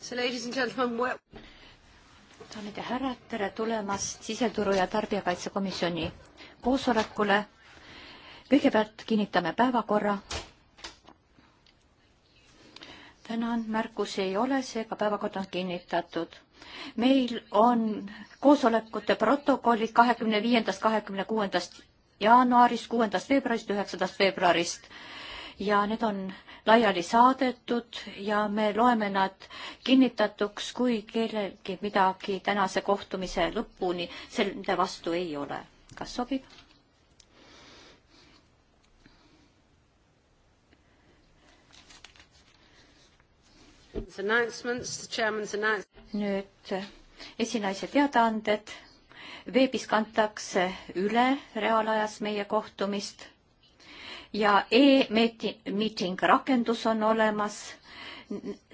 daamid ja härrad, tere tulemast siseturu ja tarbijakaitsekomisjoni koosolekule. kõigepealt kinnitame päevakorra. tänan, märkusi ei ole, seega päevakord on kinnitatud. meil on koosolekute protokollid kahekümne viiendast, kahekümne kuuendast jaanuarist, kuuendast veebruarist, üheksandast veebruarist ja need on laiali saadetud ja me loeme nad kinnitatuks, kui kellelgi midagi tänase kohtumise lõpuni selle vastu ei ole. kas sobib? nüüd esinaise teadaanded. veebis kantakse üle reaalajas meie kohtumist ja e-meeting rakendus on olemas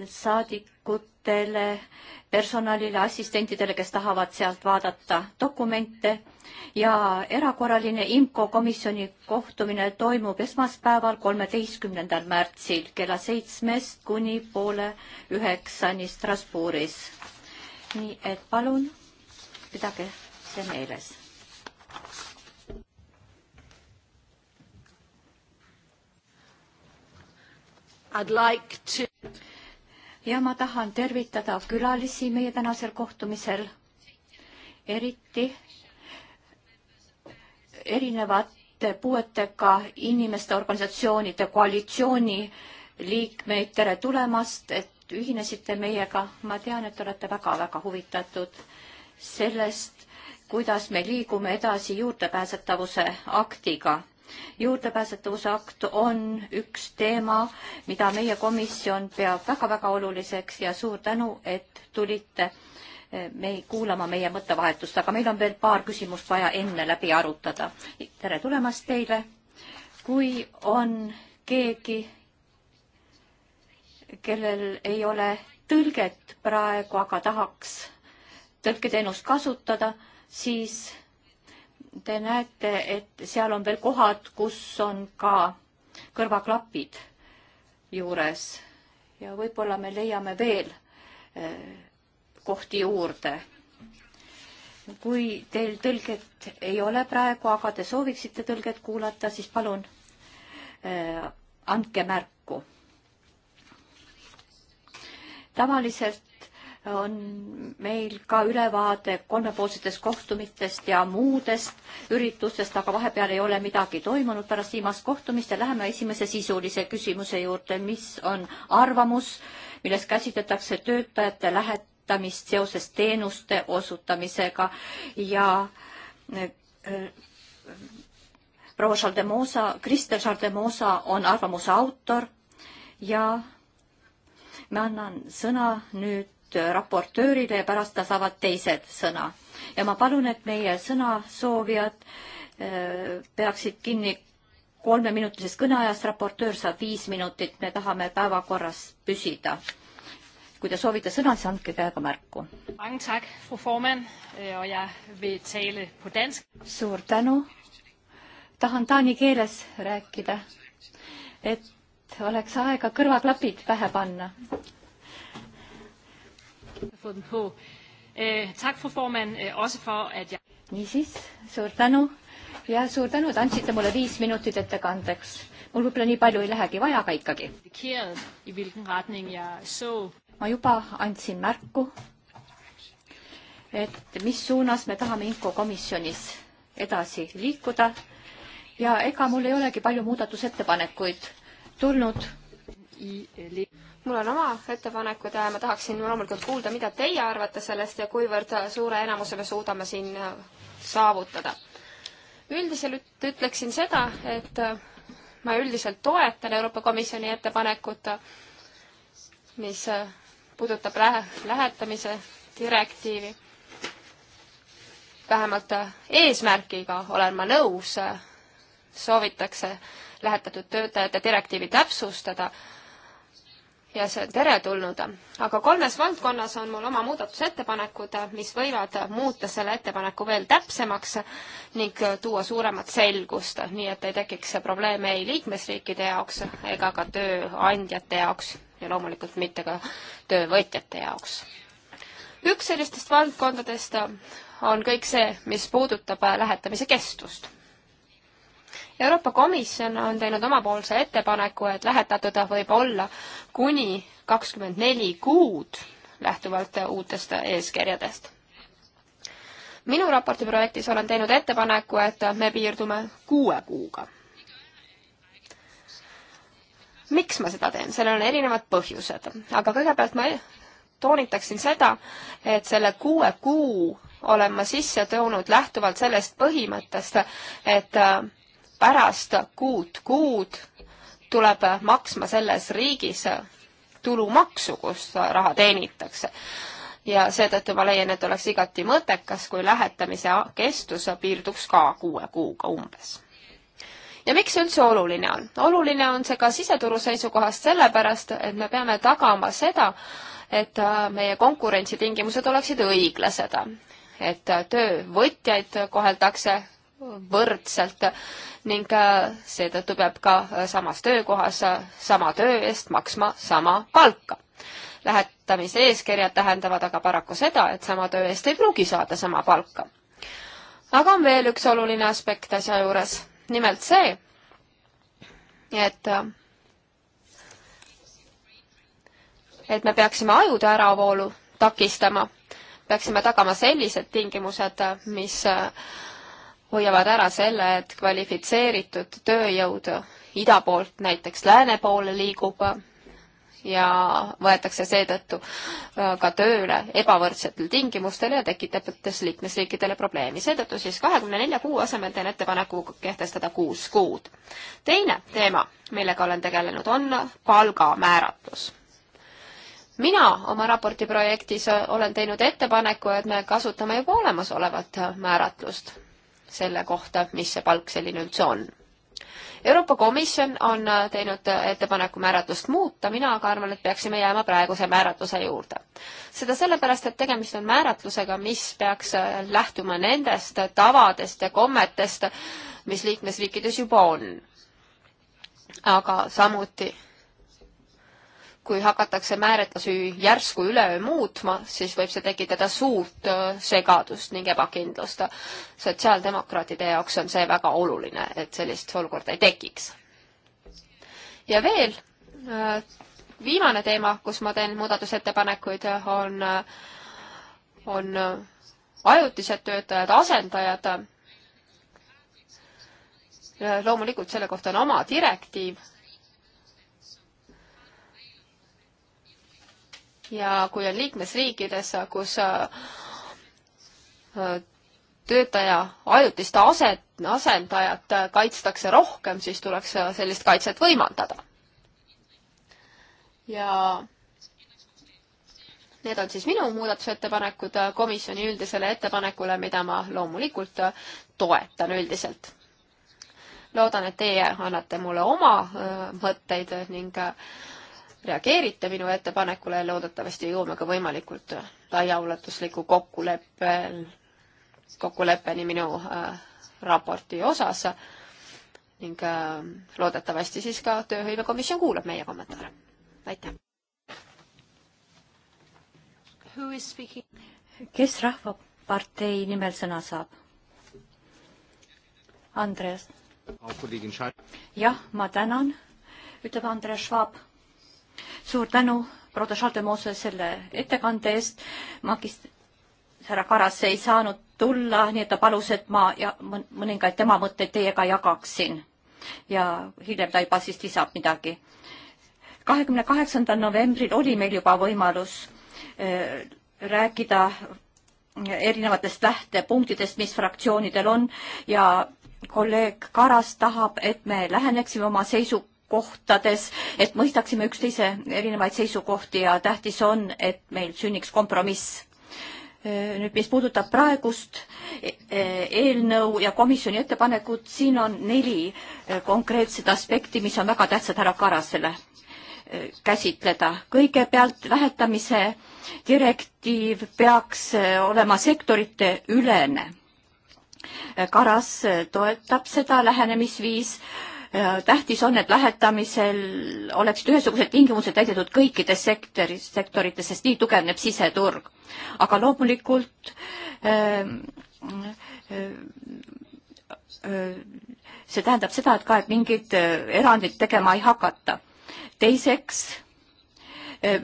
saadikutele, personalile, assistentidele, kes tahavad sealt vaadata dokumente ja erakorraline IMCO komisjoni kohtumine toimub esmaspäeval, kolmeteistkümnendal märtsil kella seitsmest kuni poole üheksani Strasbourgis. nii et palun pidage see meeles. Like to... ja ma tahan tervitada külalisi meie tänasel kohtumisel, eriti erinevate puuetega inimeste organisatsioonide koalitsiooni liikmeid, tere tulemast, et ühinesite meiega. ma tean, et olete väga-väga huvitatud sellest, kuidas me liigume edasi juurdepääsetavuse aktiga juurdepääsetavuse akt on üks teema, mida meie komisjon peab väga-väga oluliseks ja suur tänu, et tulite eh, mei-, kuulama meie mõttevahetust, aga meil on veel paar küsimust vaja enne läbi arutada. tere tulemast teile. kui on keegi, kellel ei ole tõlget praegu, aga tahaks tõlketeenust kasutada, siis te näete, et seal on veel kohad, kus on ka kõrvaklapid juures ja võib-olla me leiame veel eh, kohti juurde. kui teil tõlget ei ole praegu, aga te sooviksite tõlget kuulata, siis palun eh, andke märku. tavaliselt on meil ka ülevaade kolmepoolsetest kohtumistest ja muudest üritustest, aga vahepeal ei ole midagi toimunud pärast viimast kohtumist ja läheme esimese sisulise küsimuse juurde, mis on arvamus, milles käsitletakse töötajate lähetamist seoses teenuste osutamisega ja äh, proua Šaldemosa, Krister Šaldemosa on arvamuse autor ja ma annan sõna nüüd Äh, raportöörile ja pärast ka saavad teised sõna. ja ma palun, et meie sõnasoovijad äh, peaksid kinni kolmeminutilisest kõneajast, raportöör saab viis minutit, me tahame päevakorras püsida. kui te soovite sõna, siis andke käega märku. Øh, suur tänu. tahan taani keeles rääkida, et oleks aega kõrvaklapid pähe panna få den på. Eh, tak, fru formand, eh, også for, at jeg... Niisiis, suur tänu ja suur tänu, et andsite mulle viis minutit ettekandeks. mul võib-olla nii palju ei lähegi vaja, aga ikkagi. ma juba andsin märku, et mis suunas me tahame infokomisjonis edasi liikuda ja ega mul ei olegi palju muudatusettepanekuid tulnud eh, mul on oma ettepanekud ja ma tahaksin loomulikult kuulda, mida teie arvate sellest ja kuivõrd suure enamuse me suudame siin äh, saavutada. üldiselt ütleksin seda, et äh, ma üldiselt toetan Euroopa Komisjoni ettepanekut, mis äh, puudutab lähe, lähetamise direktiivi. vähemalt eesmärgiga olen ma nõus, soovitakse lähetatud töötajate direktiivi täpsustada ja see on teretulnud. aga kolmes valdkonnas on mul oma muudatusettepanekud, mis võivad muuta selle ettepaneku veel täpsemaks ning tuua suuremat selgust, nii et ei tekiks probleeme ei liikmesriikide jaoks ega ka tööandjate jaoks ja loomulikult mitte ka töövõtjate jaoks. üks sellistest valdkondadest on kõik see, mis puudutab lähetamise kestust Euroopa Komisjon on teinud omapoolse ettepaneku, et lähetatud võib olla kuni kakskümmend neli kuud lähtuvalt uutest eeskirjadest. minu raporti projektis olen teinud ettepaneku, et me piirdume kuue kuuga. miks ma seda teen, sellel on erinevad põhjused, aga kõigepealt ma toonitaksin seda, et selle kuue kuu olen ma sisse toonud lähtuvalt sellest põhimõttest, et äh, pärast kuut kuud tuleb maksma selles riigis tulumaksu, kus raha teenitakse. ja seetõttu ma leian, et oleks igati mõttekas, kui lähetamise kestus piirduks ka kuue kuuga umbes ja miks see üldse oluline on? oluline on see ka siseturu seisukohast sellepärast, et me peame tagama seda, et meie konkurentsitingimused oleksid õiglased, et töövõtjaid koheldakse võrdselt ning äh, seetõttu peab ka äh, samas töökohas äh, sama töö eest maksma sama palka. lähetamise eeskirjad tähendavad aga paraku seda, et sama töö eest ei pruugi saada sama palka. aga on veel üks oluline aspekt asja juures, nimelt see, et et me peaksime ajude äravoolu takistama, peaksime tagama sellised tingimused, mis äh, hoiavad ära selle, et kvalifitseeritud tööjõud ida poolt näiteks lääne poole liigub ja võetakse seetõttu äh, ka tööle ebavõrdsetel tingimustel ja tekitab ütles liikmesriikidele probleemi. seetõttu siis kahekümne nelja kuu asemel teen ettepaneku kehtestada kuus kuud. teine teema, millega olen tegelenud, on palgamääratlus mina oma raporti projektis olen teinud ettepaneku, et me kasutame juba olemasolevat määratlust selle kohta, mis see palk selline üldse on. Euroopa Komisjon on äh, teinud äh, ettepaneku määratlust muuta, mina aga arvan, et peaksime jääma praeguse määratluse juurde. seda sellepärast, et tegemist on määratlusega, mis peaks äh, lähtuma nendest tavadest ja kommetest, mis liikmesriikides juba on. aga samuti kui hakatakse määratlusi järsku üleöö muutma, siis võib see tekitada suurt äh, segadust ning ebakindlust. sotsiaaldemokraatide jaoks on see väga oluline, et sellist olukorda ei tekiks. ja veel äh, viimane teema, kus ma teen muudatusettepanekuid, on, äh, on ajutised töötajad, asendajad. loomulikult selle kohta on oma direktiiv ja kui on liikmesriikides, kus äh, töötaja ajutist aset, asendajat kaitstakse rohkem, siis tuleks äh, sellist kaitset võimaldada. ja need on siis minu muudatusettepanekud äh, komisjoni üldisele ettepanekule, mida ma loomulikult toetan üldiselt loodan, et teie annate mulle oma mõtteid ning reageerite minu ettepanekule ja loodetavasti jõuame ka võimalikult laiaulatusliku kokkuleppe, kokkuleppeni minu äh, raporti osas ning äh, loodetavasti siis ka Tööhõivekomisjon kuulab meie kommentaare. aitäh! kes Rahvapartei nimel sõna saab? Andres. jah, ma tänan, ütleb Andres Schwab suur tänu, proua Schaldemose, selle ettekande eest. magist-, härra Karas ei saanud tulla, nii et ta palus, et ma ja mõningaid tema mõtteid teiega jagaksin. ja hiljem ta juba siis lisab midagi. kahekümne kaheksandal novembril oli meil juba võimalus äh, rääkida erinevatest lähtepunktidest, mis fraktsioonidel on ja kolleeg Karas tahab, et me läheneksime oma seisukohale kohtades, et mõistaksime üksteise erinevaid seisukohti ja tähtis on, et meil sünniks kompromiss. nüüd, mis puudutab praegust e, e, eelnõu ja komisjoni ettepanekut, siin on neli e, konkreetset aspekti, mis on väga tähtsad härra Karasele käsitleda. kõigepealt lähetamise direktiiv peaks olema sektorite ülene. Karas toetab seda lähenemisviis Äh, tähtis on, et lähetamisel oleksid ühesugused tingimused täidetud kõikides sektoris, sektorites, sest nii tugevneb siseturg. aga loomulikult ähm, äh, äh, see tähendab seda, et ka, et mingid erandid tegema ei hakata. teiseks,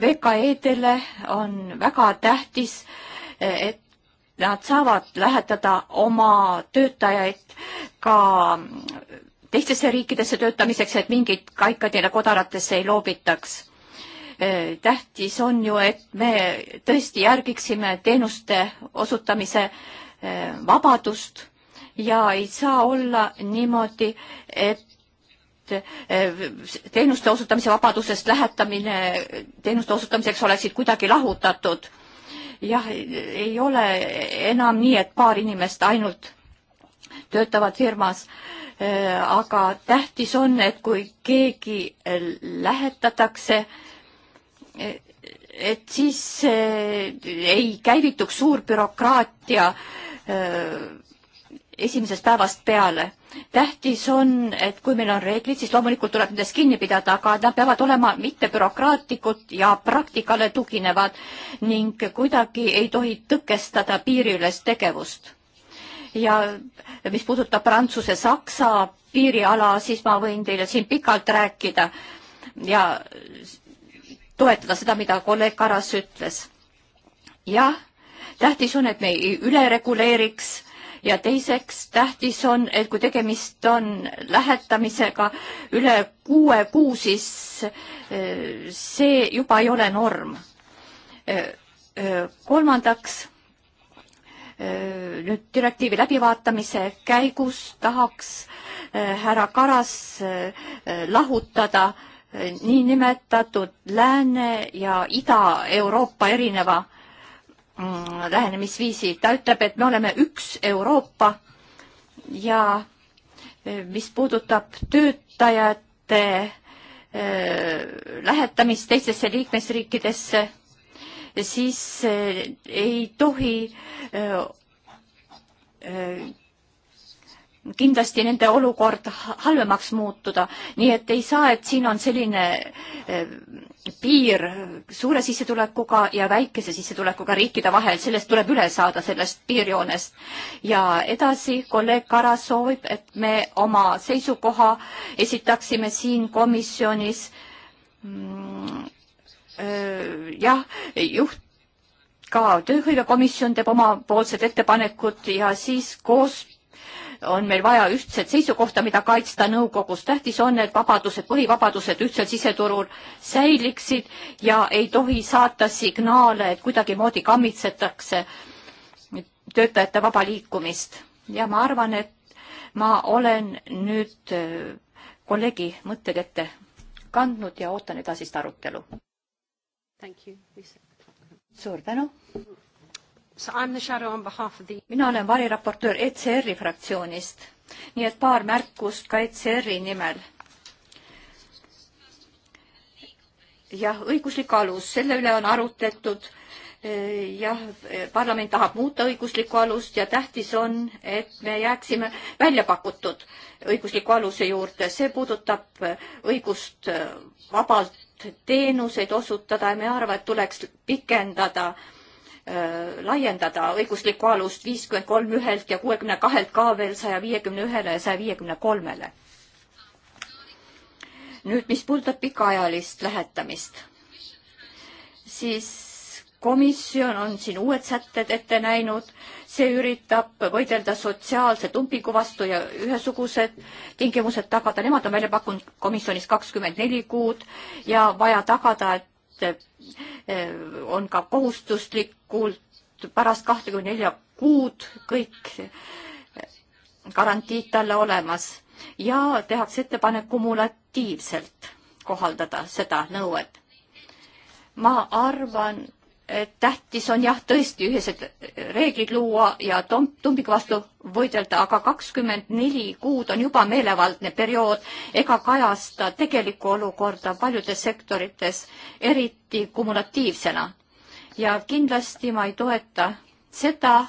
VKE-dele on väga tähtis, et nad saavad lähetada oma töötajaid ka teistesse riikidesse töötamiseks, et mingid kaikad neile kodaratesse ei loobitaks. Äh, tähtis on ju, et me tõesti järgiksime teenuste osutamise äh, vabadust ja ei saa olla niimoodi, et äh, teenuste osutamise vabadusest lähetamine teenuste osutamiseks oleksid kuidagi lahutatud. jah, ei ole enam nii, et paar inimest ainult töötavad firmas. Äh, aga tähtis on, et kui keegi lähetatakse, äh, et siis äh, ei käivituks suur bürokraatia esimesest päevast peale. tähtis on, et kui meil on reeglid, siis loomulikult tuleb nendest kinni pidada, aga nad peavad olema mittebürokraatlikud ja praktikale tuginevad ning kuidagi ei tohi tõkestada piiriülest tegevust ja mis puudutab Prantsuse-Saksa piiriala, siis ma võin teile siin pikalt rääkida ja toetada seda, mida kolleeg Karas ütles. jah, tähtis on, et me ei ülereguleeriks ja teiseks tähtis on, et kui tegemist on lähetamisega üle kuue kuu, siis eh, see juba ei ole norm. Eh, eh, kolmandaks Äh, nüüd direktiivi läbivaatamise käigus tahaks äh, härra Karas äh, lahutada niinimetatud Lääne- ja Ida-Euroopa erineva mm, lähenemisviisi. ta ütleb, et me oleme üks Euroopa ja mis puudutab töötajate lähetamist teistesse liikmesriikidesse siis eh, ei tohi eh, eh, kindlasti nende olukord halvemaks muutuda, nii et ei saa, et siin on selline piir suure sissetulekuga ja väikese sissetulekuga riikide vahel, sellest tuleb üle saada, sellest piirjoonest. ja edasi kolleeg Karas soovib, et me oma seisukoha esitaksime siin komisjonis mm, Äh, jah, juht ka tööhõivekomisjon teeb omapoolsed ettepanekud ja siis koos on meil vaja ühtset seisukohta, mida kaitsta nõukogus. tähtis on, et vabadused, põhivabadused ühtsel siseturul säiliksid ja ei tohi saata signaale, et kuidagimoodi kammitsetakse töötajate vaba liikumist. ja ma arvan, et ma olen nüüd äh, kolleegi mõtted ette kandnud ja ootan edasist arutelu suur tänu. The... mina olen variraportöör ECR-i fraktsioonist, nii et paar märkust ka ECR-i nimel. jah, õiguslik alus, selle üle on arutletud jah, parlament tahab muuta õiguslikku alust ja tähtis on, et me jääksime välja pakutud õigusliku aluse juurde. see puudutab õigust vabalt teenuseid osutada ja me arvame, et tuleks pikendada äh,, laiendada õiguslikku alust viiskümmend kolm ühelt ja kuuekümne kahelt ka veel saja viiekümne ühele ja saja viiekümne kolmele. nüüd, mis puudutab pikaajalist lähetamist, siis komisjon on siin uued sätted ette näinud see üritab võidelda sotsiaalse tumpingu vastu ja ühesugused tingimused tagada. Nemad on välja pakkunud komisjonis kakskümmend neli kuud ja vaja tagada, et eh, on ka kohustuslikult pärast kahtekümne nelja kuud kõik garantiid talle olemas ja tehakse ettepanek kumulatiivselt kohaldada seda nõuet. ma arvan, et tähtis on jah, tõesti ühised reeglid luua ja tumbiku vastu võidelda, aga kakskümmend neli kuud on juba meelevaldne periood ega kajasta tegelikku olukorda paljudes sektorites, eriti kumulatiivsena. ja kindlasti ma ei toeta seda,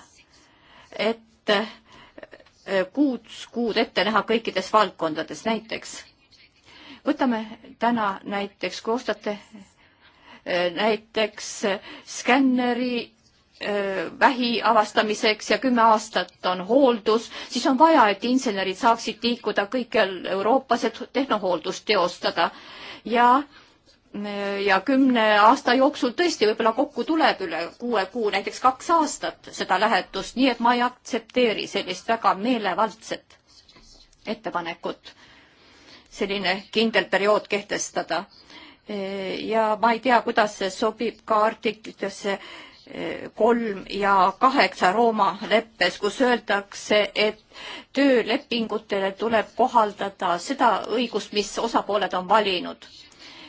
et eh, kuus kuud ette näha kõikides valdkondades, näiteks võtame täna näiteks, kui ostate näiteks skänneri äh, vähi avastamiseks ja kümme aastat on hooldus, siis on vaja, et insenerid saaksid liikuda kõikjal Euroopas, et tehnohooldust teostada. ja, äh, ja kümne aasta jooksul tõesti võib-olla kokku tuleb üle kuue kuu, näiteks kaks aastat seda lähetust, nii et ma ei aktsepteeri sellist väga meelevaldset ettepanekut selline kindel periood kehtestada Eh, ja ma ei tea, kuidas see sobib ka artiklitesse eh, kolm ja kaheksa Rooma leppes, kus öeldakse, et töölepingutele tuleb kohaldada seda õigust, mis osapooled on valinud.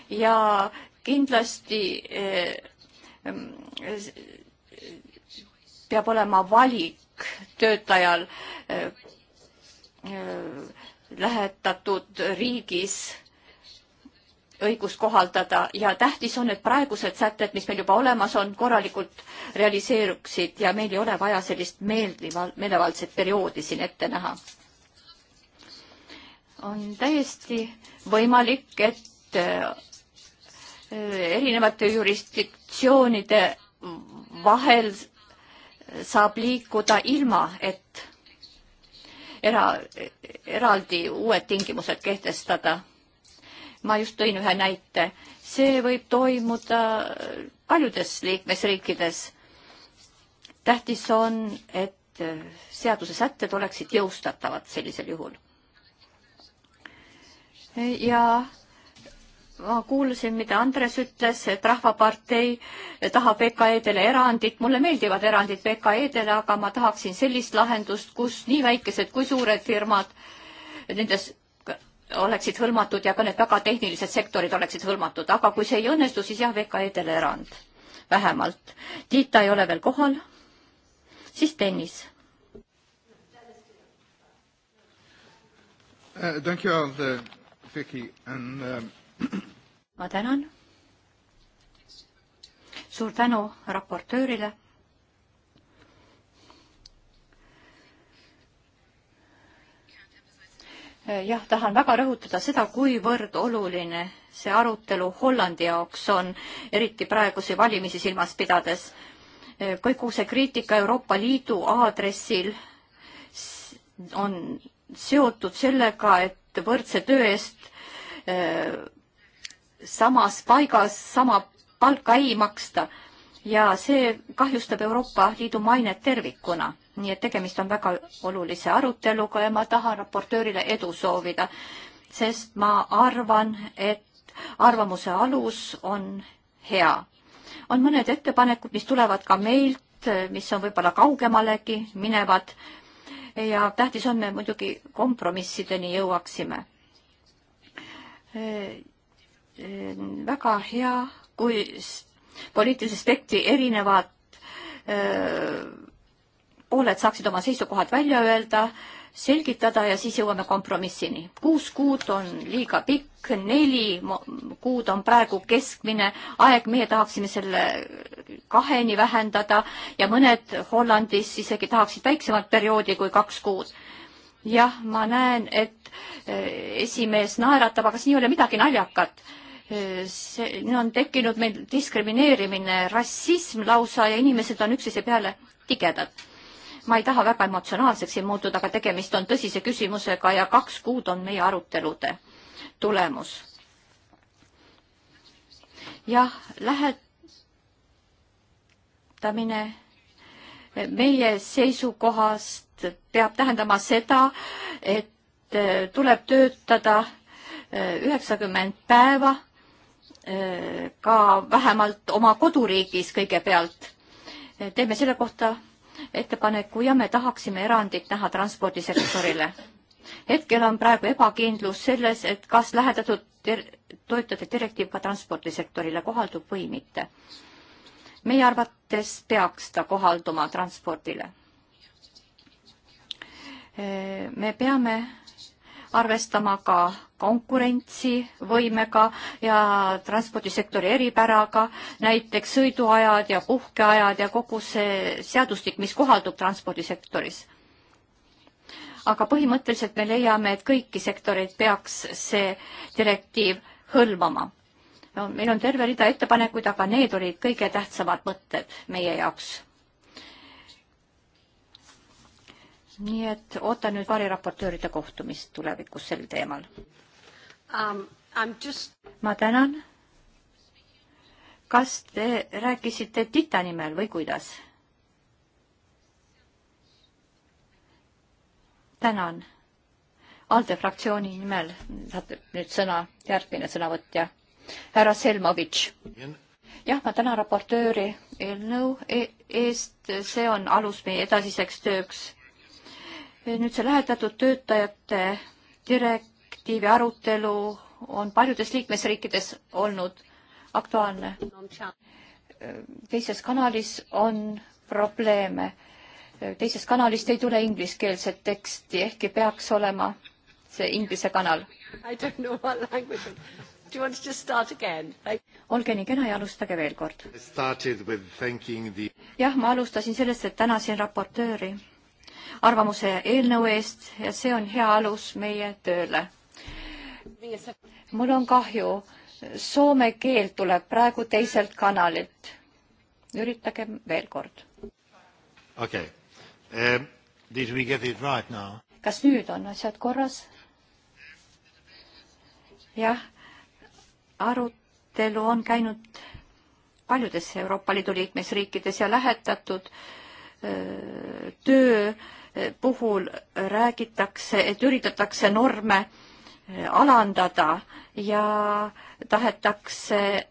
ja kindlasti eh, mm, peab olema valik töötajal lähetatud riigis õigust kohaldada ja tähtis on, et praegused sätted, mis meil juba olemas on, korralikult realiseeruksid ja meil ei ole vaja sellist meeldival, meelevaldset perioodi siin ette näha. on täiesti võimalik, et äh, erinevate jurisdiktsioonide vahel saab liikuda ilma, et era, eraldi uued tingimused kehtestada ma just tõin ühe näite, see võib toimuda paljudes liikmesriikides. tähtis on, et seadusesätted oleksid jõustatavad sellisel juhul. ja ma kuulsin, mida Andres ütles, et Rahvapartei tahab VKE-dele erandit. mulle meeldivad erandid VKE-dele, aga ma tahaksin sellist lahendust, kus nii väikesed kui suured firmad nendes oleksid hõlmatud ja ka need väga tehnilised sektorid oleksid hõlmatud, aga kui see ei õnnestu, siis jah, VKE-dele erand vähemalt. Tiita ei ole veel kohal, siis Tõnis uh,. Eh, Dankjewel uh,, Viki and uh.... ma tänan. suur tänu raportöörile jah, tahan väga rõhutada seda, kuivõrd oluline see arutelu Hollandi jaoks on, eriti praegusi valimisi silmas pidades. kogu see kriitika Euroopa Liidu aadressil on seotud sellega, et võrdse töö eest eh, samas paigas sama palka ei maksta ja see kahjustab Euroopa Liidu mainet tervikuna nii et tegemist on väga olulise aruteluga ja ma tahan raportöörile edu soovida, sest ma arvan, et arvamuse alus on hea. on mõned ettepanekud, mis tulevad ka meilt, mis on võib-olla kaugemalegi minevad ja tähtis on, me muidugi kompromissideni jõuaksime. väga hea, kui poliitilise spekti erinevad öö, pooled saaksid oma seisukohad välja öelda, selgitada ja siis jõuame kompromissini. kuus kuud on liiga pikk, neli kuud on praegu keskmine aeg, meie tahaksime selle kaheni vähendada ja mõned Hollandis isegi tahaksid väiksemat perioodi kui kaks kuud. jah, ma näen, et eh, esimees naeratab, aga siin ei ole midagi naljakat eh, see on tekkinud meil diskrimineerimine, rassism lausa ja inimesed on üksteise peale tigedad ma ei taha väga emotsionaalseks siin muutuda, aga tegemist on tõsise küsimusega ja kaks kuud on meie arutelude tulemus. jah, lähetamine meie seisukohast peab tähendama seda, et tuleb töötada üheksakümmend päeva eh, ka vähemalt oma koduriigis kõigepealt. teeme selle kohta ettepaneku ja me tahaksime erandit näha transpordisektorile. hetkel on praegu ebakindlus selles, et kas lähedatud toetajate direktiiv ka transpordisektorile kohaldub või mitte. meie arvates peaks ta kohalduma transpordile. me peame arvestama ka konkurentsivõimega ja transpordisektori eripäraga, näiteks sõiduajad ja puhkeajad ja kogu see seadustik, mis kohaldub transpordisektoris. aga põhimõtteliselt me leiame, et kõiki sektoreid peaks see direktiiv hõlmama. no meil on terve rida ettepanekuid, aga need olid kõige tähtsamad mõtted meie jaoks nii et ootan nüüd variraportööride kohtumist tulevikus sel teemal um,. Just... ma tänan. kas te rääkisite Tita nimel või kuidas? tänan. ALDE fraktsiooni nimel saab nüüd sõna järgmine sõnavõtja, härra Selmovitš. jah, ma tänan raportööri eelnõu e-, eest, see on alus meie edasiseks tööks nüüd see lähetatud töötajate direktiivi arutelu on paljudes liikmesriikides olnud aktuaalne. teises kanalis on probleeme. teisest kanalist ei tule ingliskeelset teksti, ehkki peaks olema see inglise kanal. olge nii kena ja alustage veel kord. jah, ma alustasin sellest, et tänasin raportööri arvamuse eelnõu eest ja see on hea alus meie tööle. mul on kahju, soome keel tuleb praegu teiselt kanalilt. üritage veel kord. okei okay. um,. Did we get it right now? kas nüüd on asjad korras? jah, arutelu on käinud paljudes Euroopa Liidu liikmesriikides ja lähetatud äh, Äh, töö äh, puhul räägitakse, et üritatakse norme äh, alandada ja tahetakse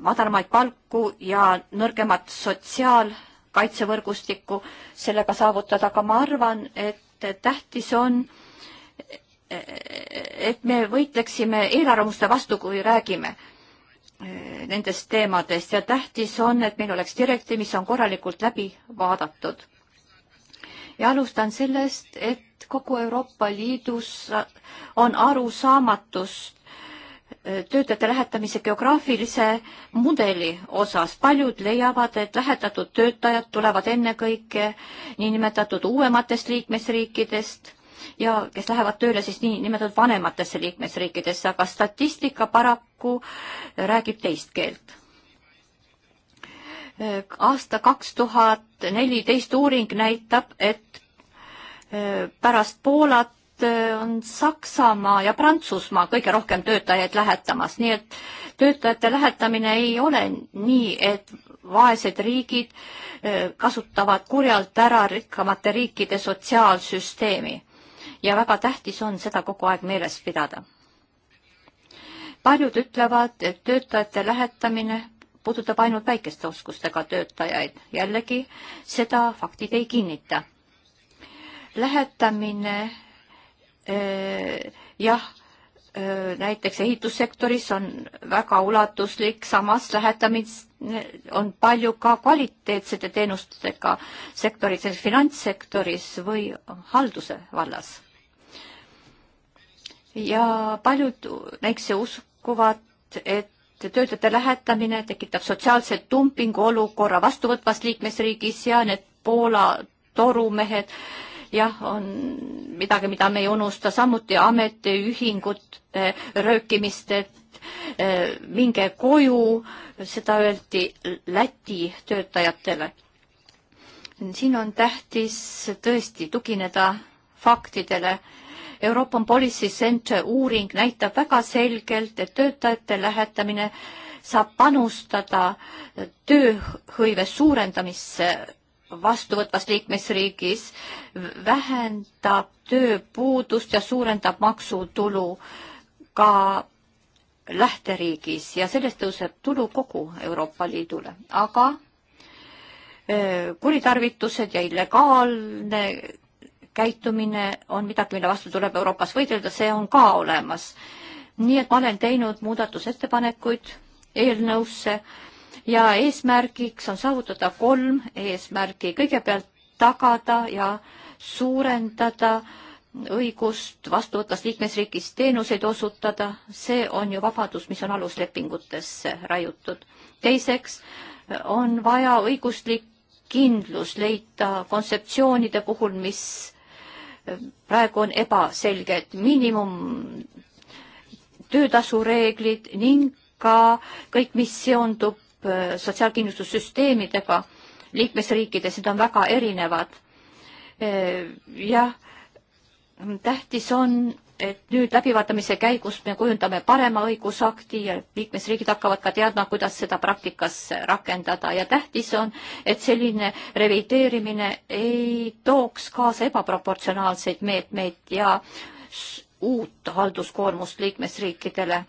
madalamaid palku ja nõrgemat sotsiaalkaitsevõrgustikku sellega saavutada, aga ma arvan, et tähtis on, et me võitleksime eelarvamuste vastu, kui räägime Äh, nendest teemadest ja tähtis on, et meil oleks direktiiv, mis on korralikult läbi vaadatud. ja alustan sellest, et kogu Euroopa Liidus on arusaamatus äh, töötajate lähetamise geograafilise mudeli osas. paljud leiavad, et lähetatud töötajad tulevad ennekõike niinimetatud uuematest liikmesriikidest ja kes lähevad tööle siis niinimetatud vanematesse liikmesriikidesse, aga statistika paraku räägib teist keelt. aasta kaks tuhat neliteist uuring näitab, et e, pärast Poolat e, on Saksamaa ja Prantsusmaa kõige rohkem töötajaid lähetamas, nii et töötajate lähetamine ei ole nii, et vaesed riigid e, kasutavad kurjalt ära rikkamate riikide sotsiaalsüsteemi ja väga tähtis on seda kogu aeg meeles pidada. paljud ütlevad, et töötajate lähetamine puudutab ainult väikeste oskustega töötajaid. jällegi, seda faktid ei kinnita. lähetamine eh, jah, eh, näiteks ehitussektoris on väga ulatuslik, samas lähetamine on palju ka kvaliteetsete teenustega sektoris, finantssektoris või halduse vallas ja paljud näiteks uskuvad, et töötajate lähetamine tekitab sotsiaalse dumpingu olukorra vastuvõtvas liikmesriigis ja need Poola torumehed, jah, on midagi, mida me ei unusta, samuti ametiühingute röökimist, et eh, minge koju, seda öeldi Läti töötajatele. siin on tähtis tõesti tugineda faktidele Euroopa Policy Center uuring näitab väga selgelt, et töötajate lähetamine saab panustada tööhõive suurendamisse vastuvõtvas liikmesriigis, vähendab tööpuudust ja suurendab maksutulu ka lähteriigis ja sellest tõuseb tulu kogu Euroopa Liidule, aga eh, kuritarvitused ja illegaalne käitumine on midagi, mille vastu tuleb Euroopas võidelda, see on ka olemas. nii et ma olen teinud muudatusettepanekuid eelnõusse ja eesmärgiks on saavutada kolm eesmärki. kõigepealt tagada ja suurendada õigust vastuvõtvas liikmesriigis teenuseid osutada, see on ju vabadus, mis on aluslepingutesse raiutud. teiseks on vaja õiguslik kindlus leida kontseptsioonide puhul, mis praegu on ebaselged miinimum töötasureeglid ning ka kõik, mis seondub äh, sotsiaalkindlustussüsteemidega liikmesriikides, need on väga erinevad. Äh, jah, tähtis on, et nüüd läbivaatamise käigus me kujundame parema õigusakti ja liikmesriigid hakkavad ka teadma, kuidas seda praktikas rakendada ja tähtis on, et selline revideerimine ei tooks kaasa ebaproportsionaalseid meetmeid ja uut halduskoormust liikmesriikidele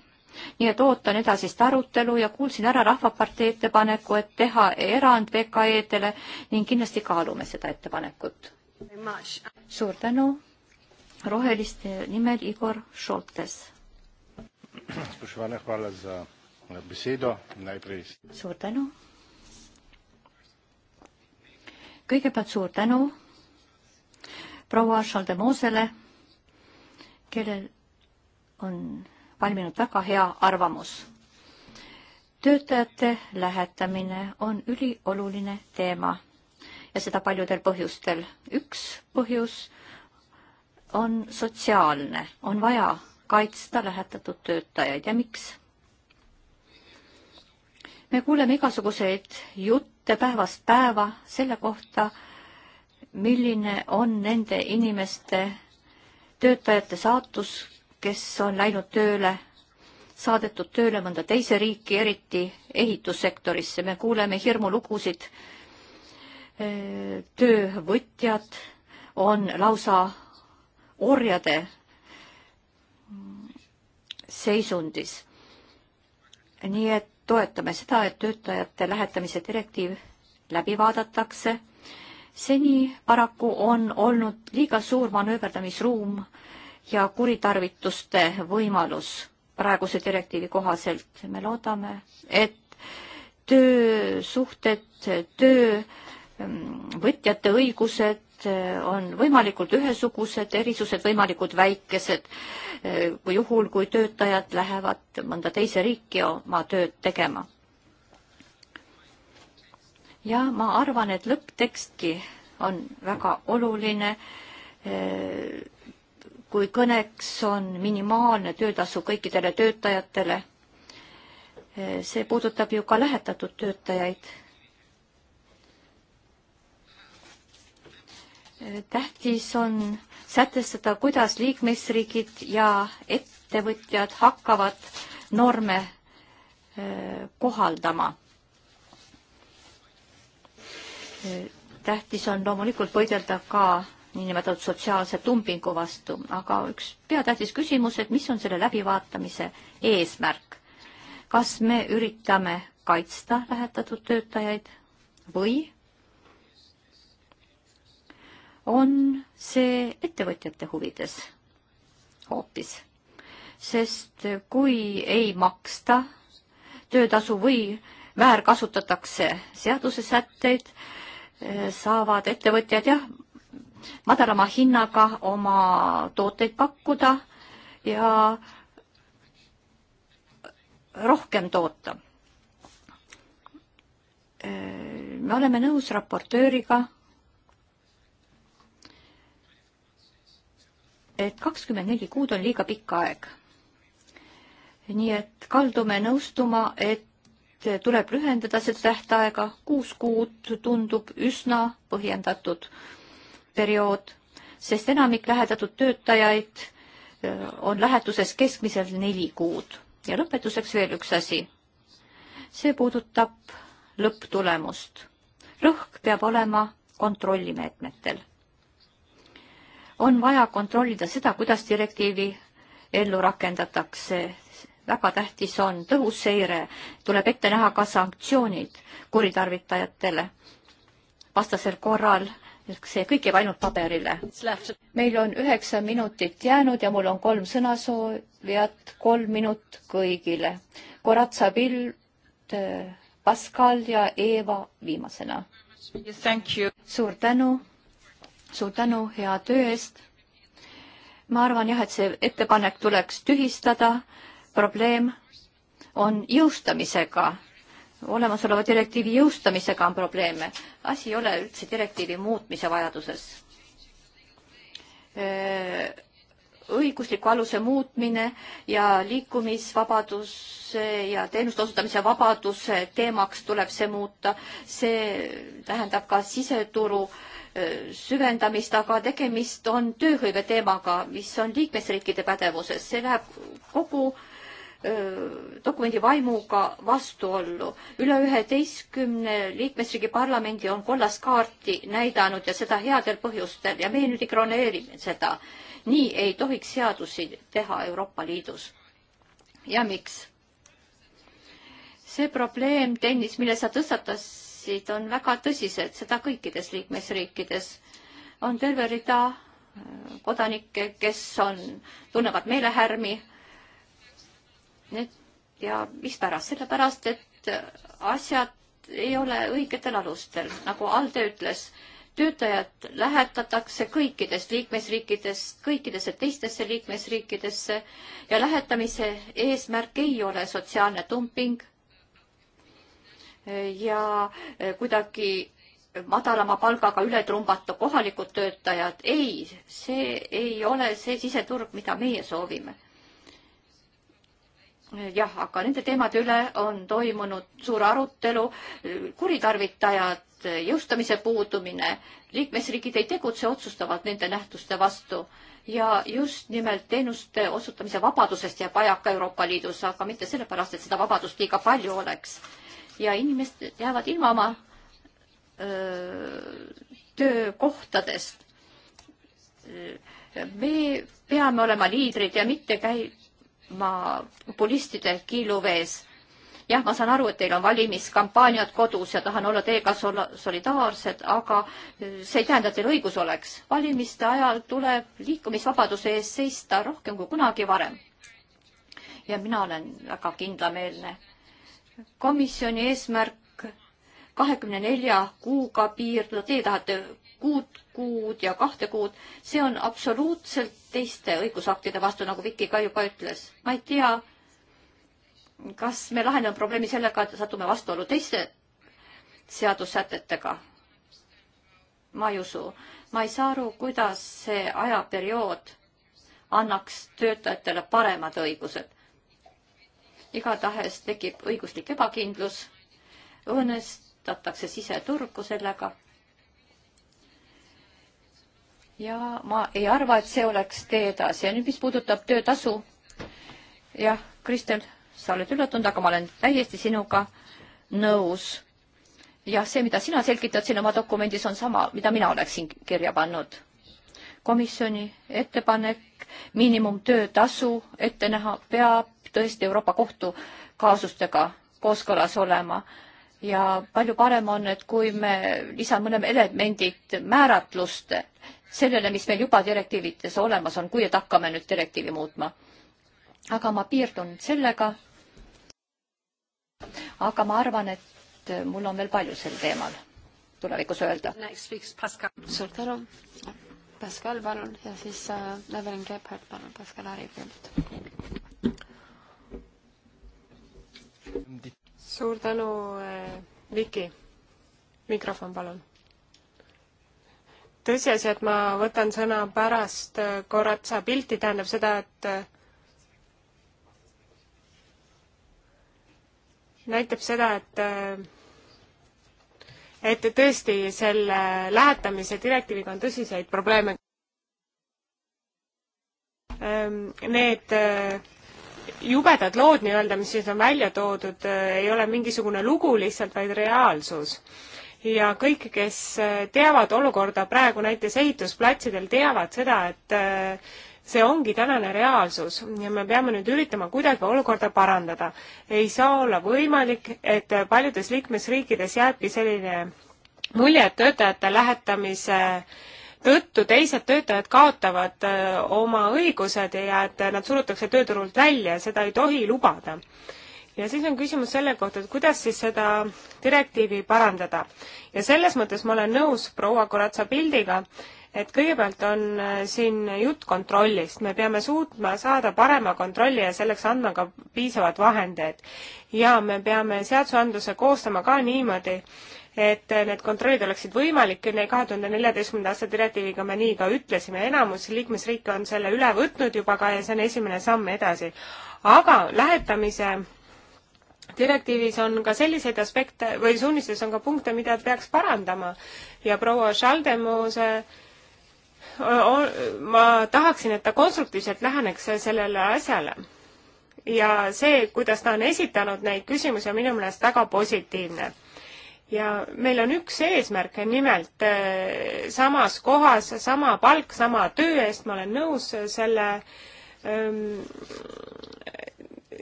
nii et ootan edasist arutelu ja kuulsin ära Rahvapartei ettepaneku, et teha erand VKE-dele ning kindlasti kaalume seda ettepanekut. suur tänu roheliste nimel Igor Šoltes. spoštovana, hvala za eh, besedo. Najprej. suur tänu. kõigepealt suur tänu proua Šaldemosele, kellel on valminud väga hea arvamus. töötajate lähetamine on ülioluline teema ja seda paljudel põhjustel. üks põhjus on sotsiaalne, on vaja kaitsta lähetatud töötajaid ja miks? me kuuleme igasuguseid jutte päevast päeva selle kohta, milline on nende inimeste, töötajate saatus, kes on läinud tööle, saadetud tööle mõnda teise riiki, eriti ehitussektorisse. me kuuleme hirmulugusid. töövõtjad on lausa orjade seisundis. nii et toetame seda, et töötajate lähetamise direktiiv läbi vaadatakse. seni paraku on olnud liiga suur manööverdamisruum ja kuritarvituste võimalus praeguse direktiivi kohaselt. me loodame, et töösuhted, töövõtjate õigused Eh, on võimalikult ühesugused, erisused võimalikult väikesed, eh, kui juhul, kui töötajad lähevad mõnda teise riiki oma tööd tegema. ja ma arvan, et lõpptekstki on väga oluline, eh, kui kõneks on minimaalne töötasu kõikidele töötajatele. see puudutab ju ka lähetatud töötajaid tähtis on sätestada, kuidas liikmesriigid ja ettevõtjad hakkavad norme äh, kohaldama. Äh, tähtis on loomulikult võidelda ka niinimetatud sotsiaalse tumpingu vastu, aga üks peatähtis küsimus, et mis on selle läbivaatamise eesmärk? kas me üritame kaitsta lähetatud töötajaid või on see ettevõtjate huvides hoopis. sest kui ei maksta töötasu või väärkasutatakse seadusesätteid, saavad ettevõtjad jah, madalama hinnaga oma tooteid pakkuda ja rohkem toota. me oleme nõus raportööriga et kakskümmend neli kuud on liiga pikk aeg. nii et kaldume nõustuma, et tuleb lühendada seda tähtaega, kuus kuud tundub üsna põhjendatud periood, sest enamik lähedatud töötajaid äh, on lähetuses keskmiselt neli kuud. ja lõpetuseks veel üks asi. see puudutab lõpptulemust. rõhk peab olema kontrollimeetmetel on vaja kontrollida seda, kuidas direktiivi ellu rakendatakse. väga tähtis on tõhus seire, tuleb ette näha ka sanktsioonid kuritarvitajatele. vastasel korral see kõik jääb ainult paberile. meil on üheksa minutit jäänud ja mul on kolm sõnasoovijat, kolm minut kõigile. Koratsa Pild, Pascal ja Eeva viimasena. suur tänu suur tänu hea töö eest. ma arvan jah, et see ettepanek tuleks tühistada. probleem on jõustamisega, olemasoleva direktiivi jõustamisega on probleeme. asi ei ole üldse direktiivi muutmise vajaduses. õigusliku aluse muutmine ja liikumisvabaduse ja teenuste osutamise vabaduse teemaks tuleb see muuta. see tähendab ka siseturu äh, süvendamist, aga tegemist on tööhõive teemaga, mis on liikmesriikide pädevuses, see läheb kogu dokumendi vaimuga vastuollu. üle üheteistkümne liikmesriigi parlamendi on kollast kaarti näidanud ja seda headel põhjustel ja meie nüüd ignoreerime seda. nii ei tohiks seadusi teha Euroopa Liidus. ja miks? see probleem, Tõnis, mille sa tõstatasid, protestid on väga tõsised, seda kõikides liikmesriikides. on terve rida äh, kodanikke, kes on, tunnevad meelehärmi. Need ja mispärast, sellepärast et äh, asjad ei ole õigetel alustel, nagu Alde ütles töötajad lähetatakse kõikidest liikmesriikidest kõikidesse teistesse liikmesriikidesse ja lähetamise eesmärk ei ole sotsiaalne dumping ja eh, kuidagi madalama palgaga üle trumbata kohalikud töötajad. ei, see ei ole see siseturg, mida meie soovime. jah, aga nende teemade üle on toimunud suur arutelu. kuritarvitajad, jõustamise puudumine, liikmesriigid ei tegutse otsustavalt nende nähtuste vastu ja just nimelt teenuste osutamise vabadusest jääb vajaka Euroopa Liidus, aga mitte sellepärast, et seda vabadust liiga palju oleks ja inimesed jäävad ilma oma öö, töökohtadest. me peame olema liidrid ja mitte käima populistide kiiluvees. jah, ma saan aru, et teil on valimiskampaaniad kodus ja tahan olla teiega solidaarsed, aga see ei tähenda, et teil õigus oleks. valimiste ajal tuleb liikumisvabaduse eest seista rohkem kui kunagi varem. ja mina olen väga kindlameelne komisjoni eesmärk kahekümne nelja kuuga piirduda, teie tahate kuut kuud ja kahte kuud, see on absoluutselt teiste õigusaktide vastu, nagu Viki ka juba ütles. ma ei tea, kas me lahendame probleemi sellega, et satume vastuollu teiste seadussätetega. ma ei usu, ma ei saa aru, kuidas see ajaperiood annaks töötajatele paremad õigused igatahes tekib õiguslik ebakindlus, õõnestatakse siseturgu sellega. ja ma ei arva, et see oleks tee edasi ja nüüd, mis puudutab töötasu. jah, Kristel, sa oled üllatunud, aga ma olen täiesti sinuga nõus. jah, see, mida sina selgitad siin oma dokumendis, on sama, mida mina oleksin kirja pannud komisjoni ettepanek miinimumtöötasu ette näha peab tõesti Euroopa Kohtu kaasustega kooskõlas olema ja palju parem on, et kui me lisame mõned elemendid määratlust sellele, mis meil juba direktiivides olemas on, kui et hakkame nüüd direktiivi muutma. aga ma piirdun sellega. aga ma arvan, et mul on veel palju sel teemal tulevikus öelda. suur tänu. Pascal, palun ja siis äh, Evelyn Gebhardt, palun, Pascal Harri kõigepealt suur tänu, eh, Viki. mikrofon, palun. tõsiasi, et ma võtan sõna pärast eh, Koratsa pilti, tähendab seda, et eh, näitab seda, et et tõesti selle lähetamise direktiiviga on tõsiseid probleeme. Ehm, need jubedad lood nii-öelda, mis siis on välja toodud, eh, ei ole mingisugune lugu lihtsalt, vaid reaalsus. ja kõik, kes eh, teavad olukorda praegu näiteks ehitusplatsidel, teavad seda, et eh, see ongi tänane reaalsus ja me peame nüüd üritama kuidagi olukorda parandada. ei saa olla võimalik, et paljudes liikmesriikides jääbki selline mulje, et töötajate lähetamise äh, tõttu teised töötajad kaotavad äh, oma õigused ja et nad surutakse tööturult välja ja seda ei tohi lubada. ja siis on küsimus selle kohta, et kuidas siis seda direktiivi parandada. ja selles mõttes ma olen nõus proua Koratsa pildiga, et kõigepealt on äh, siin jutt kontrollist, me peame suutma saada parema kontrolli ja selleks andma ka piisavad vahendeid. ja me peame seadusandluse koostama ka niimoodi, et need kontrollid oleksid võimalik, kahe tuhande neljateistkümnenda aasta direktiiviga me nii ka ütlesime, enamus liikmesriike on selle üle võtnud juba ka ja see on esimene samm edasi. aga lähetamise direktiivis on ka selliseid aspekte või suunistes on ka punkte, mida peaks parandama ja proua Schaldemose ma tahaksin, et ta konstruktiivselt läheneks sellele asjale. ja see, kuidas ta on esitanud neid küsimusi, on minu meelest väga positiivne ja meil on üks eesmärk, nimelt äh, samas kohas sama palk sama töö eest, ma olen nõus selle ähm,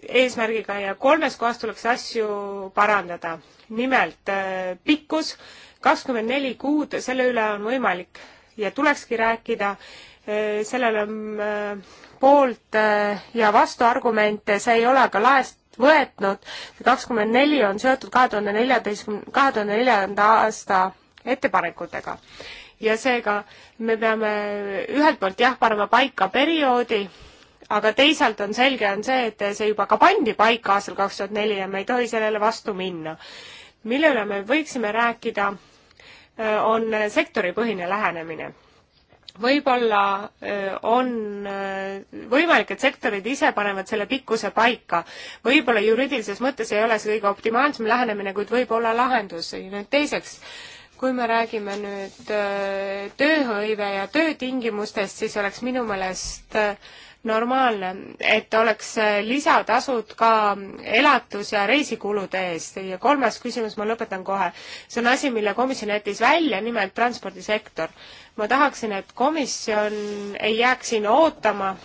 eesmärgiga ja kolmes kohas tuleks asju parandada. nimelt äh, pikkus, kakskümmend neli kuud, selle üle on võimalik ja tulekski rääkida äh,, sellel on äh, poolt äh, ja vastuargumente, see ei ole aga laest võetnud. see kakskümmend neli on seotud kahe tuhande neljateistkümne, kahe tuhande neljanda aasta ettepanekutega. ja seega me peame ühelt poolt jah, panema paika perioodi, aga teisalt on selge, on see, et see juba ka pandi paika aastal kaks tuhat neli ja me ei tohi sellele vastu minna. mille üle me võiksime rääkida, äh, on sektoripõhine lähenemine võib-olla on võimalik, et sektorid ise panevad selle pikkuse paika. võib-olla juriidilises mõttes ei ole see kõige optimaalsem lähenemine, kuid võib olla lahendus. nüüd teiseks, kui me räägime nüüd tööhõive ja töötingimustest, siis oleks minu meelest äh, normaalne, et oleks lisatasud ka elatus- ja reisikulude eest ja kolmas küsimus, ma lõpetan kohe. see on asi, mille komisjon jättis välja, nimelt transpordisektor. ma tahaksin, et komisjon ei jääks siin ootama,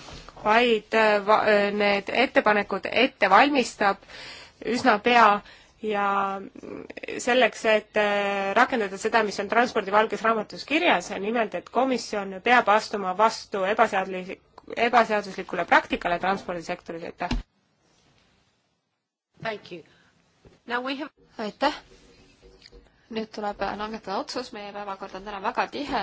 vaid äh, äh, need ettepanekud ette valmistab üsna pea ja selleks, et äh, rakendada seda, mis on transpordi valges raamatus kirjas, nimelt et komisjon peab astuma vastu ebaseaduslik, ebaseaduslikule praktikale transpordisektoris, aitäh! Have... aitäh! nüüd tuleb langetada otsus, meie päevakord on täna väga tihe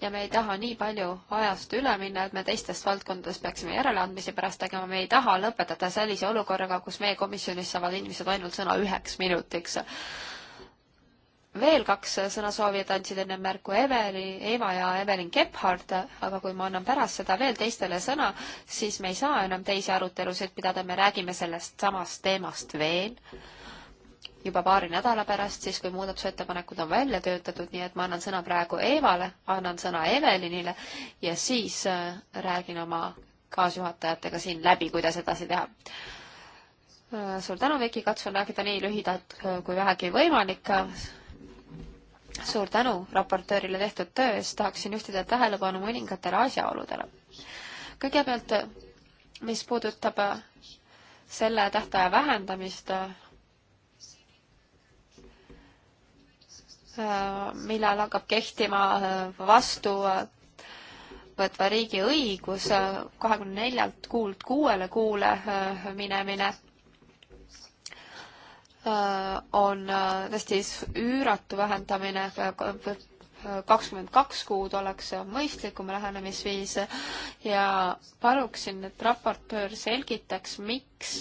ja me ei taha nii palju ajast üle minna, et me teistest valdkondadest peaksime järeleandmisi pärast tegema, me ei taha lõpetada sellise olukorraga, kus meie komisjonis saavad inimesed ainult sõna üheks minutiks veel kaks sõnasoovijat andsid enne märku Eveli, Eva ja Evelyn Gebhard, aga kui ma annan pärast seda veel teistele sõna, siis me ei saa enam teisi arutelusid pidada, me räägime sellest samast teemast veel juba paari nädala pärast, siis kui muudatusettepanekud on välja töötatud, nii et ma annan sõna praegu Eevale, annan sõna Evelinile ja siis äh, räägin oma kaasjuhatajatega siin läbi, kuidas edasi teha äh, suur tänu, Viki, katsun rääkida nii lühidalt kui vähegi võimalik suur tänu raportöörile tehtud töö eest, tahaksin juhtida tähelepanu mõningatele asjaoludele. kõigepealt, mis puudutab selle tähtaja vähendamist, millal hakkab kehtima vastu võtva riigi õigus kahekümne neljalt kuult kuuele kuule minemine Äh, on äh, tõesti üüratu vähendamine, kakskümmend kaks kuud oleks mõistlikum lähenemisviis ja paluksin, et raportöör selgitaks, miks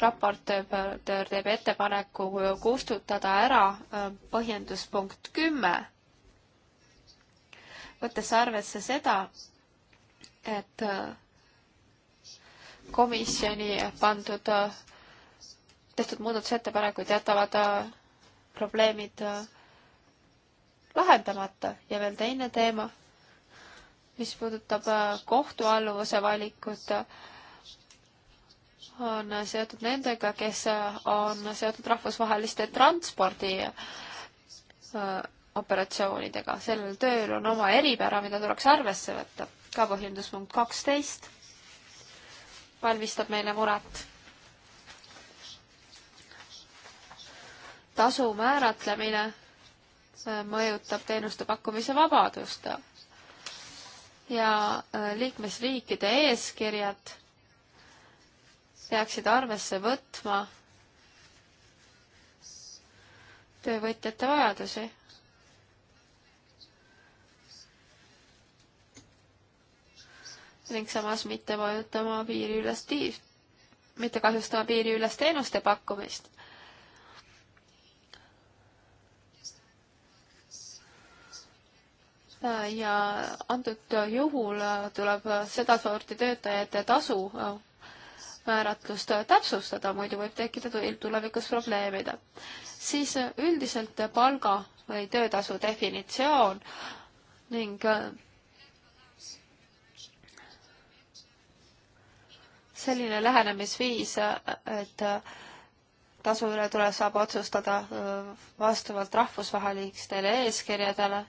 raportöör teeb ettepaneku kustutada ära äh, põhjenduspunkt kümme, võttes arvesse seda, et komisjoni pandud tehtud muudatusettepanekud jätavad äh, probleemid äh, lahendamata ja veel teine teema, mis puudutab äh, kohtualluvuse valikut, on seotud nendega, kes on seotud rahvusvaheliste transpordi operatsioonidega. sellel tööl on oma eripära, mida tuleks arvesse võtta. ka põhjenduspunkt kaksteist valmistab meile muret tasu määratlemine mõjutab teenuste pakkumise vabadust ja äh, liikmesriikide eeskirjad peaksid arvesse võtma töövõtjate vajadusi. ning samas mitte mõjutama piiriülest, mitte kahjustama piiriülest teenuste pakkumist ja antud juhul tuleb sedasorti töötajate tasu määratlust täpsustada, muidu võib tekkida tulevikus probleemid. siis üldiselt palga või töötasu definitsioon ning selline lähenemisviis, et tasu üle tuleb, saab otsustada vastavalt rahvusvahelistele eeskirjadele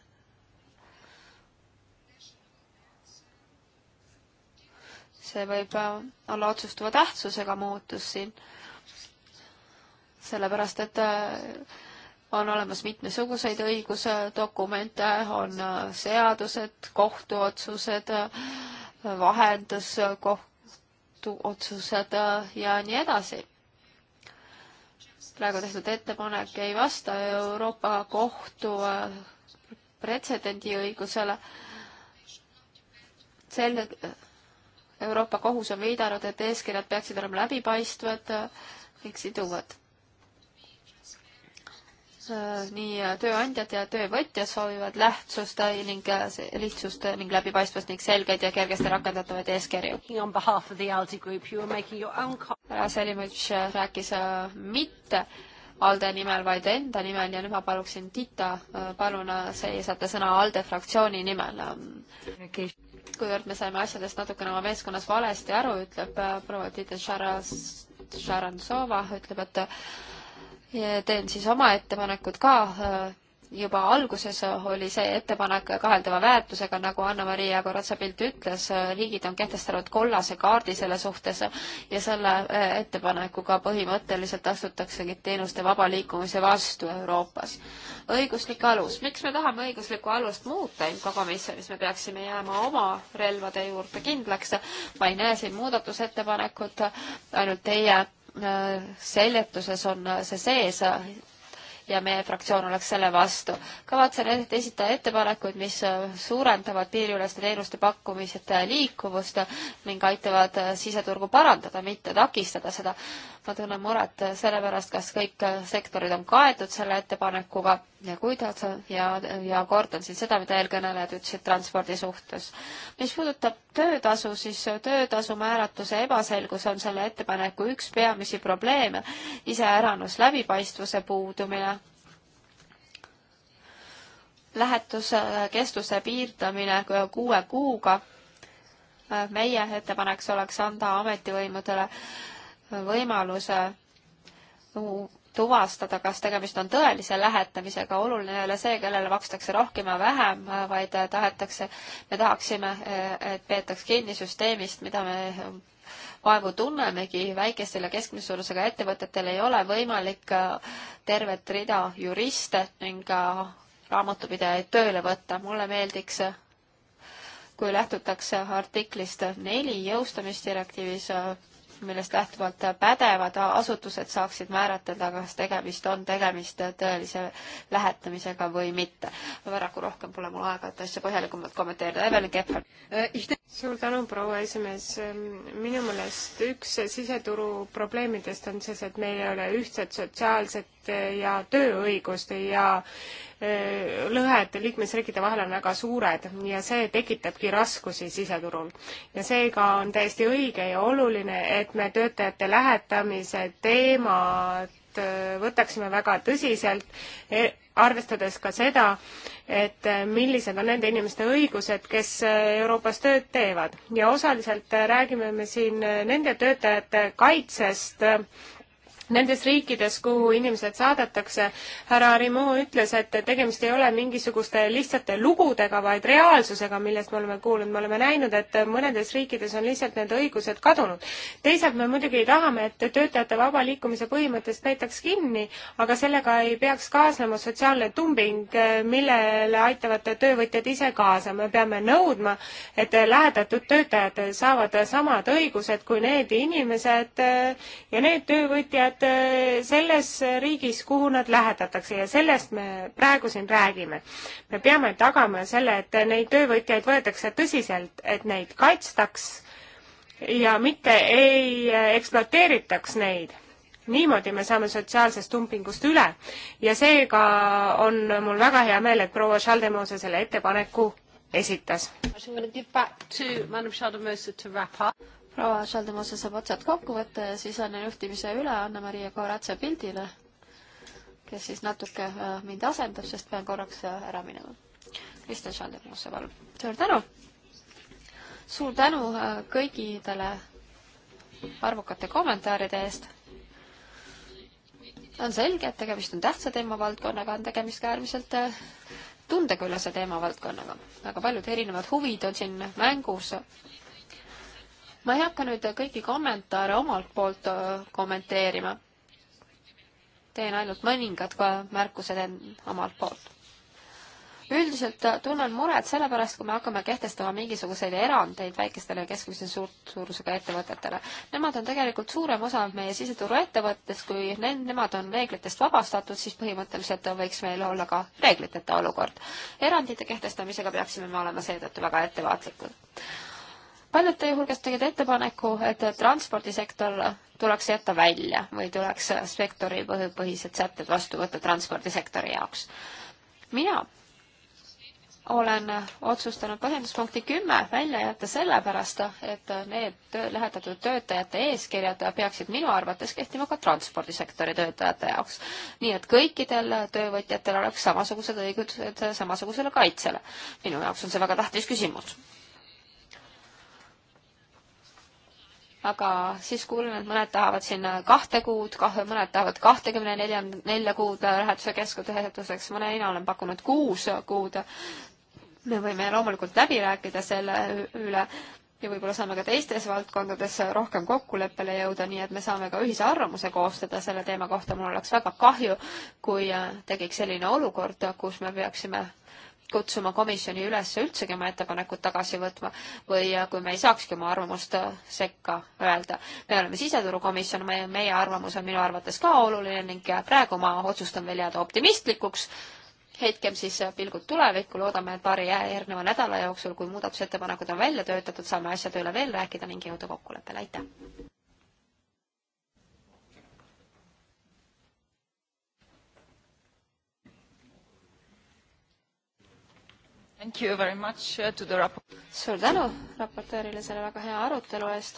see võib äh, olla otsustava tähtsusega muutus siin, sellepärast et äh, on olemas mitmesuguseid õigusdokumente, on äh, seadused, kohtuotsused, vahenduskohtuotsused ja nii edasi. praegu tehtud ettepanek ei vasta Euroopa Kohtu pretsedendiõigusele. selge Euroopa Kohus on viidanud, et eeskirjad peaksid olema läbipaistvad ning äh, siduvad. Äh, nii äh, tööandjad ja töövõtjad soovivad lähtsust ning lihtsust ning läbipaistvust ning selgeid ja kergesti rakendatavaid eeskirju. härra Selimovitš rääkis mitte ALDE nimel, vaid enda nimel ja nüüd ma paluksin Tita, palun seisate sõna ALDE fraktsiooni nimel. Ähm kuivõrd me saime asjadest natukene oma meeskonnas valesti aru, ütleb äh, proua Tiit Šarantsova, ütleb, et teen siis oma ettepanekud ka äh, juba alguses oli see ettepanek kaheldava väärtusega, nagu Anna-Maria Koratsapilt ütles, riigid on kehtestanud kollase kaardi selle suhtes ja selle äh, ettepanekuga põhimõtteliselt astutaksegi teenuste vaba liikumise vastu Euroopas. õiguslik alus, miks me tahame õiguslikku alust muuta infokomisjonis, me peaksime jääma oma relvade juurde kindlaks, ma ei näe siin muudatusettepanekut, ainult teie äh, seljetuses on see sees ja meie fraktsioon oleks selle vastu. kavatsen esitada ettepanekuid, mis äh, suurendavad piiriüleste teenuste pakkumised äh, liikuvust ning aitavad äh, siseturgu parandada, mitte takistada seda ma tunnen muret selle pärast, kas kõik sektorid on kaetud selle ettepanekuga ja kuidas ja, ja kordan siin seda, mida eelkõnelejad ütlesid transpordi suhtes. mis puudutab töötasu, siis töötasu määratuse ebaselgus on selle ettepaneku üks peamisi probleeme, iseäranus läbipaistvuse puudumine lähetuse kestuse piirdamine kuue kuuga meie ettepaneks oleks anda ametivõimudele võimaluse tuvastada, kas tegemist on tõelise lähetamisega, oluline ei ole see, kellele makstakse rohkem ja vähem, vaid tahetakse, me tahaksime, et peetaks kinni süsteemist, mida me vaevu tunnemegi, väikestel ja keskmise suurusega ettevõtetel ei ole võimalik tervet rida juriste ning raamatupidajaid tööle võtta, mulle meeldiks kui lähtutakse artiklist neli jõustamisdirektiivis millest lähtuvalt pädevad asutused saaksid määratleda, kas tegemist on tegemist tõelise lähetamisega või mitte. paraku rohkem pole mul aega, et asja põhjalikumalt kommenteerida. Evelyn Kepper. suur tänu, proua esimees. minu meelest üks siseturu probleemidest on selles, et meil ei ole ühtset sotsiaalset õigust ja tööõigust ja lõhed liikmesriikide vahel on väga suured ja see tekitabki raskusi siseturul. ja seega on täiesti õige ja oluline, et me töötajate lähetamise teemat võtaksime väga tõsiselt, e, arvestades ka seda, et millised on nende inimeste õigused, kes Euroopas tööd teevad ja osaliselt räägime me siin nende töötajate kaitsest, Nendes riikides, kuhu inimesed saadetakse, härra Arimu ütles, et tegemist ei ole mingisuguste lihtsate lugudega, vaid reaalsusega, millest me oleme kuulnud, me oleme näinud, et mõnedes riikides on lihtsalt need õigused kadunud. teisalt me muidugi tahame, et töötajate vaba liikumise põhimõttest peetaks kinni, aga sellega ei peaks kaasnema sotsiaalne tumbing, millele aitavad töövõtjad ise kaasa. me peame nõudma, et lähedatud töötajad saavad samad õigused kui need inimesed ja need töövõtjad, töötajad äh, selles riigis, kuhu nad lähetatakse ja sellest me praegu siin räägime. me peame tagama selle, et neid töövõtjaid võetakse tõsiselt, et neid kaitstaks ja mitte ei äh, ekspluateeritaks neid niimoodi me saame sotsiaalsest dumpingust üle ja seega on mul väga hea meel, et proua Schaldemose selle ettepaneku esitas proua Šaldemose saab otsad kokku võtta ja siis annan juhtimise üle Anna-Maria Koratse pildile, kes siis natuke äh, mind asendab, sest pean korraks äh, ära minema. Kristjan Šaldemose, palun. suur tänu! suur tänu äh, kõigidele arvukate kommentaaride eest on selge, et tegemist on tähtsa teemavaldkonnaga, on tegemist ka äärmiselt tundeküllase teemavaldkonnaga. väga paljud erinevad huvid on siin mängus ma ei hakka nüüd kõiki kommentaare omalt poolt äh, kommenteerima. teen ainult mõningad märkused omalt poolt. üldiselt äh, tunnen muret sellepärast, kui me hakkame kehtestama mingisuguseid erandeid väikestele ja keskmise suurt suurusega ettevõtetele. Nemad on tegelikult suurem osa meie siseturuettevõttest, kui ne-, nemad on reeglitest vabastatud, siis põhimõtteliselt võiks meil olla ka reegliteta olukord. erandite kehtestamisega peaksime me olema seetõttu väga ettevaatlikud paljud teie hulgast tegid ettepaneku, et transpordisektor tuleks jätta välja või tuleks sektori põhised sätted vastu võtta transpordisektori jaoks. mina olen otsustanud põhjenduspunkti kümme välja jätta sellepärast, et need töö, lähetatud töötajate eeskirjad peaksid minu arvates kehtima ka transpordisektori töötajate jaoks. nii et kõikidel töövõtjatel oleks samasugused õigused samasugusele kaitsele. minu jaoks on see väga tähtis küsimus aga siis kuulen, et mõned tahavad sinna kahte kuud, kah-, mõned tahavad kahtekümne nelja, nelja kuud lähetuse keskuse ehituseks, mõne mina olen pakkunud kuus kuud. me võime loomulikult läbi rääkida selle üle ja võib-olla saame ka teistes valdkondades rohkem kokkuleppele jõuda, nii et me saame ka ühise arvamuse koostada selle teema kohta. mul oleks väga kahju, kui tekiks selline olukord, kus me peaksime kutsuma komisjoni üles üldsegi oma ettepanekut tagasi võtma või äh, kui me ei saakski oma arvamust äh, sekka öelda. me oleme siseturukomisjon, meie, meie arvamus on minu arvates ka oluline ning äh, praegu ma otsustan veel jääda optimistlikuks. heitkem siis pilgud tulevikku, loodame, et paari järgneva nädala jooksul, kui muudatusettepanekud on välja töötatud, saame asjade üle veel rääkida ning jõuda kokkuleppele, aitäh! Uh, suur tänu raportöörile selle väga hea arutelu eest.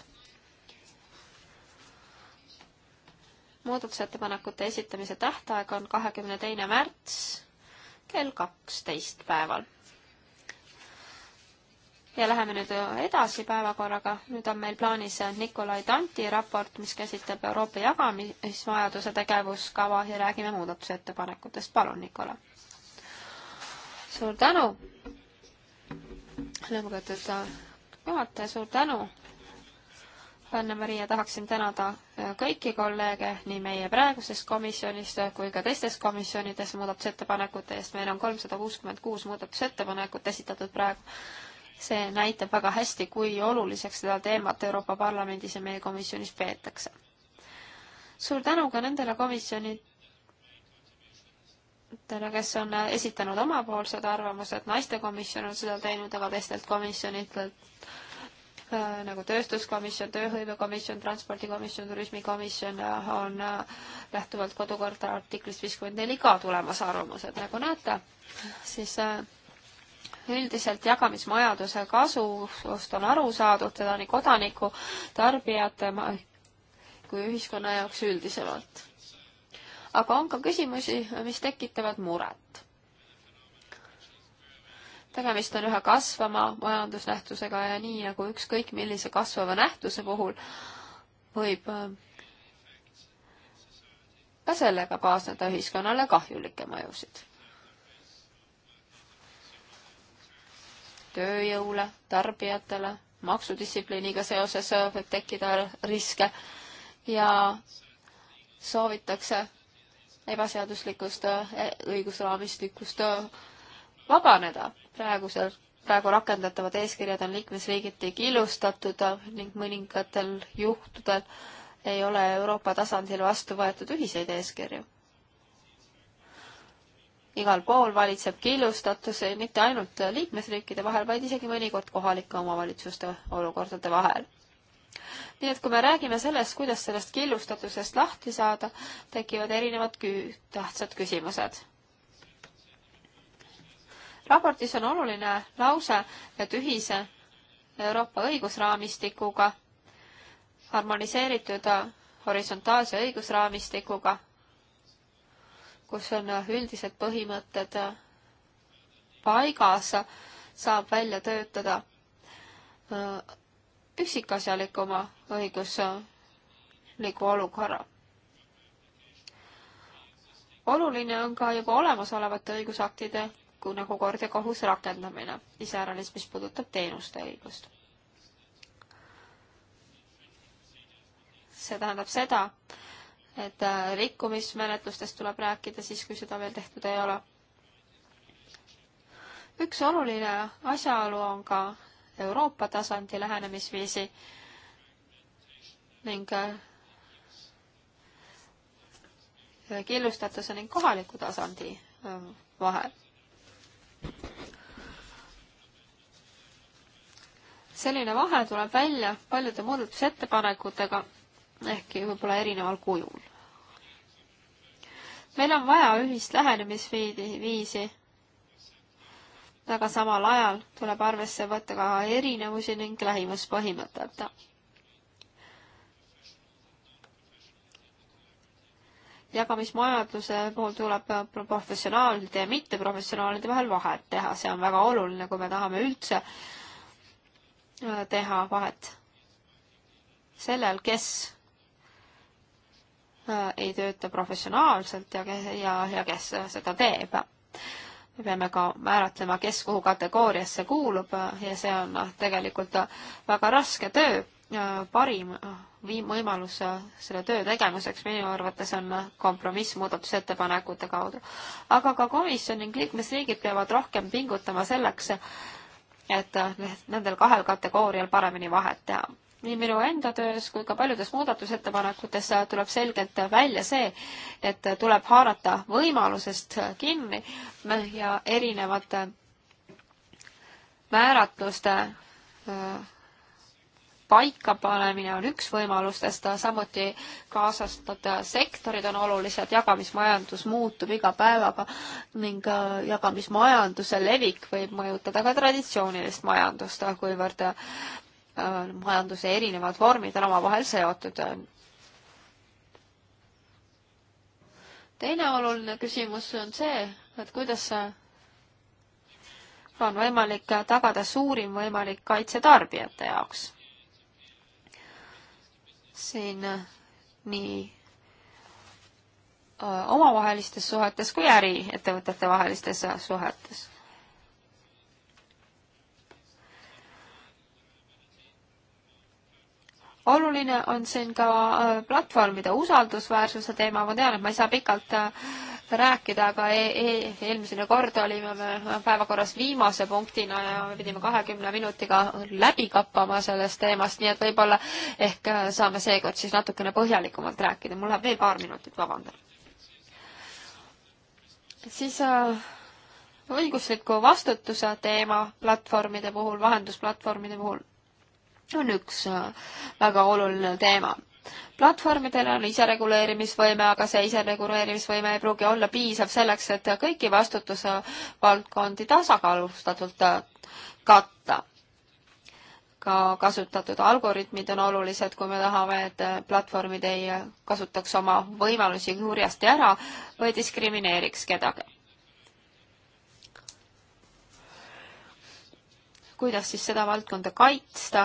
muudatusettepanekute esitamise tähtaeg on kahekümne teine märts kell kaksteist päeval. ja läheme nüüd edasi päevakorraga. nüüd on meil plaanis Nikolai Tanti raport, mis käsitleb Euroopa jagamisvajaduse tegevuskava ja räägime muudatusettepanekutest. palun, Nikola. suur tänu lugupeetud äh, juhataja, suur tänu. Anne-Maria, tahaksin tänada äh, kõiki kolleege nii meie praegusest komisjonist kui ka teistes komisjonides muudatusettepanekute eest. meil on kolmsada kuuskümmend kuus muudatusettepanekut esitatud praegu. see näitab väga hästi, kui oluliseks seda teemat Euroopa Parlamendis ja meie komisjonis peetakse. suur tänu ka nendele komisjonid, teile, kes on äh, esitanud omapoolsed arvamused, naistekomisjon on seda teinud, aga teistelt komisjonitelt äh, nagu tööstuskomisjon, tööhõivekomisjon, transpordikomisjon, turismikomisjon äh, on lähtuvalt kodukorda artiklist viiskümmend neli ka tulemas arvamused, nagu näete, siis üldiselt jagamismajanduse kasust on aru saadud, seda nii kodaniku, tarbijate kui ühiskonna jaoks üldisemalt aga on ka küsimusi, mis tekitavad muret. tegemist on ühe kasvama majandusnähtusega ja nii nagu ükskõik millise kasvava nähtuse puhul võib äh, ka sellega kaasneda ühiskonnale kahjulikke mõjusid. tööjõule, tarbijatele, maksudistsipliiniga seoses äh, võib tekkida riske ja soovitakse ebaseaduslikust eh, õigusraamistikust eh, vabaneda. praegusel, praegu rakendatavad eeskirjad on liikmesriigiti killustatud eh, ning mõningatel juhtudel ei ole Euroopa tasandil vastu võetud ühiseid eeskirju. igal pool valitseb killustatus mitte ainult liikmesriikide vahel, vaid isegi mõnikord kohalike omavalitsuste olukordade vahel nii et kui me räägime sellest, kuidas sellest killustatusest lahti saada, tekivad erinevad kü-, tähtsad küsimused. raportis on oluline lause, et ühise Euroopa õigusraamistikuga, harmoniseeritud horisontaalse õigusraamistikuga, kus on üldised põhimõtted paigas, saab välja töötada üksikasjalikuma õigusliku olukorra. oluline on ka juba olemasolevate õigusaktide kui nagu kord ja kohus rakendamine, iseäranis, mis puudutab teenuste õigust. see tähendab seda, et äh, rikkumismenetlustest tuleb rääkida siis, kui seda veel tehtud ei ole. üks oluline asjaolu on ka Euroopa tasandi lähenemisviisi ning äh, killustatuse ning kohaliku tasandi äh, vahel. selline vahe tuleb välja paljude muudatusettepanekutega, ehkki võib-olla erineval kujul. meil on vaja ühist lähenemisviisi aga samal ajal tuleb arvesse võtta ka erinevusi ning lähimuspõhimõtet. jagamismajanduse puhul tuleb professionaalide ja mitteprofessionaalide vahel vahet teha, see on väga oluline, kui me tahame üldse äh, teha vahet sellel, kes äh, ei tööta professionaalselt ja, ja, ja kes äh, seda teeb me peame ka määratlema, kes kuhu kategooriasse kuulub ja see on noh, tegelikult väga raske töö. parim noh, viim-, võimalus selle töö tegemiseks minu arvates on kompromiss muudatusettepanekute kaudu. aga ka komisjon ning liikmesriigid peavad rohkem pingutama selleks, et noh, nendel kahel kategoorial paremini vahet teha nii minu enda töös kui ka paljudes muudatusettepanekutes tuleb selgelt välja see, et tuleb haarata võimalusest kinni ja erinevate määratluste äh, paikapanemine on üks võimalustest, samuti kaasastatud sektorid on olulised, jagamismajandus muutub iga päevaga ning äh, jagamismajanduse levik võib mõjutada ka traditsioonilist majandust, kuivõrd Äh, majanduse erinevad vormid on omavahel seotud. teine oluline küsimus on see, et kuidas on võimalik tagada suurim võimalik kaitse tarbijate jaoks. siin nii äh, omavahelistes suhetes kui äriettevõtete vahelistes suhetes. oluline on siin ka äh, platvormide usaldusväärsuse teema, ma tean, et ma ei saa pikalt äh, rääkida, aga e e eelmisel kord olime me päevakorras viimase punktina ja me pidime kahekümne minutiga läbi kappama sellest teemast, nii et võib-olla ehk äh, saame seekord siis natukene põhjalikumalt rääkida, mul läheb veel paar minutit, vabandan. siis äh, õigusliku vastutuse teema platvormide puhul, vahendusplatvormide puhul on üks äh, väga oluline teema platvormidel on isereguleerimisvõime, aga see isereguleerimisvõime ei pruugi olla piisav selleks, et kõiki vastutuse valdkondi tasakaalustatult äh, katta. ka kasutatud algoritmid on olulised, kui me tahame, et äh, platvormid ei kasutaks oma võimalusi kurjasti ära või diskrimineeriks kedagi. kuidas siis seda valdkonda kaitsta,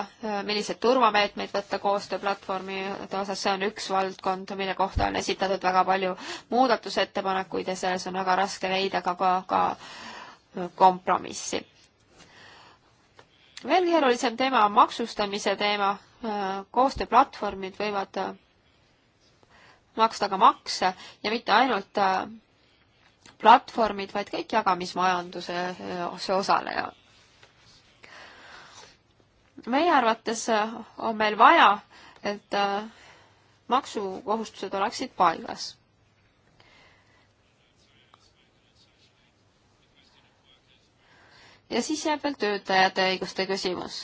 milliseid turvameetmeid võtta koostööplatvormi osas, see on üks valdkond, mille kohta on esitatud väga palju muudatusettepanekuid ja selles on väga raske leida ka, ka, ka kompromissi. veel keerulisem teema on maksustamise teema, koostööplatvormid võivad maksta ka makse ja mitte ainult platvormid, vaid kõik jagamismajanduse osalejad meie arvates äh, on meil vaja, et äh, maksukohustused oleksid paigas. ja siis jääb veel töötajate õiguste küsimus.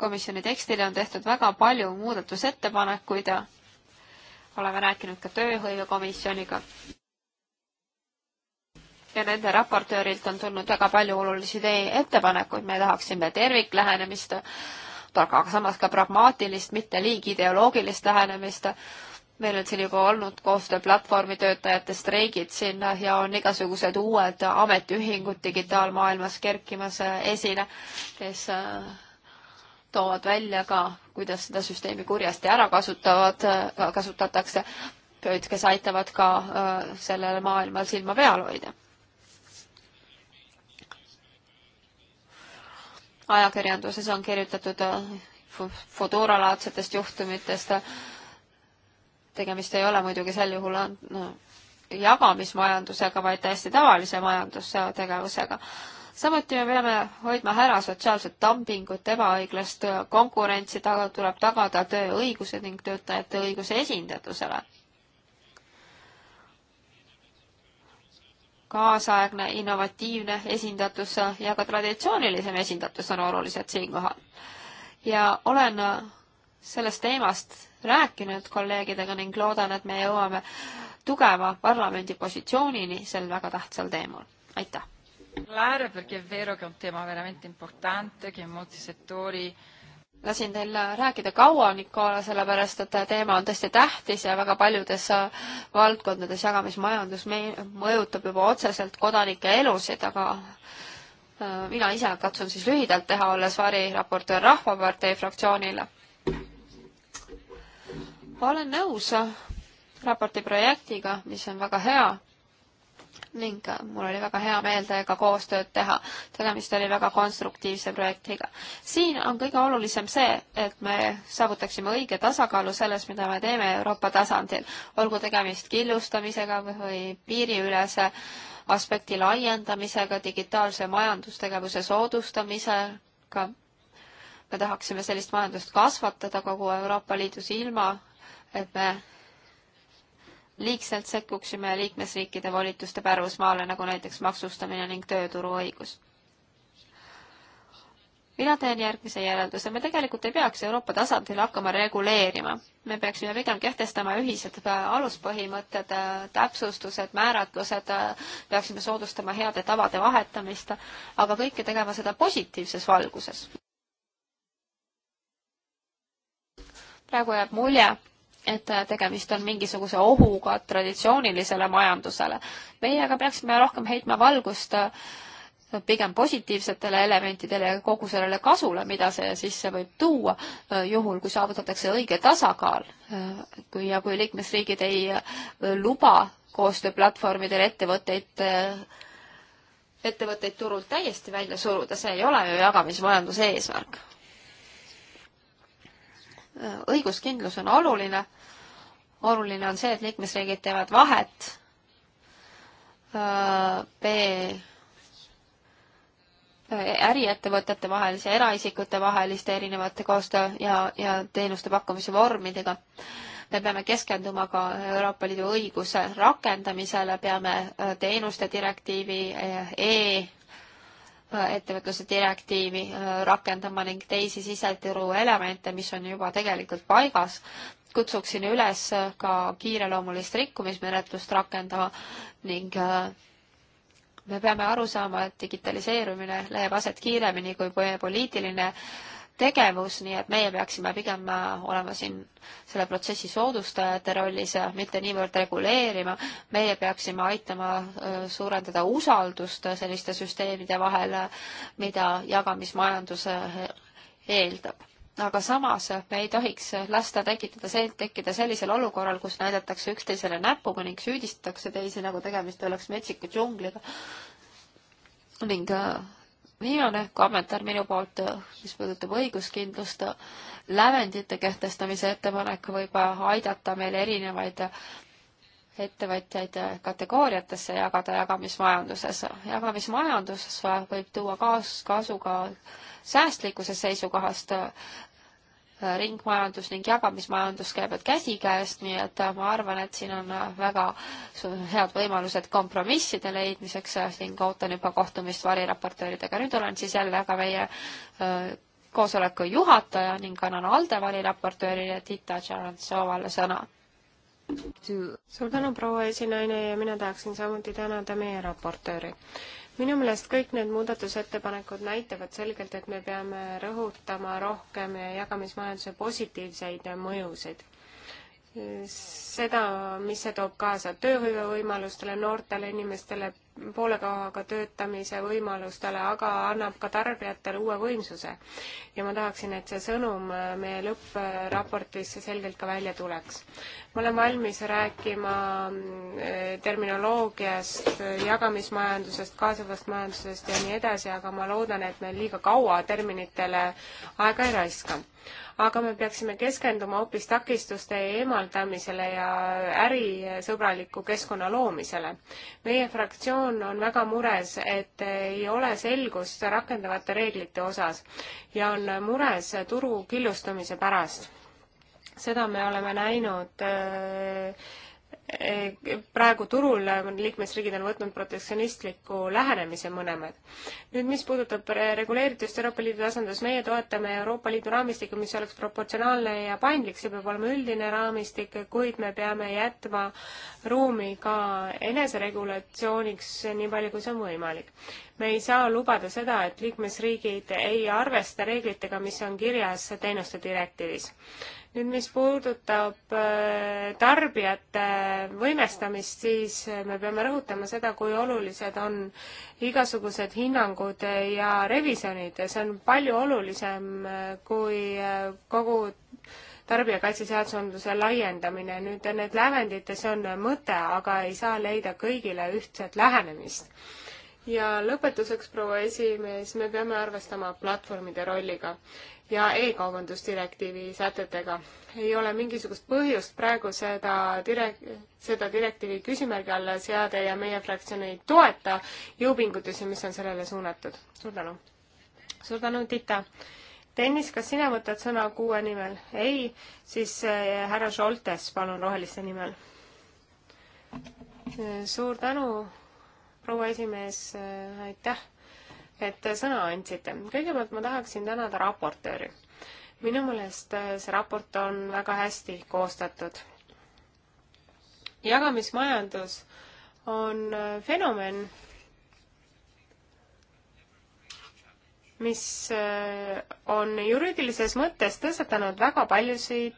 komisjoni tekstile on tehtud väga palju muudatusettepanekuid ja oleme rääkinud ka tööhõivekomisjoniga ja nende raportöörilt on tulnud väga palju olulisi ettepanekuid, me tahaksime terviklähenemist, aga samas ka pragmaatilist, mitte liigi ideoloogilist lähenemist. meil on siin juba olnud koostööplatvormi töötajate streigid siin ja on igasugused uued ametiühingud digitaalmaailmas kerkimas esile, kes äh, toovad välja ka, kuidas seda süsteemi kurjasti ära kasutavad, kasutatakse, kes aitavad ka äh, sellele maailmal silma peal hoida ajakirjanduses on kirjutatud äh, Fodora-laadsetest juhtumitest. tegemist ei ole muidugi sel juhul no, jagamismajandusega, vaid täiesti tavalise majandustegevusega. samuti me peame hoidma ära sotsiaalset dumpingut, ebaõiglast konkurentsi, taga tuleb tagada tööõigused ning töötajate õiguse esindatusele kaasaegne innovatiivne esindatus ja ka traditsioonilisem esindatus on olulised siinkohal. ja olen sellest teemast rääkinud kolleegidega ning loodan, et me jõuame tugeva parlamendi positsioonini sel väga tähtsal teemal. aitäh! Claro, perché è vero che è un tema veramente importante che in molti settori lasin teil äh, rääkida kaua, Nikola, sellepärast et äh, teema on tõesti tähtis ja väga paljudes äh, valdkondades jagamismajandus mõjutab juba otseselt kodanike elusid, aga mina ise katsun siis lühidalt teha, olles variraportöör Rahvapartei fraktsioonile. olen nõus raporti projektiga, mis on väga hea ning äh, mul oli väga hea meel teiega koostööd teha. tegemist oli väga konstruktiivse projektiga. siin on kõige olulisem see, et me saavutaksime õige tasakaalu selles, mida me teeme Euroopa tasandil, olgu tegemist killustamisega või piiriülese aspekti laiendamisega, digitaalse majandustegevuse soodustamisega. me tahaksime sellist majandust kasvatada kogu Euroopa Liidus ilma, et me liigselt sekkuksime liikmesriikide volituste pärusmaale, nagu näiteks maksustamine ning tööturuõigus. mina teen järgmise järelduse, me tegelikult ei peaks Euroopa tasandil hakkama reguleerima. me peaksime pigem kehtestama ühised aluspõhimõtted, täpsustused, määratlused, peaksime soodustama heade tavade vahetamist, aga kõike tegema seda positiivses valguses. praegu jääb mulje, et tegemist on mingisuguse ohuga traditsioonilisele majandusele. meie aga peaksime rohkem heitma valgust äh, pigem positiivsetele elementidele ja kogu sellele kasule, mida see sisse võib tuua, äh, juhul kui saavutatakse õige tasakaal. Äh, kui ja kui liikmesriigid ei luba koostööplatvormidel ettevõtteid, ettevõtteid turult täiesti välja suruda, see ei ole ju jagamismajanduse eesmärk Äh, õiguskindlus on oluline. oluline on see, et liikmesriigid teevad vahet äh, B äh, äriettevõtete vahelise, eraisikute vaheliste erinevate koostöö ja, ja teenuste pakkumise vormidega me peame keskenduma ka Euroopa Liidu õiguse rakendamisele, peame teenuste direktiivi e ettevõtluse direktiivi äh, rakendama ning teisi siseturu elemente, mis on juba tegelikult paigas. kutsuksin üles äh, ka kiireloomulist rikkumismenetlust rakendama ning äh, me peame aru saama, et digitaliseerumine leiab aset kiiremini kui poliitiline tegevus, nii et meie peaksime pigem äh, olema siin selle protsessi soodustajate rollis, mitte niivõrd reguleerima, meie peaksime aitama äh, suurendada usaldust selliste süsteemide vahel, mida jagamismajandus eeldab aga samas me ei tohiks lasta tekitada see, tekkida sellisel olukorral, kus näidatakse üksteisele näpuga ning süüdistatakse teisi, nagu tegemist oleks metsiku džungliga. ning äh, viimane kommentaar minu poolt, mis puudutab õiguskindlust, lävendite kehtestamise ettepanek võib aidata meil erinevaid ettevõtjaid kategooriatesse jagada jagamismajanduses. jagamismajanduses võib tuua kaas, kasu ka säästlikkuse seisukohast ringmajandus ning jagamismajandus käivad käsikäest, nii et äh, ma arvan, et siin on äh, väga head võimalused kompromisside leidmiseks, äh, siin ootan juba kohtumist variraportööridega, nüüd olen siis jälle ka meie koosoleku juhataja ning annan Alde variraportöörile Tita Tšarantsovale sõna suur tänu, proua esinaine ja mina tahaksin samuti tänada meie raportööri minu meelest kõik need muudatusettepanekud näitavad selgelt, et me peame rõhutama rohkem jagamismajanduse positiivseid mõjusid seda, mis see toob kaasa tööhõivevõimalustele, noortele inimestele, poole kohaga töötamise võimalustele, aga annab ka tarbijatele uue võimsuse. ja ma tahaksin, et see sõnum meie lõppraportisse selgelt ka välja tuleks. ma olen valmis rääkima eh, terminoloogiast, jagamismajandusest, kaasavast majandusest ja nii edasi, aga ma loodan, et me liiga kaua terminitele aega ei raiska aga me peaksime keskenduma hoopis takistuste eemaldamisele ja ärisõbraliku keskkonna loomisele. meie fraktsioon on väga mures, et ei ole selgust rakendavate reeglite osas ja on mures turu killustumise pärast. seda me oleme näinud öö, äh, Eh, praegu turul liikmesriigid on võtnud protektsionistliku lähenemise mõlemad. nüüd, mis puudutab reguleeritust Euroopa Liidu tasandil, siis meie toetame Euroopa Liidu raamistikku, mis oleks proportsionaalne ja paindlik, see peab olema üldine raamistik, kuid me peame jätma ruumi ka eneseregulatsiooniks, nii palju kui see on võimalik. me ei saa lubada seda, et liikmesriigid ei arvesta reeglitega, mis on kirjas teenuste direktiivis nüüd, mis puudutab äh, tarbijate võimestamist, siis äh, me peame rõhutama seda, kui olulised on igasugused hinnangud ja revisjonid ja see on palju olulisem äh, kui kogu tarbijakaitseseadusandluse laiendamine. nüüd need lävendid, see on mõte, aga ei saa leida kõigile ühtset lähenemist. ja lõpetuseks, proua esimees, me peame arvestama platvormide rolliga ja e-kaubandusdirektiivi sätetega. ei ole mingisugust põhjust praegu seda direk-, seda direktiivi küsimärgi alla seada ja meie fraktsioon ei toeta jõupingutusi, mis on sellele suunatud. suur tänu! suur tänu, Tita! Tõnis, kas sina võtad sõna kuue nimel? ei, siis eh, härra Šoltes, palun, Roheliste nimel. Eh, suur tänu, proua esimees, eh, aitäh et sõna andsite. kõigepealt ma tahaksin tänada raportööri. minu meelest äh, see raport on väga hästi koostatud. jagamismajandus on äh, fenomen, mis äh, on juriidilises mõttes tõstatanud väga paljusid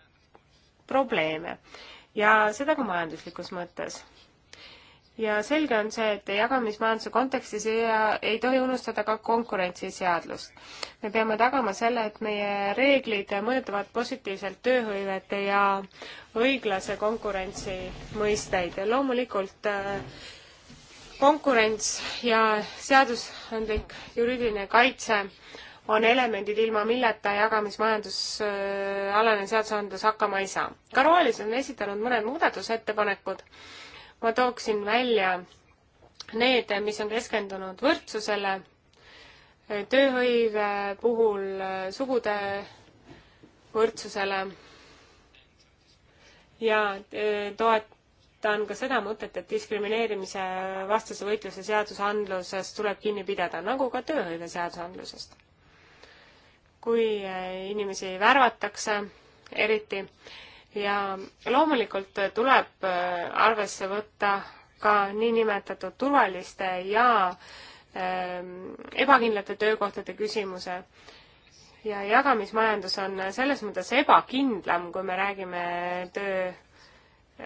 probleeme ja seda ka majanduslikus mõttes ja selge on see, et jagamismajanduse kontekstis ei, ei tohi unustada ka konkurentsiseadlust. me peame tagama selle, et meie reeglid mõjutavad positiivselt tööhõivet ja õiglase konkurentsi mõisteid. loomulikult äh, konkurents ja seadusandlik juriidiline kaitse on elemendid, ilma milleta jagamismajandusalane äh, seadusandlus hakkama ei saa. ka rohelised on esitanud mõned muudatusettepanekud ma tooksin välja need, mis on keskendunud võrdsusele, tööhõive puhul sugude võrdsusele ja e, toetan ka seda mõtet, et diskrimineerimise vastase võitluse seadusandlusest tuleb kinni pidada, nagu ka tööhõive seadusandlusest. kui e, inimesi värvatakse eriti, ja loomulikult tuleb äh, arvesse võtta ka niinimetatud turvaliste ja ähm, ebakindlate töökohtade küsimuse. ja jagamismajandus on selles mõttes ebakindlam, kui me räägime töö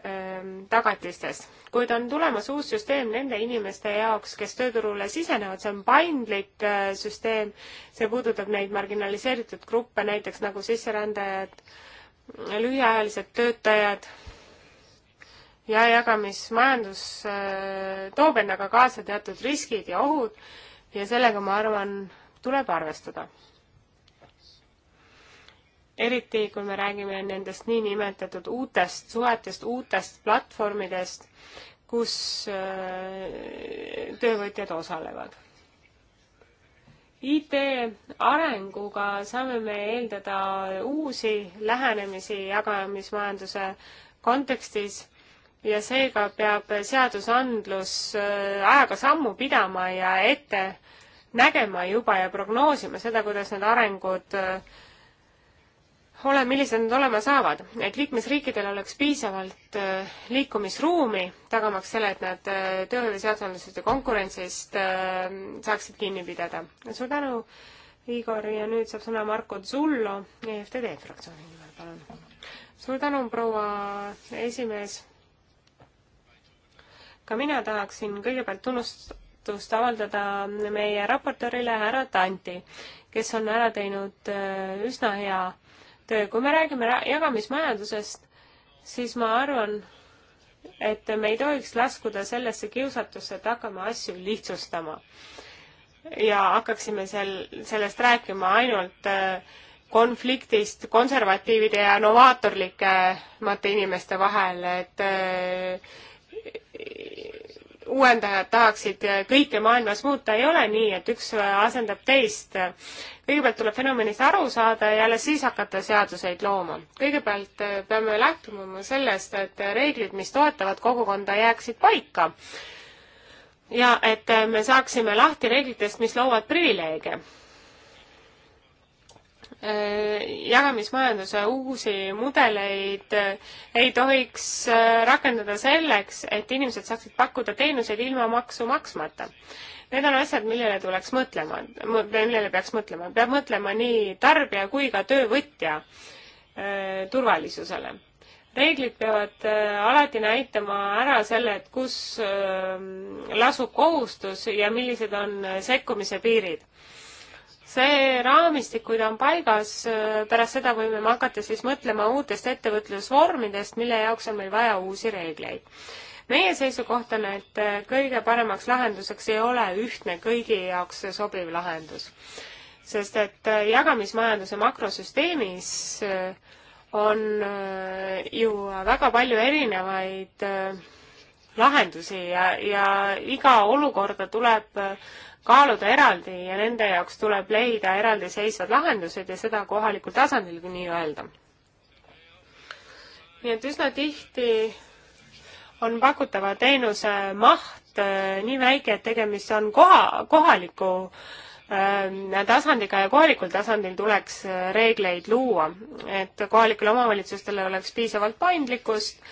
ähm, tagatistest, kuid on tulemas uus süsteem nende inimeste jaoks, kes tööturule sisenevad, see on paindlik äh, süsteem, see puudutab neid marginaliseeritud gruppe, näiteks nagu sisserändajad äh,, lühiajalised töötajad ja jagamismajandus äh, toob endaga kaasa teatud riskid ja ohud ja sellega, ma arvan, tuleb arvestada. eriti, kui me räägime nendest niinimetatud uutest suhetest, uutest platvormidest, kus äh, töövõtjad osalevad IT arenguga saame me eeldada uusi lähenemisi jagamismajanduse kontekstis ja seega peab seadusandlus äh, ajaga sammu pidama ja ette nägema juba ja prognoosima seda, kuidas need arengud äh, ole, millised nad olema saavad, et liikmesriikidel oleks piisavalt äh, liikumisruumi, tagamaks selle, et nad äh, tööhõive seadusandlusest ja konkurentsist äh, saaksid kinni pidada. suur tänu, Igor, ja nüüd saab sõna Marko Zullo EFTD fraktsiooni nimel, palun. suur tänu, proua esimees. ka mina tahaksin kõigepealt tunnustust avaldada meie raportöörile härra Tanti, kes on ära teinud üsna hea töö. Äh, kui me räägime jagamismajandusest, siis ma arvan, et me ei tohiks laskuda sellesse kiusatusse, et hakkame asju lihtsustama. ja hakkaksime seal, sellest rääkima ainult äh, konfliktist konservatiivide ja novaatorlikemate äh, inimeste vahel, et uuendajad tahaksid kõike maailmas muuta, ei ole nii, et üks asendab teist. kõigepealt tuleb fenomenist aru saada ja alles siis hakata seaduseid looma. kõigepealt peame lähtuma sellest, et reeglid, mis toetavad kogukonda, jääksid paika. ja et me saaksime lahti reeglitest, mis loovad privileege jagamismajanduse uusi mudeleid ei tohiks äh, rakendada selleks, et inimesed saaksid pakkuda teenuseid ilma maksu maksmata. Need on asjad, millele tuleks mõtlema, millele peaks mõtlema. peab mõtlema nii tarbija kui ka töövõtja äh, turvalisusele. reeglid peavad äh, alati näitama ära selle, et kus lasub kohustus ja millised on sekkumise piirid see raamistik, kui ta on paigas, äh, pärast seda võime me hakata siis mõtlema uutest ettevõtlusvormidest, mille jaoks on meil vaja uusi reegleid. meie seisukoht on, et äh, kõige paremaks lahenduseks ei ole ühtne kõigi jaoks sobiv lahendus. sest et äh, jagamismajanduse makrosüsteemis on ju väga palju erinevaid lahendusi ja, ja iga olukorda tuleb kaaluda eraldi ja nende jaoks tuleb leida eraldiseisvad lahendused ja seda kohalikul tasandil nii-öelda. nii et üsna tihti on pakutava teenuse maht äh, nii väike, et tegemist on koha, kohaliku äh, tasandiga ja kohalikul tasandil tuleks äh, reegleid luua, et kohalikele omavalitsustele oleks piisavalt paindlikkust,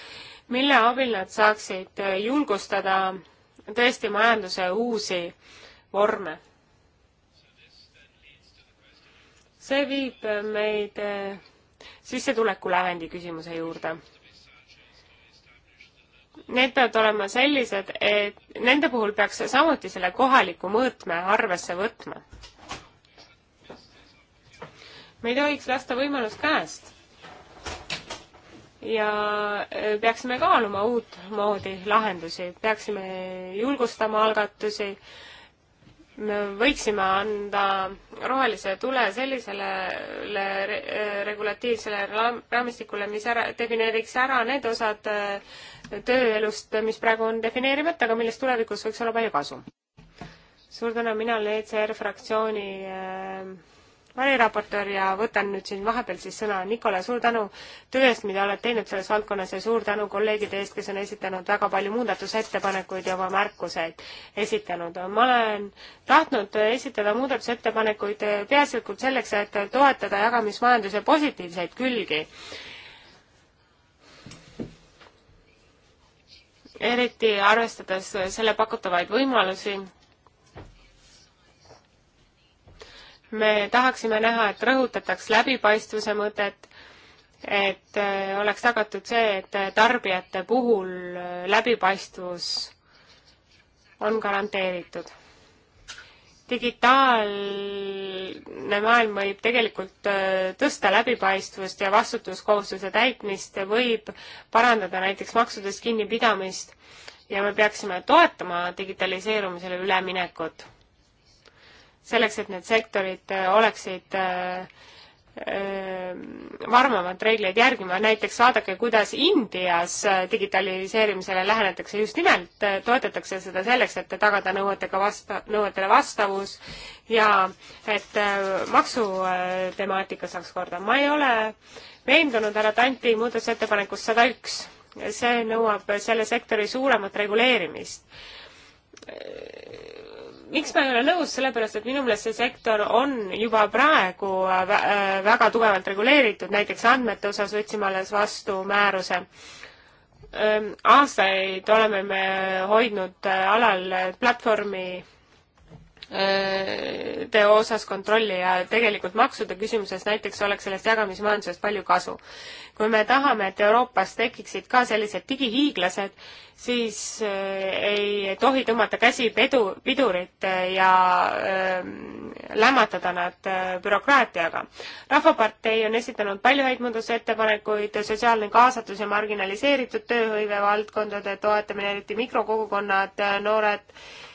mille abil nad saaksid julgustada tõesti majanduse uusi äh, vorme. see viib meid eh, sissetuleku lävendi küsimuse juurde. Need peavad olema sellised, et nende puhul peaks samuti selle kohaliku mõõtme arvesse võtma. me ei tohiks lasta võimalust käest ja eh, peaksime kaaluma uut moodi lahendusi, peaksime julgustama algatusi, võiksime anda rohelise tule sellisele re, regulatiivsele raamistikule, mis ära, defineeriks ära need osad äh, tööelust, mis praegu on defineerimata, aga millest tulevikus võiks olla palju kasu. suur tänu, mina olen ECR fraktsiooni äh, variraportöör ja võtan nüüd siin vahepeal siis sõna. Nikola, suur tänu töö eest, mida oled teinud selles valdkonnas ja suur tänu kolleegide eest, kes on esitanud väga palju muudatusettepanekuid ja oma märkuseid esitanud. ma olen tahtnud esitada muudatusettepanekuid peaasjalikult selleks, et toetada jagamismajanduse positiivseid külgi. eriti arvestades selle pakutavaid võimalusi me tahaksime näha, et rõhutataks läbipaistvuse mõtet, et äh, oleks tagatud see, et tarbijate puhul äh, läbipaistvus on garanteeritud. digitaalne maailm võib tegelikult äh, tõsta läbipaistvust ja vastutuskohustuse täitmist, võib parandada näiteks maksudest kinnipidamist ja me peaksime toetama digitaliseerumisele üleminekut selleks, et need sektorid äh, oleksid äh, äh, varmemad reegleid järgima, näiteks vaadake, kuidas Indias digitaliseerimisele lähenetakse, just nimelt toetatakse seda selleks, et tagada nõuetega vasta-, nõuetele vastavus ja et maksutemaatika saaks korda. ma ei ole veendunud härra Tanti muudatusettepanekus sada üks, see nõuab selle sektori suuremat reguleerimist miks ma ei ole nõus, sellepärast et minu meelest see sektor on juba praegu äh, äh, väga tugevalt reguleeritud, näiteks andmete osas võtsime alles vastu määruse. Ähm, aastaid oleme me hoidnud äh, alal platvormi Äh, teo osas kontrolli ja tegelikult maksude küsimuses näiteks oleks sellest jagamismajandusest palju kasu. kui me tahame, et Euroopas tekiksid ka sellised digihiiglased, siis äh, ei tohi tõmmata käsi pedu, pidurit äh, ja äh, lämmatada nad bürokraatiaga. rahvapartei on esitanud palju häid muudatusettepanekuid, sotsiaalne kaasatus ja marginaliseeritud tööhõive valdkondade toetamine, eriti mikrokogukonnad, noored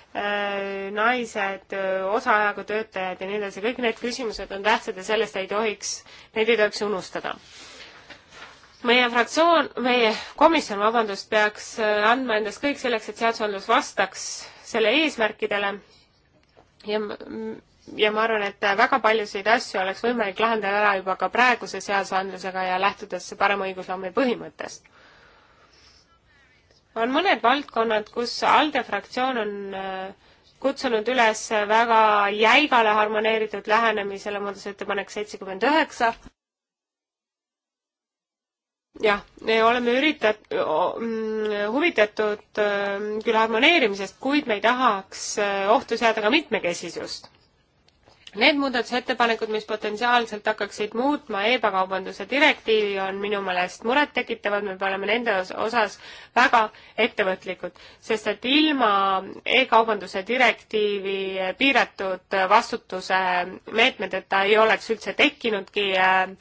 Äh, naised, äh, osaajaga töötajad ja nii edasi, kõik need küsimused on tähtsad ja sellest ei tohiks, neid ei tohiks unustada. meie fraktsioon, meie komisjon, vabandust, peaks äh, andma endast kõik selleks, et seadusandlus vastaks selle eesmärkidele ja ja ma arvan, et väga paljusid asju oleks võimalik lahendada ära juba ka praeguse seadusandlusega ja lähtudes parema õigusloome põhimõttest on mõned valdkonnad, kus ALDE fraktsioon on äh, kutsunud üles väga jäigale harmoneeritud lähenemisele, muudatusettepanek seitsekümmend üheksa. jah, me oleme üritat-, mm, huvitatud äh, küll harmoneerimisest, kuid me ei tahaks äh, ohtu seada ka mitmekesisust Need muudatusettepanekud, mis potentsiaalselt hakkaksid muutma e-pakaubanduse direktiivi, on minu meelest murettekitavad, me oleme nende osas väga ettevõtlikud, sest et ilma e-kaubanduse direktiivi piiratud vastutuse meetmedeta ei oleks üldse tekkinudki äh,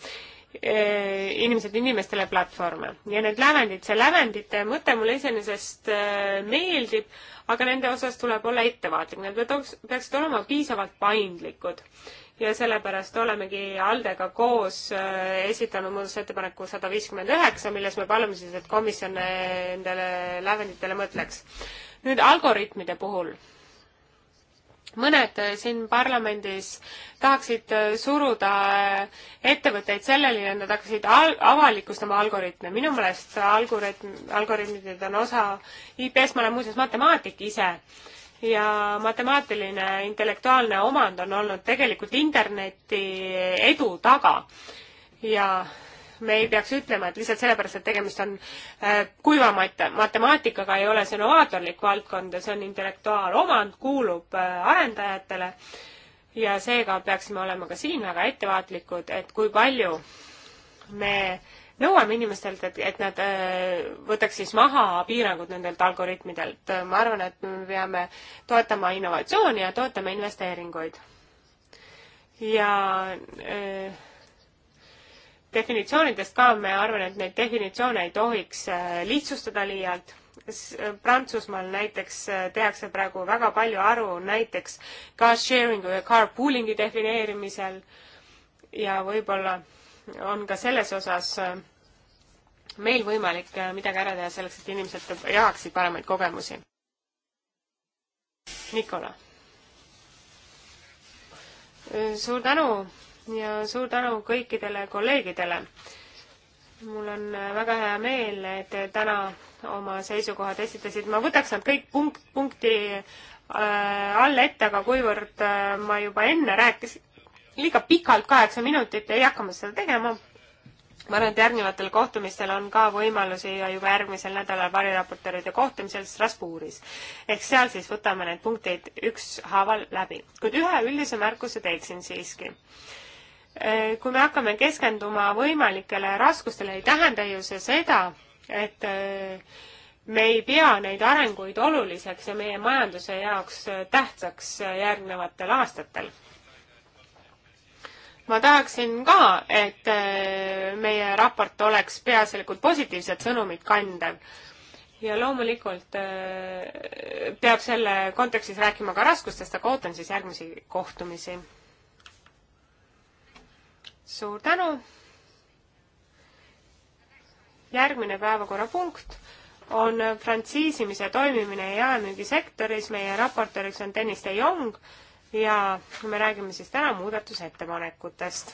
Eh, inimeselt inimestele platvorme ja need lävendid, see lävendite mõte mulle iseenesest eh, meeldib, aga nende osas tuleb olla ettevaatlik, need peaksid olema piisavalt paindlikud. ja sellepärast olemegi Aldega koos eh, esitanud muudatusettepaneku sada viiskümmend üheksa, milles me palume siis, et komisjon nendele lävenditele mõtleks. nüüd algoritmide puhul mõned äh, siin parlamendis tahaksid äh, suruda äh, ettevõtteid selleni, et nad hakkaksid al avalikustama algoritme. minu meelest algoritm, algoritmid on osa IP-st, ma olen muuseas matemaatik ise ja matemaatiline intellektuaalne omand on olnud tegelikult interneti edu taga. ja me ei peaks ütlema, et lihtsalt sellepärast, et tegemist on äh, kuiva mat-, matemaatikaga, ei ole see novaatorlik valdkond ja see on intellektuaalomand, kuulub äh, arendajatele ja seega peaksime olema ka siin väga ettevaatlikud, et kui palju me nõuame inimestelt, et, et nad äh, võtaks siis maha piirangud nendelt algoritmidelt. ma arvan, et me peame toetama innovatsiooni ja toetama investeeringuid. ja öö, definitsioonidest ka, ma arvan, et neid definitsioone ei tohiks äh, lihtsustada liialt. Äh, Prantsusmaal näiteks äh, tehakse praegu väga palju aru näiteks car sharing'u ja carpooling'i defineerimisel ja võib-olla on ka selles osas meil võimalik midagi ära teha selleks, et inimesed jagaksid paremaid kogemusi. Nikola. suur tänu ja suur tänu kõikidele kolleegidele. mul on väga hea meel, et täna oma seisukohad esitasid, ma võtaks nad kõik punkt, punkti äh, all ette, aga kuivõrd äh, ma juba enne rääkisin liiga pikalt, kaheksa minutit, ei hakka ma seda tegema ma arvan, et järgnevatel kohtumistel on ka võimalusi ja juba järgmisel nädalal variraportööride kohtumisel Strasbourgis. ehk seal siis võtame need punktid ükshaaval läbi. kuid ühe üldise märkuse teeksin siiski. Eh, kui me hakkame keskenduma võimalikele raskustele, ei tähenda ju see seda, et eh, me ei pea neid arenguid oluliseks ja meie majanduse jaoks eh, tähtsaks järgnevatel aastatel. ma tahaksin ka, et meie raport oleks peaasjalikult positiivset sõnumit kandev ja loomulikult peab selle kontekstis rääkima ka raskustest, aga ootan siis järgmisi kohtumisi suur tänu. järgmine päevakorrapunkt on frantsiisimise toimimine jaemüügisektoris. meie raportööriks on Tõnis De Jong ja me räägime siis täna muudatusettepanekutest.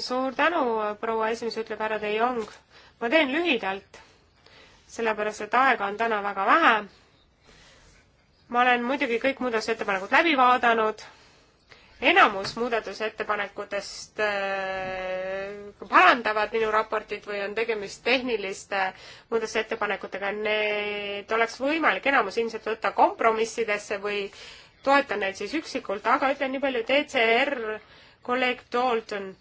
suur tänu, proua esimees, ütleb härra De Jong. ma teen lühidalt, sellepärast et aega on täna väga vähe. ma olen muidugi kõik muudatusettepanekud läbi vaadanud enamus muudatusettepanekutest äh, parandavad minu raportit või on tegemist tehniliste muudatusettepanekutega, need oleks võimalik enamus ilmselt võtta kompromissidesse või toetan neid siis üksikult, aga ütlen nii palju, DCR kolleeg Dalton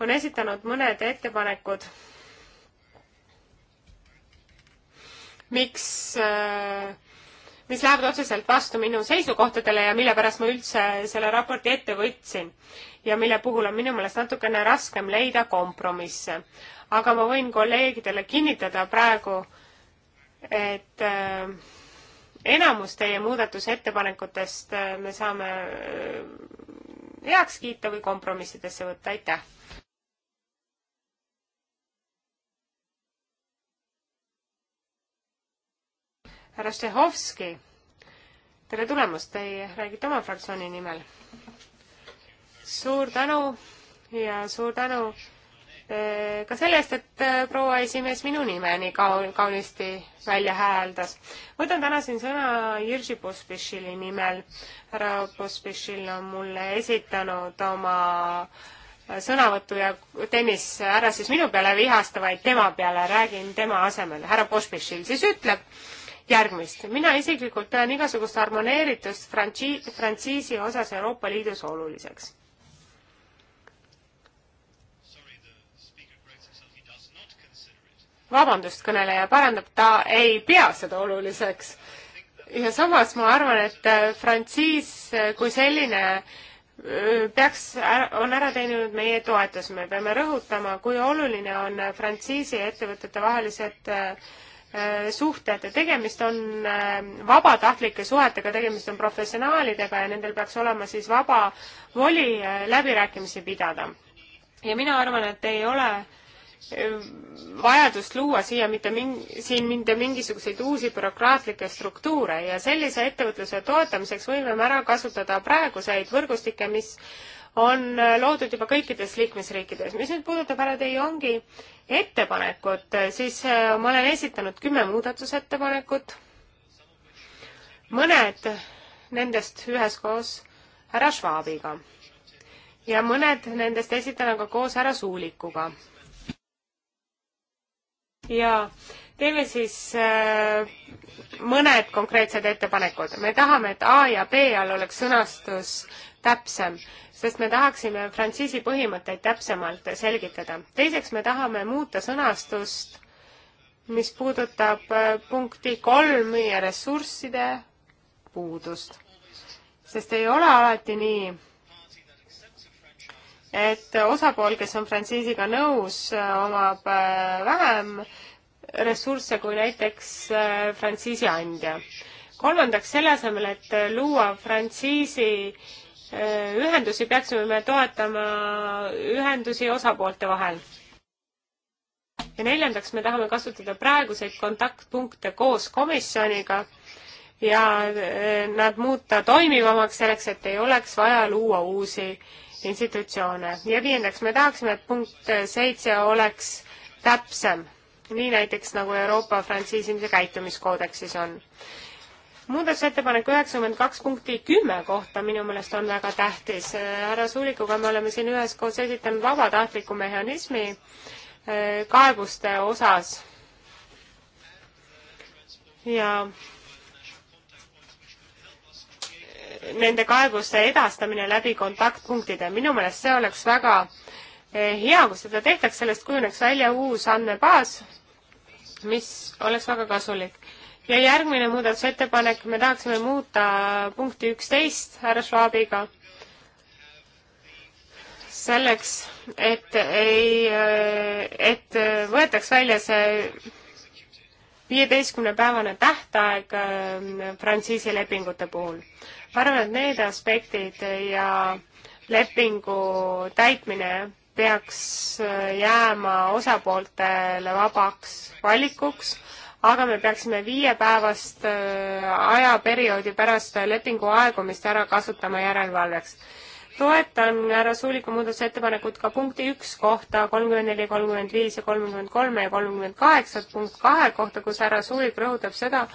on esitanud mõned ettepanekud, miks äh, mis lähevad otseselt vastu minu seisukohtadele ja mille pärast ma üldse selle raporti ette võtsin ja mille puhul on minu meelest natukene raskem leida kompromisse. aga ma võin kolleegidele kinnitada praegu, et äh, enamus teie muudatusettepanekutest äh, me saame äh, heaks kiita või kompromissidesse võtta, aitäh! härra Štehovski, tere tulemast, te räägite oma fraktsiooni nimel. suur tänu ja suur tänu eh, ka selle eest, et eh, proua esimees minu nime nii kaun-, kaunisti välja hääldas. võtan täna siin sõna Jirži Pospišili nimel. härra Pospišil on mulle esitanud oma sõnavõtu ja tennis ära siis minu peale ei vihasta, vaid tema peale, räägin tema asemel. härra Pospišil siis ütleb järgmist. mina isiklikult pean igasugust harmoneeritust frantsi-, frantsiisi osas Euroopa Liidus oluliseks. vabandust, kõneleja parandab, ta ei pea seda oluliseks. ja samas ma arvan, et äh, frantsiis äh, kui selline äh, peaks, on ära teeninud meie toetuse, me peame rõhutama, kui oluline on frantsiisi ja ettevõtete vahelised äh, Äh, suhted, tegemist on äh, vabatahtlike suhetega, tegemist on professionaalidega ja nendel peaks olema siis vaba voli äh, läbirääkimisi pidada. ja mina arvan, et ei ole vajadust luua siia mitte mingi, siin mitte mingisuguseid uusi bürokraatlikke struktuure ja sellise ettevõtluse toetamiseks võime me ära kasutada praeguseid võrgustikke, mis on äh, loodud juba kõikides liikmesriikides. mis nüüd puudutab härra Teie ongi ettepanekut, äh, siis äh, ma olen esitanud kümme muudatusettepanekut, mõned nendest üheskoos härra Schwabiga ja mõned nendest esitan aga koos härra Suulikuga. ja teeme siis äh, mõned konkreetsed ettepanekud. me tahame, et A ja B all oleks sõnastus täpsem, sest me tahaksime frantsiisi põhimõtteid täpsemalt selgitada. teiseks me tahame muuta sõnastust, mis puudutab äh, punkti kolm ja ressursside puudust. sest ei ole alati nii, et osapool, kes on frantsiisiga nõus, äh, omab äh, vähem ressursse kui näiteks frantsiisi andja. kolmandaks, selle asemel, et luua frantsiisi Äh, ühendusi, peaksime me toetama ühendusi osapoolte vahel. ja neljandaks, me tahame kasutada praeguseid kontaktpunkte koos komisjoniga ja äh, nad muuta toimivamaks selleks, et ei oleks vaja luua uusi institutsioone. ja viiendaks, me tahaksime, et punkt seitse oleks täpsem, nii näiteks nagu Euroopa frantsiisimise käitumiskoodeksis on muudatusettepanek üheksakümmend kaks punkti kümme kohta minu meelest on väga tähtis. härra Suulikuga me oleme siin üheskoos esitanud vabatahtliku mehhanismi eh, kaebuste osas. ja nende kaebuste edastamine läbi kontaktpunktide, minu meelest see oleks väga eh, hea, kui seda tehtaks, sellest kujuneks välja uus andmebaas, mis oleks väga kasulik ja järgmine muudatusettepanek, me tahaksime muuta punkti üksteist härra Schwabiga selleks, et ei, et võetaks välja see viieteistkümnepäevane tähtaeg ähm, frantsiisi lepingute puhul. ma arvan, et need aspektid ja lepingu täitmine peaks äh, jääma osapooltele vabaks valikuks aga me peaksime viiepäevast äh, ajaperioodi pärast lepingu aegumist ära kasutama järelevalveks. toetan härra Suuliku muudatusettepanekut ka punkti üks kohta, kolmkümmend neli, kolmkümmend viis ja kolmkümmend kolme ja kolmkümmend kaheksa, punkt kahe kohta, kus härra Suulik rõhutab seda,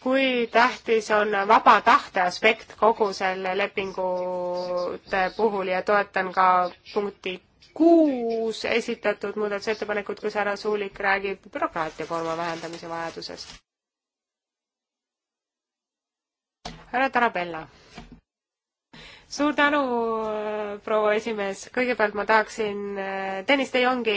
kui tähtis on vaba tahte aspekt kogu selle lepingute puhul ja toetan ka punkti kuus esitatud muudatusettepanekut, kus härra Suulik räägib bürokraatia koorma vähendamise vajadusest. härra Tarabella. suur tänu, proua esimees, kõigepealt ma tahaksin, Tõnis, teie ongi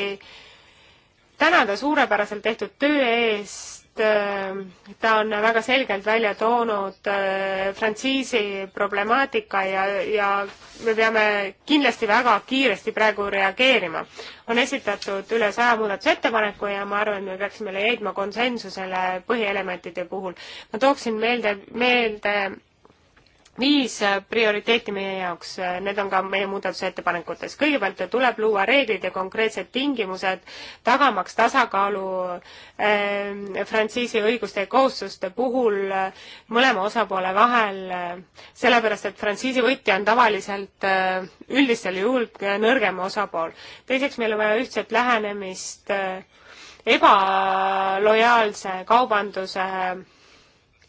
tänada suurepäraselt tehtud töö eest Äh, ta on väga selgelt välja toonud äh, frantsiisi problemaatika ja, ja me peame kindlasti väga kiiresti praegu reageerima. on esitatud üle saja muudatusettepaneku ja ma arvan, et me peaksime leidma konsensusele põhielementide puhul. ma tooksin meelde, meelde viis prioriteeti meie jaoks, need on ka meie muudatusettepanekutes. kõigepealt tuleb luua reeglid ja konkreetsed tingimused, tagamaks tasakaalu äh, frantsiisi õiguste ja kohustuste puhul äh, mõlema osapoole vahel äh,, sellepärast et frantsiisivõtja on tavaliselt äh, üldistel juhul nõrgem osapool. teiseks, meil on vaja ühtset lähenemist äh, ebalojaalse kaubanduse äh,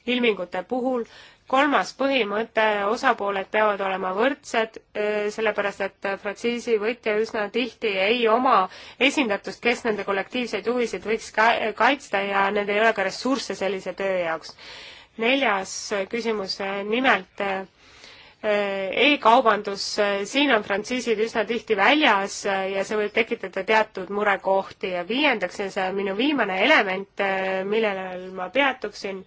ilmingute puhul äh, kolmas põhimõte, osapooled peavad olema võrdsed, eh, sellepärast et frantsiisi võtja üsna tihti ei oma esindatust, kes nende kollektiivseid huvisid võiks ka kaitsta ja need ei ole ka ressursse sellise töö jaoks. neljas küsimus, eh, nimelt eh, e-kaubandus, siin on frantsiisid üsna tihti väljas ja see võib tekitada teatud murekohti ja viiendaks ja see on minu viimane element, millele ma peatuksin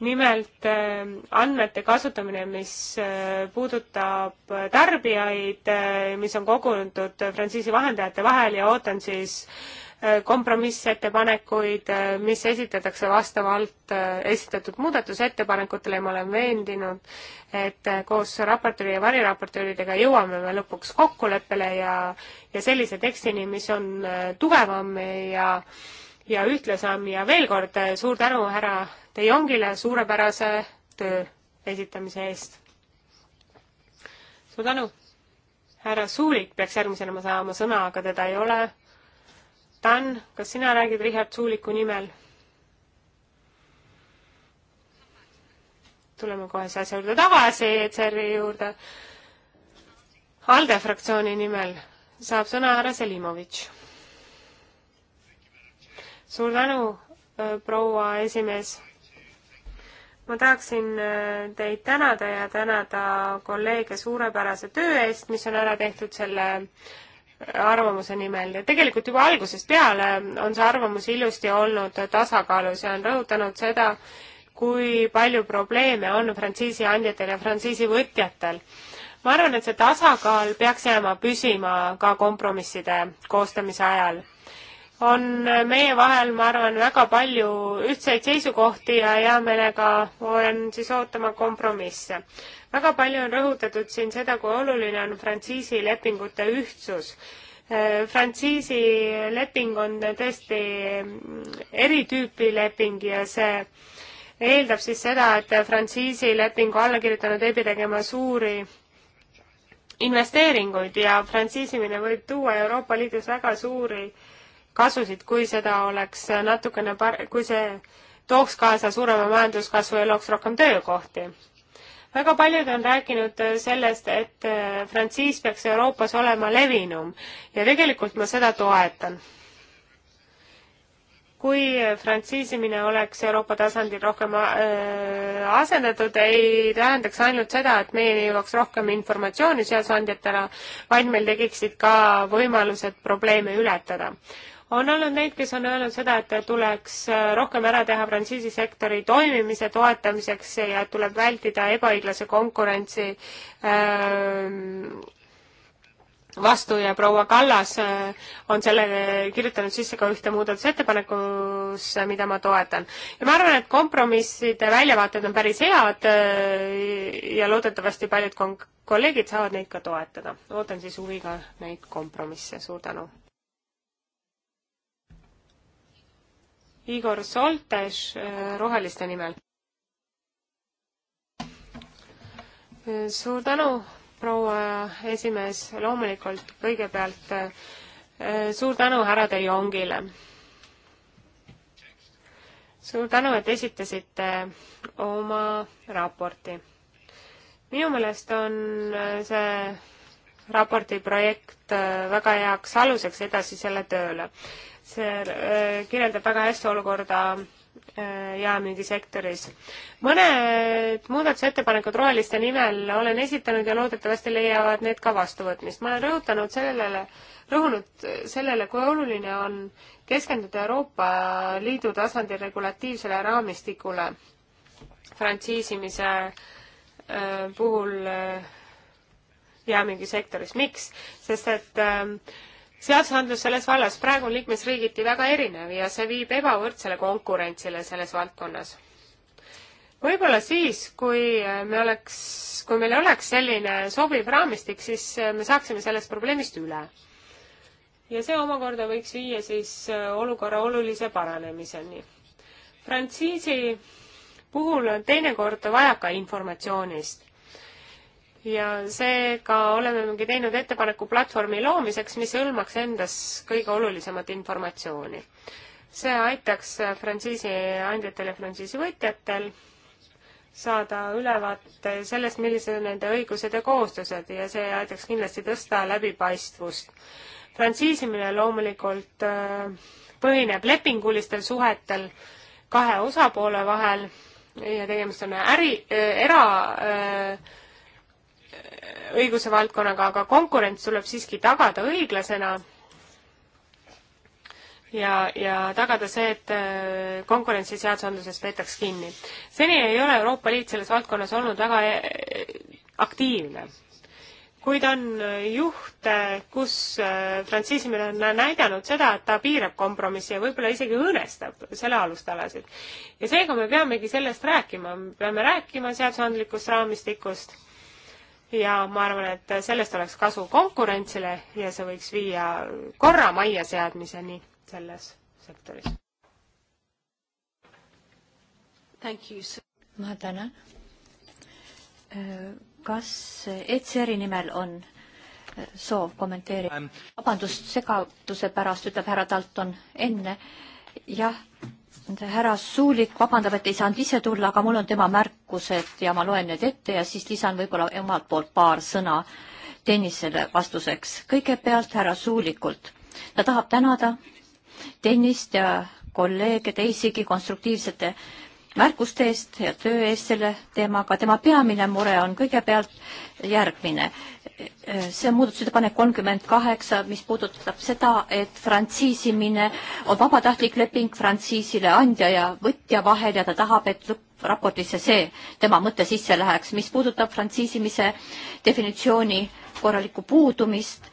nimelt äh, andmete kasutamine, mis äh, puudutab tarbijaid, äh, mis on kogunenud frantsiisi vahendajate vahel ja ootan siis kompromissettepanekuid, mis esitatakse vastavalt esitatud muudatusettepanekutele ja ma olen veendunud, et koos raportööri ja variraportööridega jõuame me lõpuks kokkuleppele ja, ja sellise tekstini, mis on tugevam ja ja ühtlasam ja veel kord suur tänu härra Teie Ongile suurepärase töö esitamise eest. suur tänu! härra Suulik peaks järgmisena saama sõna, aga teda ei ole. Dan, kas sina räägid Richard Suuliku nimel? tuleme kohe selle asja juurde tagasi, ECR-i juurde. ALDE fraktsiooni nimel saab sõna härra Selimovitš. suur tänu, proua esimees ma tahaksin äh, teid tänada ja tänada kolleege suurepärase töö eest, mis on ära tehtud selle äh, arvamuse nimel ja tegelikult juba algusest peale on see arvamus ilusti olnud tasakaalus ja on rõhutanud seda, kui palju probleeme on frantsiisi andjatel ja frantsiisi võtjatel. ma arvan, et see tasakaal peaks jääma püsima ka kompromisside koostamise ajal on meie vahel, ma arvan, väga palju ühtseid seisukohti ja hea meelega olen siis ootama kompromisse. väga palju on rõhutatud siin seda, kui oluline on frantsiisi lepingute ühtsus. Eh, frantsiisi leping on tõesti eri tüüpi leping ja see eeldab siis seda, et frantsiisi lepingu allakirjutanud ei pea tegema suuri investeeringuid ja frantsiisimine võib tuua Euroopa Liidus väga suuri äh, kasusid, kui seda oleks natukene par-, kui see tooks kaasa suurema majanduskasvu ja looks rohkem töökohti. väga paljud on rääkinud sellest, et frantsiis peaks Euroopas olema levinum ja tegelikult ma seda toetan. kui frantsiisimine oleks Euroopa tasandil rohkem äh, asendatud, ei tähendaks ainult seda, et meieni jõuaks rohkem informatsiooni seadusandjatena, vaid meil tekiksid ka võimalused probleeme ületada on olnud neid, kes on öelnud seda, et tuleks äh, rohkem ära teha frantsiisisektori toimimise toetamiseks ja tuleb vältida ebaõiglase konkurentsi ähm, vastu ja proua Kallas äh, on selle kirjutanud sisse ka ühte muudatusettepanekusse, mida ma toetan. ja ma arvan, et kompromisside väljavaated on päris head äh, ja loodetavasti paljud kolleegid saavad neid ka toetada. ootan siis huviga neid kompromisse, suur tänu! Igor Soltes äh, Roheliste nimel. suur tänu, proua esimees, loomulikult kõigepealt äh, suur tänu härra De Jongile. suur tänu, et esitasite oma raporti. minu meelest on äh, see raporti projekt väga heaks aluseks edasisele tööle see äh, kirjeldab väga hästi olukorda äh, jaemüügisektoris. mõned muudatusettepanekud Roheliste nimel olen esitanud ja loodetavasti leiavad need ka vastuvõtmist. ma olen rõhutanud sellele, rõhunud sellele, kui oluline on keskenduda Euroopa Liidu tasandil regulatiivsele raamistikule frantsiisimise äh, puhul jaemüügisektoris. miks? sest et äh, seadusandlus selles vallas praegu on liikmesriigiti väga erinev ja see viib ebavõrdsele konkurentsile selles valdkonnas. võib-olla siis, kui me oleks, kui meil oleks selline sobiv raamistik, siis me saaksime sellest probleemist üle. ja see omakorda võiks viia siis olukorra olulise paranemiseni. frantsiisi puhul on teinekord vajaka informatsioonist ja seega oleme mingi teinud ettepaneku platvormi loomiseks, mis hõlmaks endas kõige olulisemat informatsiooni. see aitaks frantsiisi andjatel ja frantsiisi võtjatel saada ülevaate sellest, millised on nende õigused ja kohustused ja see aitaks kindlasti tõsta läbipaistvust. frantsiisimine loomulikult äh, põhineb lepingulistel suhetel kahe osapoole vahel ja tegemist on äri, äh, era öö, äh, õiguse valdkonnaga, aga konkurents tuleb siiski tagada õiglasena ja, ja tagada see, et äh, konkurentsiseadusandluses peetaks kinni. seni ei ole Euroopa Liit selles valdkonnas olnud väga äh, aktiivne, kuid on äh, juhte, kus frantsismil on näidanud seda, et ta piirab kompromissi ja võib-olla isegi õõnestab selle alustalasid. ja seega me peamegi sellest rääkima, me peame rääkima seadusandlikust raamistikust ja ma arvan, et sellest oleks kasu konkurentsile ja see võiks viia korra majja seadmiseni selles sektoris. ma tänan. Äh, kas ECR-i nimel on äh, soov kommenteerida? Ähm. vabandust segaduse pärast, ütleb härra Dalton enne. jah härra Suulik vabandab, et ei saanud ise tulla, aga mul on tema märkused ja ma loen need ette ja siis lisan võib-olla omalt poolt paar sõna Tennisele vastuseks. kõigepealt härra Suulikult. ta tahab tänada Tennist ja kolleege teisigi konstruktiivsete märkuste eest ja töö eest selle teemaga. tema peamine mure on kõigepealt järgmine. see on muudatusettepanek kolmkümmend kaheksa, mis puudutab seda, et frantsiisimine on vabatahtlik leping frantsiisile andja ja võtja vahel ja ta tahab, et lõppraportisse see tema mõte sisse läheks. mis puudutab frantsiisimise definitsiooni korralikku puudumist,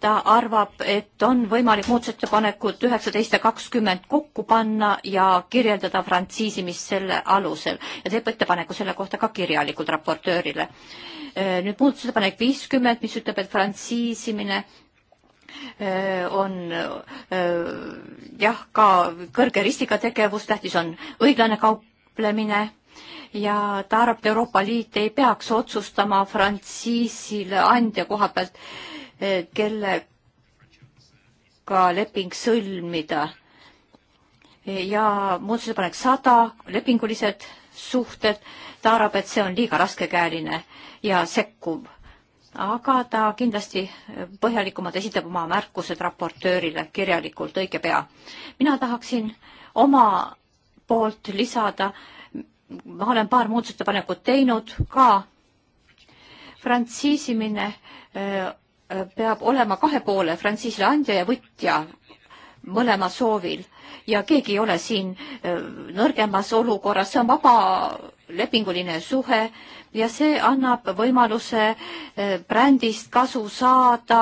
ta arvab, et on võimalik muudatusettepanekud üheksateist ja kakskümmend kokku panna ja kirjeldada frantsiisimist selle alusel ja teeb ettepaneku selle kohta ka kirjalikult raportöörile. nüüd muudatusettepanek viiskümmend, mis ütleb, et frantsiisimine on jah, ka kõrge riskiga tegevus, tähtis on õiglane kauplemine ja ta arvab, et Euroopa Liit ei peaks otsustama frantsiisile andja koha pealt äh, Eh, kellega leping sõlmida. Eh, ja muudatusepanek sada, lepingulised suhted, ta arvab, et see on liiga raskekäeline ja sekkuv. aga ta kindlasti põhjalikumalt esitab oma märkused raportöörile kirjalikult õige pea. mina tahaksin oma poolt lisada, ma olen paar muudatusettepanekut teinud ka frantsiisimine eh, peab olema kahe poole, frantsiisile andja ja võtja mõlema soovil ja keegi ei ole siin äh, nõrgemas olukorras, see on vabalepinguline suhe ja see annab võimaluse äh, brändist kasu saada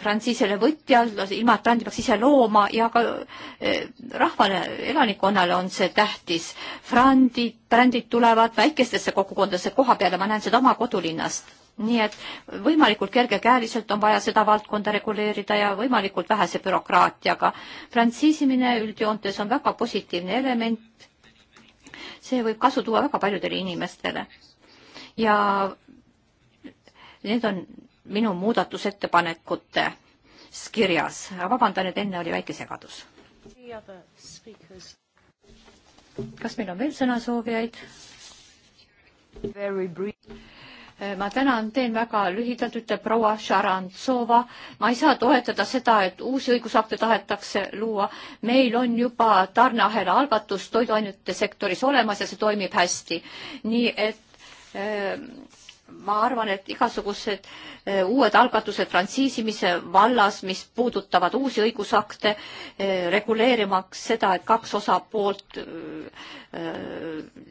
frantsiisele võtjal, ilma et brändi peaks ise looma ja ka äh, rahvale, elanikkonnale on see tähtis. brändid, brändid tulevad väikestesse kogukondadesse koha peale, ma näen seda oma kodulinnast nii et võimalikult kergekäeliselt on vaja seda valdkonda reguleerida ja võimalikult vähese bürokraatiaga. frantsiisimine üldjoontes on väga positiivne element. see võib kasu tuua väga paljudele inimestele. ja need on minu muudatusettepanekute kirjas. vabandan, et enne oli väike segadus. kas meil on veel sõnasoovijaid? Äh, ma tänan, teen väga lühidalt, ütleb proua Šarantsova. ma ei saa toetada seda, et uusi õigusakte tahetakse luua. meil on juba tarneahela algatus toiduainete sektoris olemas ja see toimib hästi. nii et äh, ma arvan, et igasugused eh, uued algatused frantsiisimise vallas, mis puudutavad uusi õigusakte, eh, reguleerimaks seda, et kaks osapoolt eh,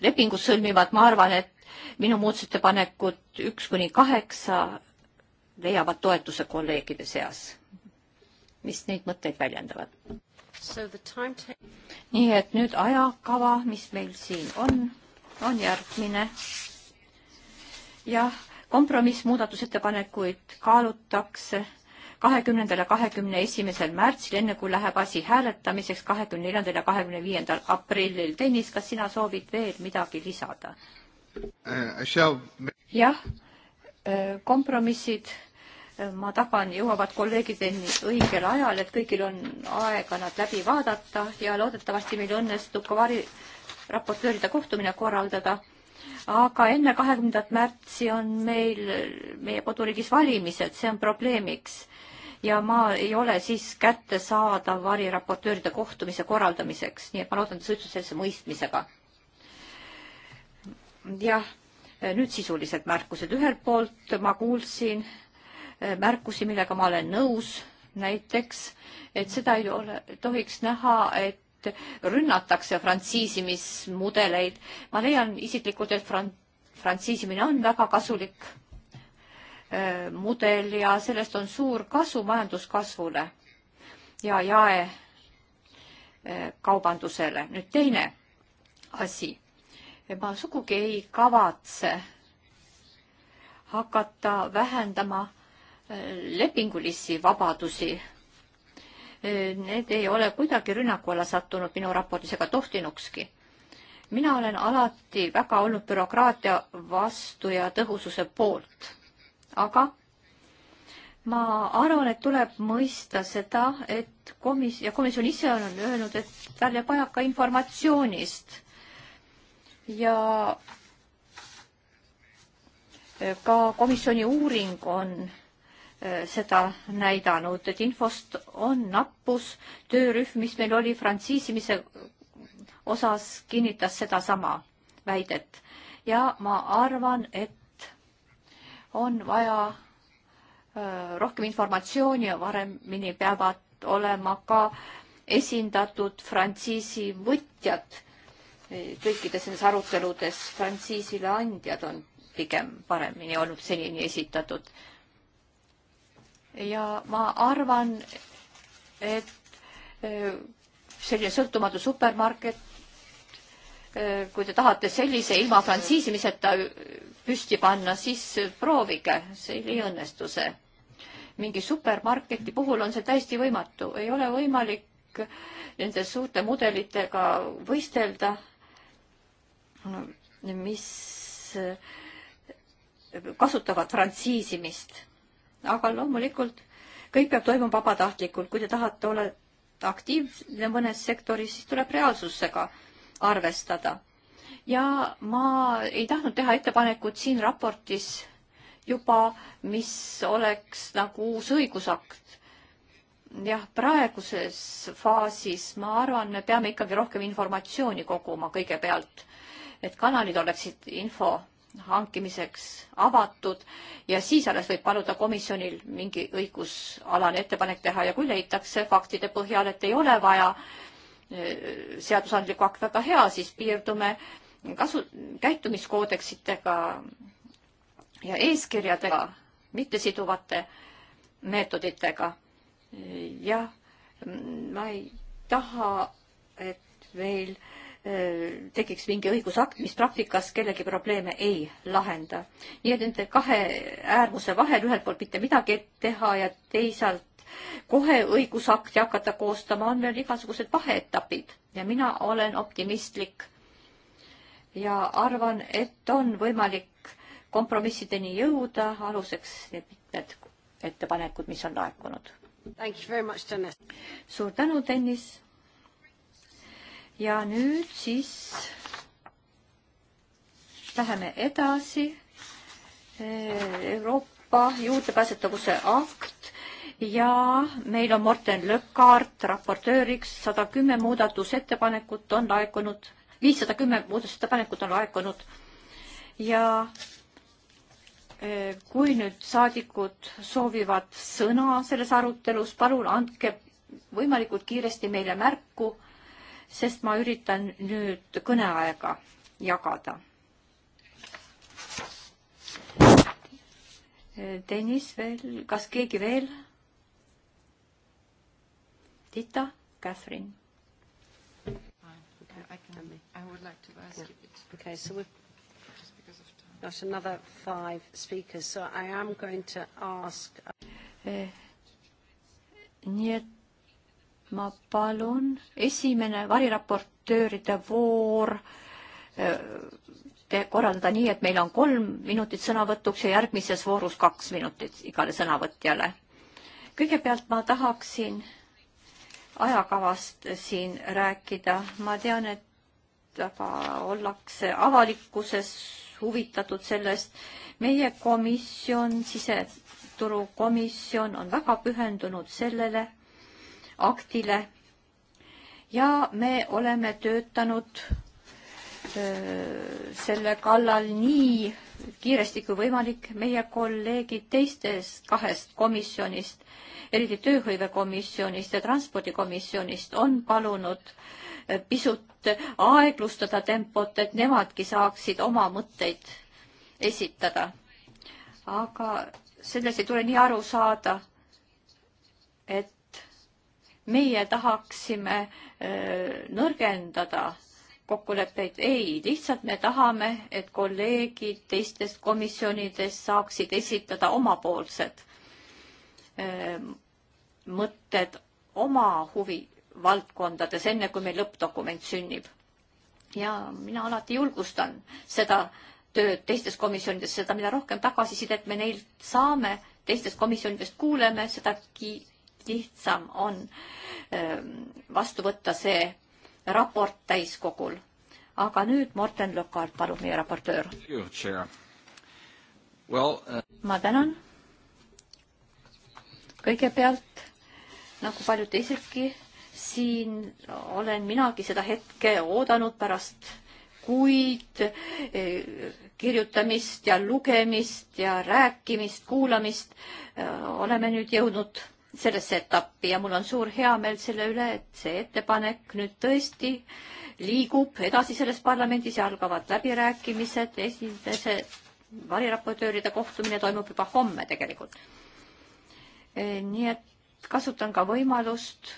lepingut sõlmivad, ma arvan, et minu muudatusettepanekud üks kuni kaheksa leiavad toetuse kolleegide seas, mis neid mõtteid väljendavad. nii et nüüd ajakava, mis meil siin on, on järgmine jah, kompromissmuudatusettepanekuid kaalutakse kahekümnendal ja kahekümne esimesel märtsil, enne kui läheb asi hääletamiseks kahekümne neljandal ja kahekümne viiendal aprillil. Tõnis, kas sina soovid veel midagi lisada? Uh, jah, uh, kompromissid uh, ma tagan, jõuavad kolleegideni õigel ajal, et kõigil on aega nad läbi vaadata ja loodetavasti meil õnnestub ka vari raportööride kohtumine korraldada aga enne kahekümnendat märtsi on meil meie koduriigis valimised, see on probleemiks. ja ma ei ole siis kättesaadav variraportööride kohtumise korraldamiseks, nii et ma loodan, et sa ütled sellise mõistmisega. jah, nüüd sisulised märkused. ühelt poolt ma kuulsin eh, märkusi, millega ma olen nõus, näiteks, et seda ei ole, tohiks näha, et et rünnatakse frantsiisimismudeleid. ma leian isiklikult, et fran-, frantsiisimine on väga kasulik äh, mudel ja sellest on suur kasu majanduskasvule ja jaekaubandusele. Äh, nüüd teine asi. ma sugugi ei kavatse hakata vähendama äh, lepingulisi vabadusi need ei ole kuidagi rünnaku alla sattunud minu raportis ega tohtinukski. mina olen alati väga olnud bürokraatia vastu ja tõhususe poolt. aga ma arvan, et tuleb mõista seda, et komis- ja komisjon ise on öelnud, et tal jääb vajaka informatsioonist ja ka komisjoni uuring on Äh, seda näidanud, et infost on nappus. töörühm, mis meil oli frantsiisimise osas, kinnitas sedasama väidet ja ma arvan, et on vaja äh, rohkem informatsiooni ja varemini peavad olema ka esindatud frantsiisi võtjad kõikides nendes aruteludes. frantsiisile andjad on pigem paremini olnud senini esitatud ja ma arvan, et äh, selline sõltumatu supermarket, äh, kui te tahate sellise ilma frantsiisimiseta püsti panna, siis proovige, see ei leia õnnestuse. mingi supermarketi puhul on see täiesti võimatu, ei ole võimalik nende suurte mudelitega võistelda, mis äh, kasutavad frantsiisimist aga loomulikult kõik peab toimuma vabatahtlikult, kui te tahate olla aktiivne mõnes sektoris, siis tuleb reaalsusega arvestada. ja ma ei tahtnud teha ettepanekut siin raportis juba, mis oleks nagu uus õigusakt. jah, praeguses faasis ma arvan, me peame ikkagi rohkem informatsiooni koguma kõigepealt, et kanalid oleksid info hankimiseks avatud ja siis alles võib paluda komisjonil mingi õigusalane ettepanek teha ja kui leitakse faktide põhjal, et ei ole vaja eh, seadusandlikku akt väga hea, siis piirdume kasu, käitumiskoodeksitega ja eeskirjadega, mittesiduvate meetoditega. Eh, jah, mm, ma ei taha, et meil äh, Äh, tekiks mingi õigusakt, mis praktikas kellegi probleeme ei lahenda. nii et nende kahe äärmuse vahel ühelt poolt mitte midagi teha ja teisalt kohe õigusakti hakata koostama, on veel igasugused vaheetapid ja mina olen optimistlik ja arvan, et on võimalik kompromissideni jõuda, aluseks need mitmed ettepanekud, mis on laekunud. suur tänu, Tõnis! ja nüüd siis läheme edasi. Euroopa juurdepääsetavuse akt ja meil on Morten Lõkkaart raportööriks, sada kümme muudatusettepanekut on laekunud, viissada kümme muudatusettepanekut on laekunud ja e, kui nüüd saadikud soovivad sõna selles arutelus, palun andke võimalikult kiiresti meile märku sest ma üritan nüüd kõneaega jagada. Tõnis veel, kas keegi veel? Tita, Catherine. I can, I would like to ask yeah. you. Okay, so we've got another five speakers, so I am going to ask. Uh, eh, nii et ma palun, esimene variraportööride voor te eh, korraldada nii, et meil on kolm minutit sõnavõtuks ja järgmises voorus kaks minutit igale sõnavõtjale. kõigepealt ma tahaksin ajakavast siin rääkida, ma tean, et aga ollakse avalikkuses huvitatud sellest. meie komisjon, siseturukomisjon on väga pühendunud sellele, aktile. ja me oleme töötanud selle kallal nii kiiresti kui võimalik meie kolleegid teistest kahest komisjonist, eriti tööhõivekomisjonist ja transpordikomisjonist on palunud pisut aeglustada tempot, et nemadki saaksid oma mõtteid esitada. aga sellest ei tule nii aru saada, et meie tahaksime äh, nõrgendada kokkuleppeid, ei, lihtsalt me tahame, et kolleegid teistest komisjonidest saaksid esitada omapoolsed äh, mõtted oma huvivaldkondades, enne kui meil lõppdokument sünnib. ja mina alati julgustan seda tööd teistes komisjonides, seda, mida rohkem tagasisidet me neilt saame, teistest komisjonidest kuuleme, seda ki-, lihtsam on ähm, vastu võtta see raport täiskogul. aga nüüd Morten Lokard, palun, meie raportöör. Well, uh... ma tänan. kõigepealt nagu paljud teisedki, siin olen minagi seda hetke oodanud pärast kuid eh, kirjutamist ja lugemist ja rääkimist, kuulamist. Eh, oleme nüüd jõudnud sellesse etappi ja mul on suur heameel selle üle, et see ettepanek nüüd tõesti liigub edasi selles parlamendis ja algavad läbirääkimised, esimese variraportööride kohtumine toimub juba homme tegelikult. E, nii et kasutan ka võimalust,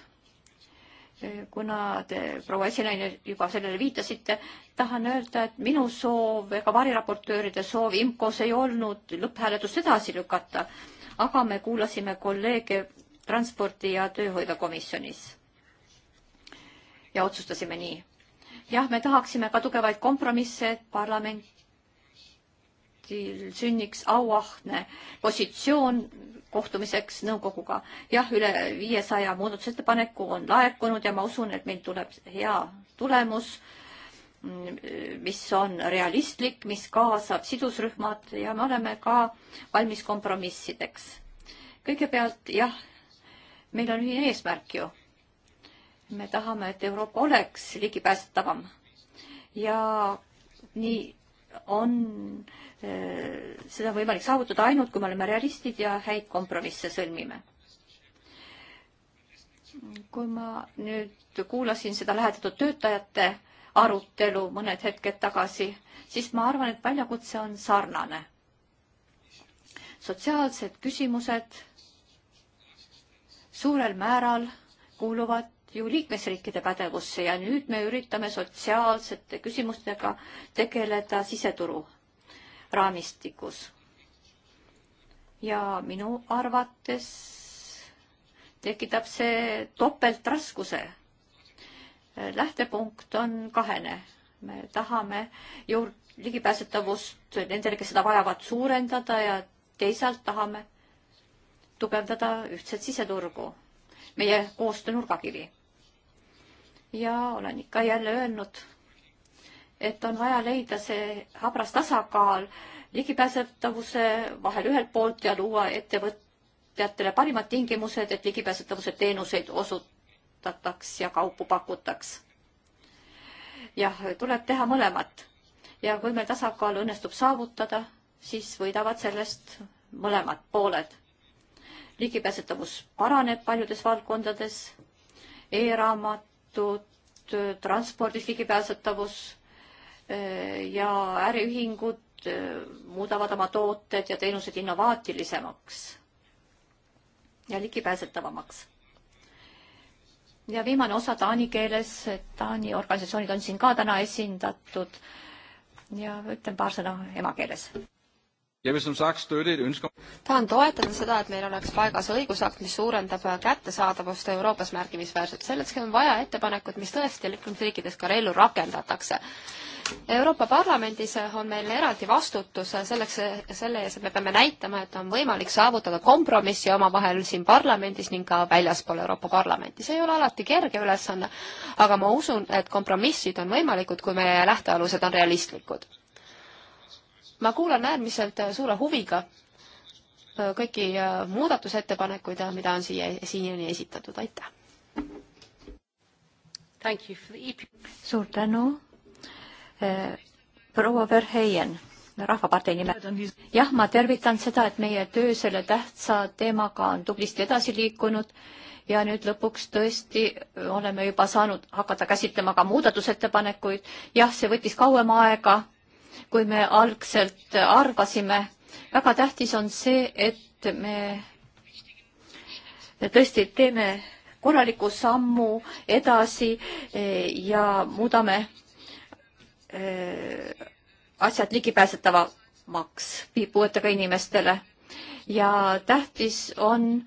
e, kuna te, proua esinaine, juba sellele viitasite, tahan öelda, et minu soov ega variraportööride soov IMCO-s ei olnud lõpphääletust edasi lükata aga me kuulasime kolleege transpordi- ja tööhoiukomisjonis. ja otsustasime nii. jah, me tahaksime ka tugevaid kompromisse, et parlamentil sünniks auahne positsioon kohtumiseks nõukoguga. jah, üle viiesaja muudatusettepaneku on laekunud ja ma usun, et meil tuleb hea tulemus mis on realistlik, mis kaasab sidusrühmad ja me oleme ka valmis kompromissideks. kõigepealt jah, meil on ühine eesmärk ju. me tahame, et Euroopa oleks ligipääsetavam ja nii on äh, seda võimalik saavutada ainult, kui me oleme realistid ja häid kompromisse sõlmime. kui ma nüüd kuulasin seda lähetatud töötajate arutelu mõned hetked tagasi, siis ma arvan, et väljakutse on sarnane. sotsiaalsed küsimused suurel määral kuuluvad ju liikmesriikide pädevusse ja nüüd me üritame sotsiaalsete küsimustega tegeleda siseturu raamistikus. ja minu arvates tekitab see topeltraskuse. lähtepunkt on kahene. me tahame juurde ligipääsetavust nendele, kes seda vajavad, suurendada ja teisalt tahame tugevdada ühtset siseturgu, meie koostöö nurgakivi. ja olen ikka jälle öelnud, et on vaja leida see habras tasakaal ligipääsetavuse vahel ühelt poolt ja luua ettevõtjatele parimad tingimused, et ligipääsetavuse teenuseid osutataks ja kaupu pakutaks. jah, tuleb teha mõlemat ja kui meil tasakaal õnnestub saavutada, siis võidavad sellest mõlemad pooled ligipääsetavus paraneb paljudes valdkondades e, e-raamatud, transpordis ligipääsetavus eh, ja äriühingud eh, muudavad oma tooted ja teenused innovaatilisemaks ja ligipääsetavamaks. ja viimane osa taani keeles, Taani organisatsioonid on siin ka täna esindatud ja ütlen paar sõna emakeeles tahan toetada seda, et meil oleks paigas õigusakt, mis suurendab äh, kättesaadavust Euroopas märkimisväärselt. selleks on vaja ettepanekut, mis tõesti liikmesriikides ka ellu rakendatakse. Euroopa Parlamendis on meil eraldi vastutus selleks, selle ees, et me peame näitama, et on võimalik saavutada kompromissi omavahel siin parlamendis ning ka väljaspool Euroopa Parlamenti. see ei ole alati kerge ülesanne, aga ma usun, et kompromissid on võimalikud, kui meie lähtealused on realistlikud ma kuulan äärmiselt äh, suure huviga äh, kõiki äh, muudatusettepanekuid, mida on siia, e-, siiani esitatud, aitäh! E suur tänu! proua Verheyen, Rahvapartei nimel. jah, ma tervitan seda, et meie töö selle tähtsa teemaga on tublisti edasi liikunud ja nüüd lõpuks tõesti oleme juba saanud hakata käsitlema ka muudatusettepanekuid. jah, see võttis kauem aega kui me algselt arvasime. väga tähtis on see, et me tõesti teeme korraliku sammu edasi e, ja muudame e, asjad ligipääsetavamaks puuetega inimestele ja tähtis on,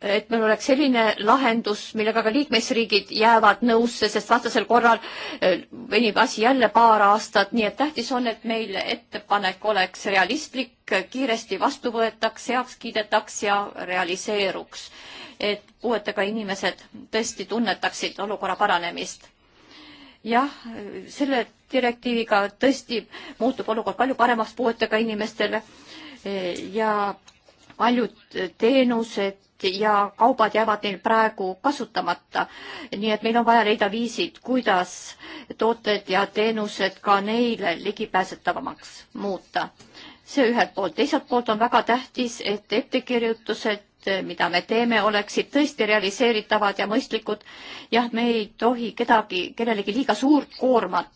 et meil oleks selline lahendus, millega ka liikmesriigid jäävad nõusse, sest vastasel korral äh, venib asi jälle paar aastat, nii et tähtis on, et meil ettepanek oleks realistlik, kiiresti vastu võetaks, heaks kiidetaks ja realiseeruks. et puuetega inimesed tõesti tunnetaksid olukorra paranemist. jah, selle direktiiviga tõesti muutub olukord palju paremaks puuetega inimestele ja paljud teenused ja kaubad jäävad neil praegu kasutamata. nii et meil on vaja leida viisid, kuidas tooted ja teenused ka neile ligipääsetavamaks muuta. see ühelt poolt, teiselt poolt on väga tähtis, et ettekirjutused mida me teeme, oleksid tõesti realiseeritavad ja mõistlikud. jah, me ei tohi kedagi, kellelegi liiga suurt koormat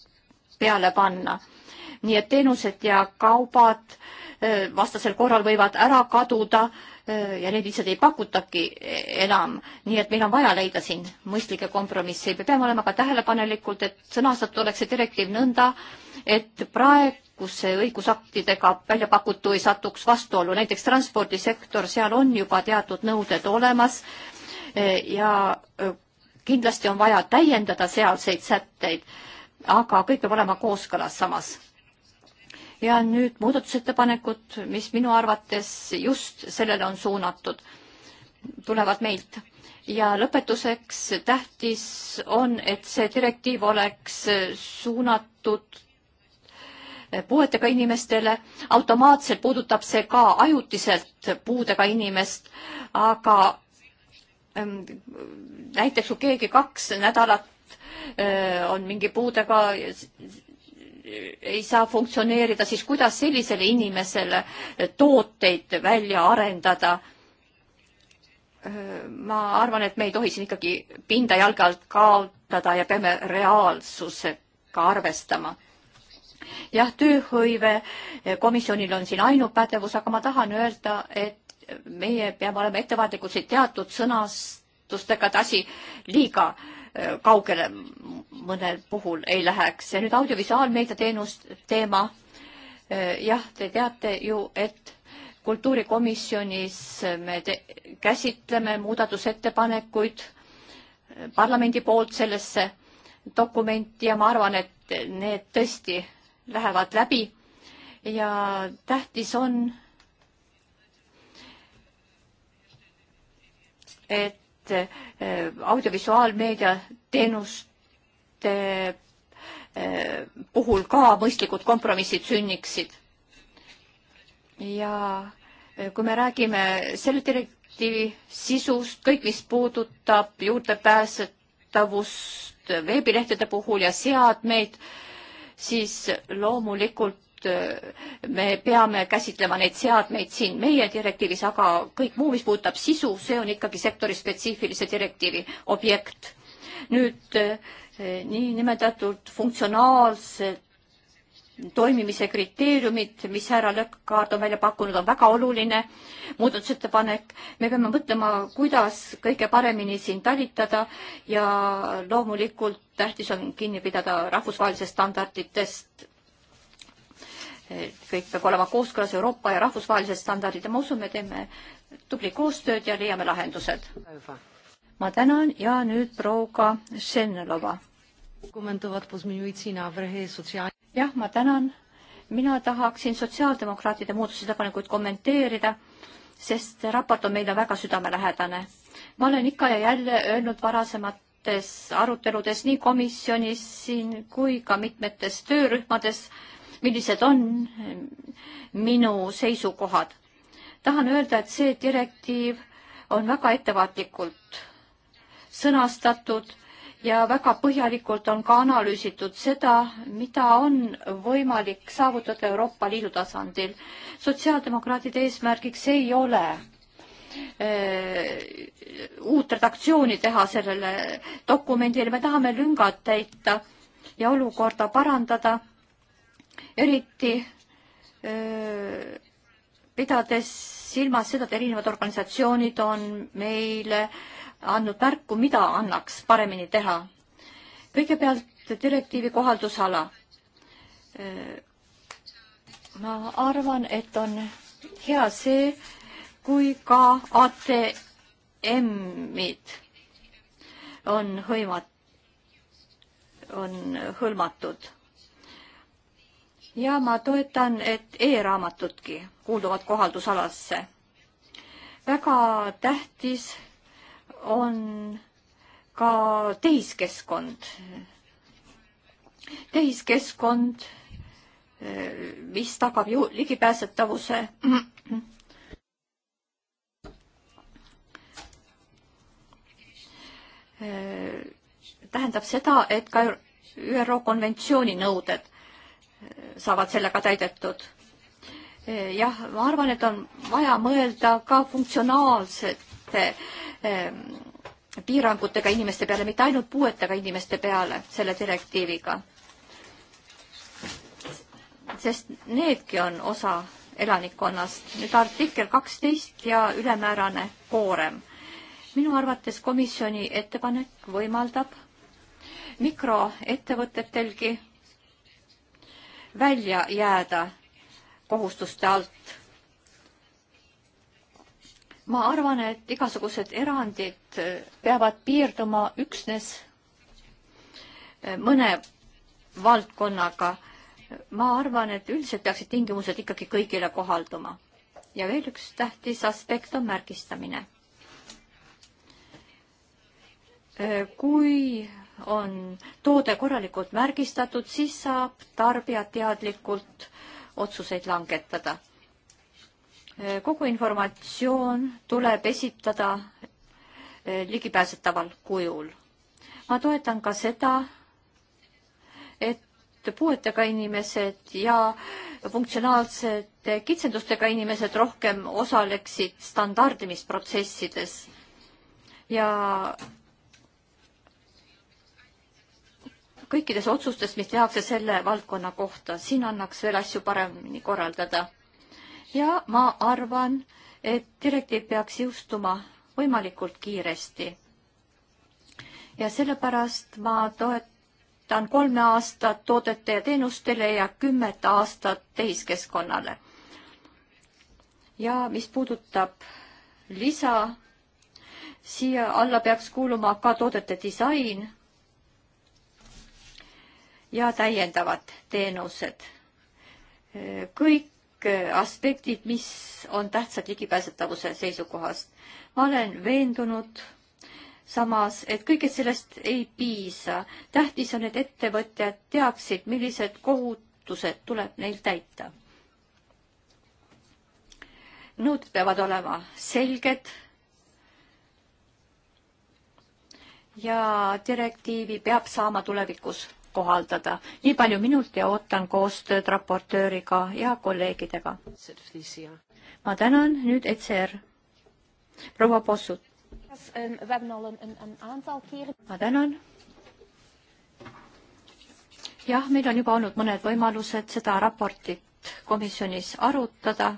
peale panna. nii et teenused ja kaubad eh, vastasel korral võivad ära kaduda äh, Äh, ja neid lihtsalt ei pakutagi enam. nii et meil on vaja leida siin mõistlikke kompromisse. me peame olema ka tähelepanelikud, et sõnastatud oleks see direktiiv nõnda, et praeguse õigusaktidega välja pakutu ei satuks vastuollu. näiteks transpordisektor, seal on juba teatud nõuded olemas äh, ja äh, kindlasti on vaja täiendada sealseid sätteid, aga kõik peab olema kooskõlas samas ja nüüd muudatusettepanekud, mis minu arvates just sellele on suunatud, tulevad meilt. ja lõpetuseks tähtis on, et see direktiiv oleks suunatud puuetega inimestele, automaatselt puudutab see ka ajutiselt puudega inimest, aga ähm, näiteks kui keegi kaks nädalat äh, on mingi puudega ei saa funktsioneerida, siis kuidas sellisele inimesele tooteid välja arendada? ma arvan, et me ei tohi siin ikkagi pinda jalge alt kaotada ja peame reaalsusega arvestama. jah, tööhõive komisjonil on siin ainupädevus, aga ma tahan öelda, et meie peame olema ettevaatlikud siin teatud sõnastustega, et asi liiga äh, Äh, kaugele mõnel puhul ei läheks. ja nüüd audiovisuaalmeedia teenus, teema. Äh, jah, te teate ju, et kultuurikomisjonis me käsitleme muudatusettepanekuid äh, parlamendi poolt sellesse dokumenti ja ma arvan, et need tõesti lähevad läbi ja tähtis on, et et eh, audiovisuaalmeedia teenuste eh, puhul ka mõistlikud kompromissid sünniksid. ja eh, kui me räägime selle direktiivi sisust, kõik, mis puudutab juurdepääsetavust veebilehtede puhul ja seadmeid, siis loomulikult et äh, me peame käsitlema neid seadmeid siin meie direktiivis, aga kõik muu, mis puudutab sisu, see on ikkagi sektori spetsiifilise direktiivi objekt. nüüd äh, niinimetatud funktsionaalsed toimimise kriteeriumid, mis härra Lõkkaard on välja pakkunud, on väga oluline muudatusettepanek. me peame mõtlema, kuidas kõige paremini siin talitada ja loomulikult tähtis on kinni pidada rahvusvahelisest standarditest kõik peab olema kooskõlas Euroopa ja rahvusvahelised standardid ja ma usun, me teeme tubli koostööd ja leiame lahendused. ma tänan ja nüüd proua Šennelova. jah, ma tänan. mina tahaksin sotsiaaldemokraatide muudatusettepanekuid kommenteerida, sest raport on meile väga südamelähedane. ma olen ikka ja jälle öelnud varasemat aruteludes nii komisjonis siin kui ka mitmetes töörühmades, millised on eh, minu seisukohad. tahan öelda, et see direktiiv on väga ettevaatlikult sõnastatud ja väga põhjalikult on ka analüüsitud seda, mida on võimalik saavutada Euroopa Liidu tasandil. sotsiaaldemokraatide eesmärgiks ei ole öö, eh, uut redaktsiooni teha sellele dokumendile, me tahame lüngad täita ja olukorda parandada eriti öö, pidades silmas seda, et erinevad organisatsioonid on meile andnud märku, mida annaks paremini teha. kõigepealt direktiivi kohaldusala. ma arvan, et on hea see, kui ka ATM-id on hõimat-, on hõlmatud ja ma toetan, et e-raamatudki kuuluvad kohaldusalasse. väga tähtis on ka tehiskeskkond. tehiskeskkond, mis tagab ju ligipääsetavuse. tähendab seda, et ka ÜRO konventsiooni nõuded saavad sellega täidetud. jah, ma arvan, et on vaja mõelda ka funktsionaalsete piirangutega inimeste peale, mitte ainult puuetega inimeste peale selle direktiiviga. sest needki on osa elanikkonnast. nüüd artikkel kaksteist ja ülemäärane koorem. minu arvates komisjoni ettepanek võimaldab mikroettevõtetelgi välja jääda kohustuste alt. ma arvan, et igasugused erandid peavad piirduma üksnes mõne valdkonnaga. ma arvan, et üldiselt peaksid tingimused ikkagi kõigile kohalduma. ja veel üks tähtis aspekt on märgistamine. kui on toode korralikult märgistatud, siis saab tarbija teadlikult otsuseid langetada. kogu informatsioon tuleb esitada eh, ligipääsetaval kujul. ma toetan ka seda, et puuetega inimesed ja funktsionaalsed kitsendustega inimesed rohkem osaleksid standardimisprotsessides ja kõikides otsustes, mis tehakse selle valdkonna kohta, siin annaks veel asju paremini korraldada. ja ma arvan, et direktiiv peaks jõustuma võimalikult kiiresti. ja sellepärast ma toetan kolme aastat toodete ja teenustele ja kümmet aastat tehiskeskkonnale. ja mis puudutab lisa, siia alla peaks kuuluma ka toodete disain ja täiendavad teenused. kõik aspektid, mis on tähtsad ligipääsetavuse seisukohast. ma olen veendunud samas, et kõigest sellest ei piisa. tähtis on, et ettevõtjad teaksid, millised kohutused tuleb neil täita. nõuded peavad olema selged ja direktiivi peab saama tulevikus kohaldada. nii palju minult ja ootan koostööd raportööriga ja kolleegidega. ma tänan, nüüd ECR. proua Possut. ma tänan. jah, meil on juba olnud mõned võimalused seda raportit komisjonis arutada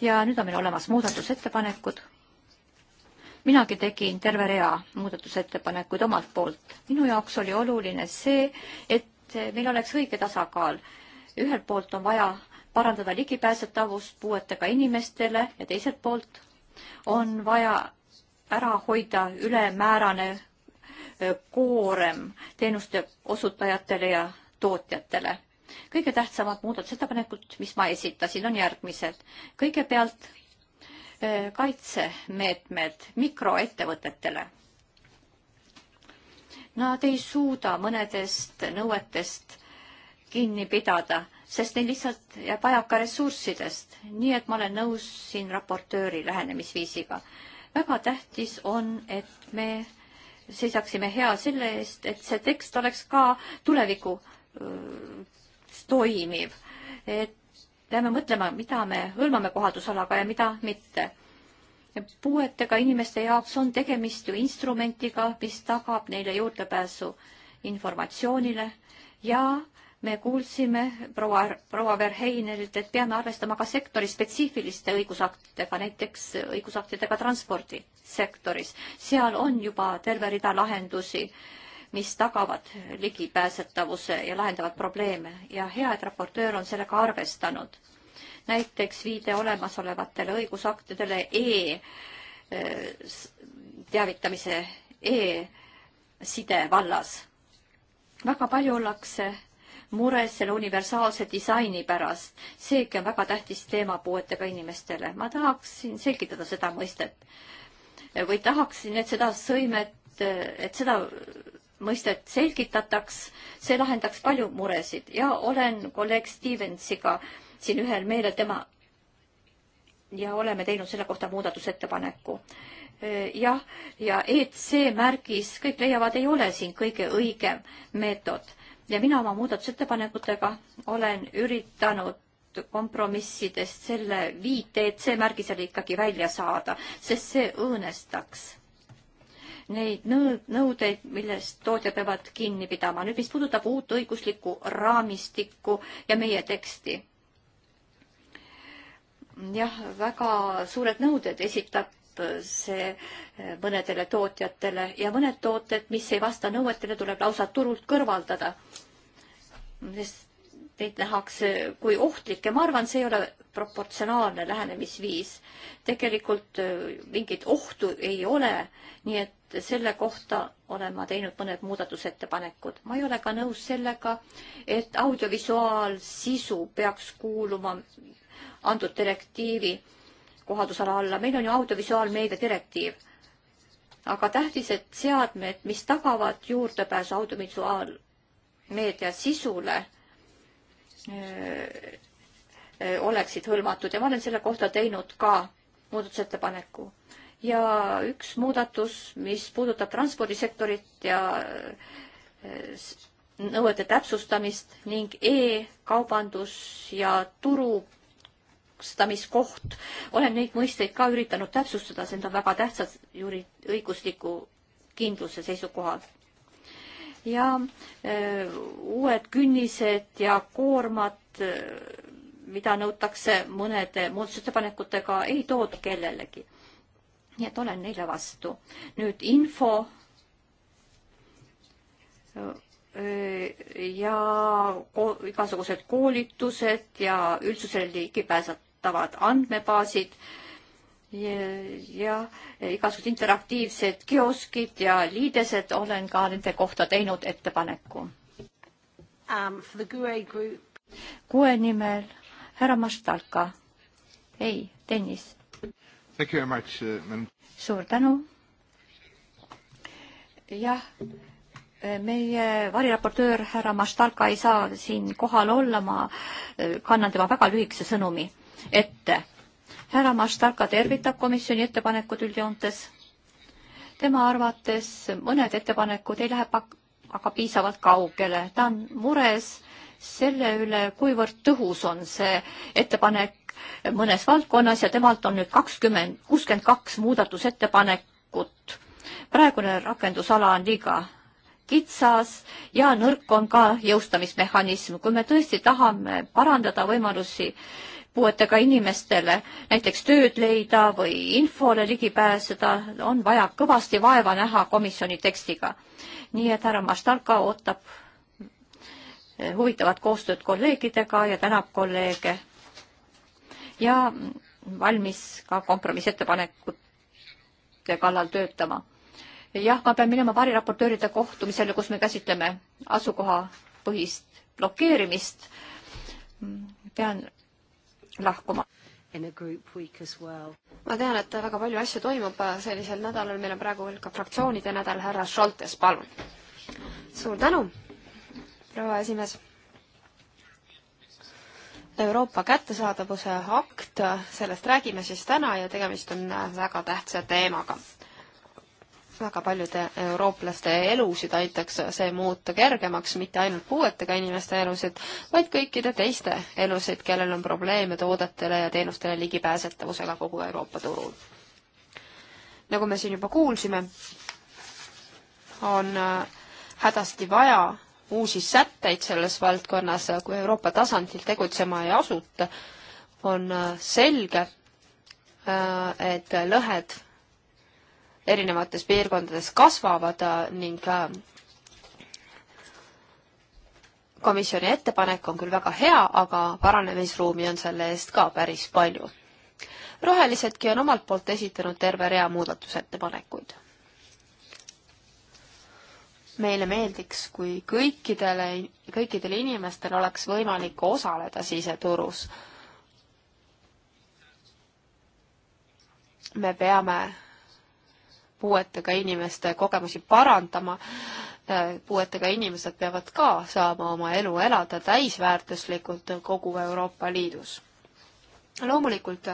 ja nüüd on meil olemas muudatusettepanekud minagi tegin terve rea muudatusettepanekuid omalt poolt. minu jaoks oli oluline see, et meil oleks õige tasakaal. ühelt poolt on vaja parandada ligipääsetavust puuetega inimestele ja teiselt poolt on vaja ära hoida ülemäärane koorem teenuste osutajatele ja tootjatele. kõige tähtsamad muudatusettepanekud, mis ma esitasin, on järgmised. kõigepealt Äh, kaitsemeetmed mikroettevõtetele. Nad ei suuda mõnedest nõuetest kinni pidada, sest neil lihtsalt jääb vajaka ressurssidest, nii et ma olen nõus siin raportööri lähenemisviisiga. väga tähtis on, et me seisaksime hea selle eest, et see tekst oleks ka tuleviku öö, toimiv, et peame mõtlema, mida me hõlmame kohaldusalaga ja mida mitte. puuetega inimeste jaoks on tegemist ju instrumentiga, mis tagab neile juurdepääsu informatsioonile ja me kuulsime proua, proua Verheinerilt, et peame arvestama ka sektori spetsiifiliste õigusaktidega, näiteks õigusaktidega transpordisektoris. seal on juba terve rida lahendusi äh, mis tagavad ligipääsetavuse ja lahendavad probleeme ja hea, et raportöör on sellega arvestanud. näiteks viide olemasolevatele õigusaktidele e eh, teavitamise e-side vallas. väga palju ollakse mures selle universaalse disaini pärast. seegi on väga tähtis teema puuetega inimestele. ma tahaksin selgitada seda mõistet või tahaksin, et seda sõimet, et seda mõistet selgitataks, see lahendaks palju muresid ja olen kolleeg Stevensiga siin ühel meelel tema ja oleme teinud selle kohta muudatusettepaneku. jah, ja EC märgis, kõik leiavad, ei ole siin kõige õigem meetod ja mina oma muudatusettepanekutega olen üritanud kompromissidest selle viite EC märgise ikkagi välja saada, sest see õõnestaks neid nõudeid, millest tootjad peavad kinni pidama. nüüd, mis puudutab uut õiguslikku raamistikku ja meie teksti. jah, väga suured nõuded esitab see eh, mõnedele tootjatele ja mõned tooted, mis ei vasta nõuetele, tuleb lausa turult kõrvaldada. sest teid nähakse kui ohtlikke, ma arvan, see ei ole proportsionaalne lähenemisviis. tegelikult äh, mingit ohtu ei ole, nii et selle kohta olen ma teinud mõned muudatusettepanekud. ma ei ole ka nõus sellega, et audiovisuaalsisu peaks kuuluma antud direktiivi kohaldusala alla. meil on ju audiovisuaalmeedia direktiiv. aga tähtis, et seadmed, mis tagavad juurdepääsu audiovisuaalmeedia sisule Äh, äh, oleksid hõlmatud ja ma olen selle kohta teinud ka muudatusettepaneku. ja üks muudatus, mis puudutab transpordisektorit ja äh, nõuete täpsustamist ning e-kaubandus ja turustamiskoht. olen neid mõisteid ka üritanud täpsustada, see on väga tähtsad juri-, õigusliku kindluse seisukohalt ja äh, uued künnised ja koormad, äh, mida nõutakse mõnede muudatusettepanekutega, ei tooda kellelegi. nii et olen neile vastu. nüüd info äh, ja ko igasugused koolitused ja üldsusele ligipääsetavad andmebaasid ja igasugused interaktiivsed kioskid ja liidesed, olen ka nende kohta teinud ettepaneku um,. kuue e e nimel härra Mastalka. ei, Tõnis. Uh, suur tänu. jah, meie variraportöör härra Mastalka ei saa siin kohal olla, ma eh, kannan tema väga lühikese sõnumi ette härra Maštarka tervitab komisjoni ettepanekud üldjoontes. tema arvates mõned ettepanekud ei lähe pak-, aga piisavalt kaugele, ta on mures selle üle, kuivõrd tõhus on see ettepanek mõnes valdkonnas ja temalt on nüüd kakskümmend, kuuskümmend kaks muudatusettepanekut. praegune rakendusala on liiga kitsas ja nõrk on ka jõustamismehhanism. kui me tõesti tahame parandada võimalusi puuetega inimestele näiteks tööd leida või infole ligi pääseda, on vaja kõvasti vaeva näha komisjoni tekstiga. nii et härra Maštalka ootab eh, huvitavat koostööd kolleegidega ja tänab kolleege ja valmis ka kompromissettepanekute kallal töötama. jah, ma pean minema variraportööride kohtumisele, kus me käsitleme asukohapõhist blokeerimist. pean lahkuma. Well. ma tean, et väga palju asju toimub sellisel nädalal, meil on praegu veel ka fraktsioonide nädal, härra Šoltes, palun. suur tänu, proua esimees. Euroopa kättesaadavuse akt, sellest räägime siis täna ja tegemist on väga tähtsa teemaga väga paljude eurooplaste elusid aitaks see muuta kergemaks, mitte ainult puuetega inimeste elusid, vaid kõikide teiste elusid, kellel on probleeme toodetele ja teenustele ligipääsetavusega kogu Euroopa turul. nagu me siin juba kuulsime, on äh, hädasti vaja uusi sätteid selles valdkonnas, kui Euroopa tasandil tegutsema ei asuta, on äh, selge, äh, et lõhed erinevates piirkondades kasvavad äh, ning äh, komisjoni ettepanek on küll väga hea, aga paranemisruumi on selle eest ka päris palju. rohelisedki on omalt poolt esitanud terve rea muudatusettepanekuid. meile meeldiks, kui kõikidele, kõikidel inimestel oleks võimalik osaleda siseturus. me peame puuetega inimeste kogemusi parandama. Äh, puuetega inimesed peavad ka saama oma elu elada täisväärtuslikult kogu Euroopa Liidus. loomulikult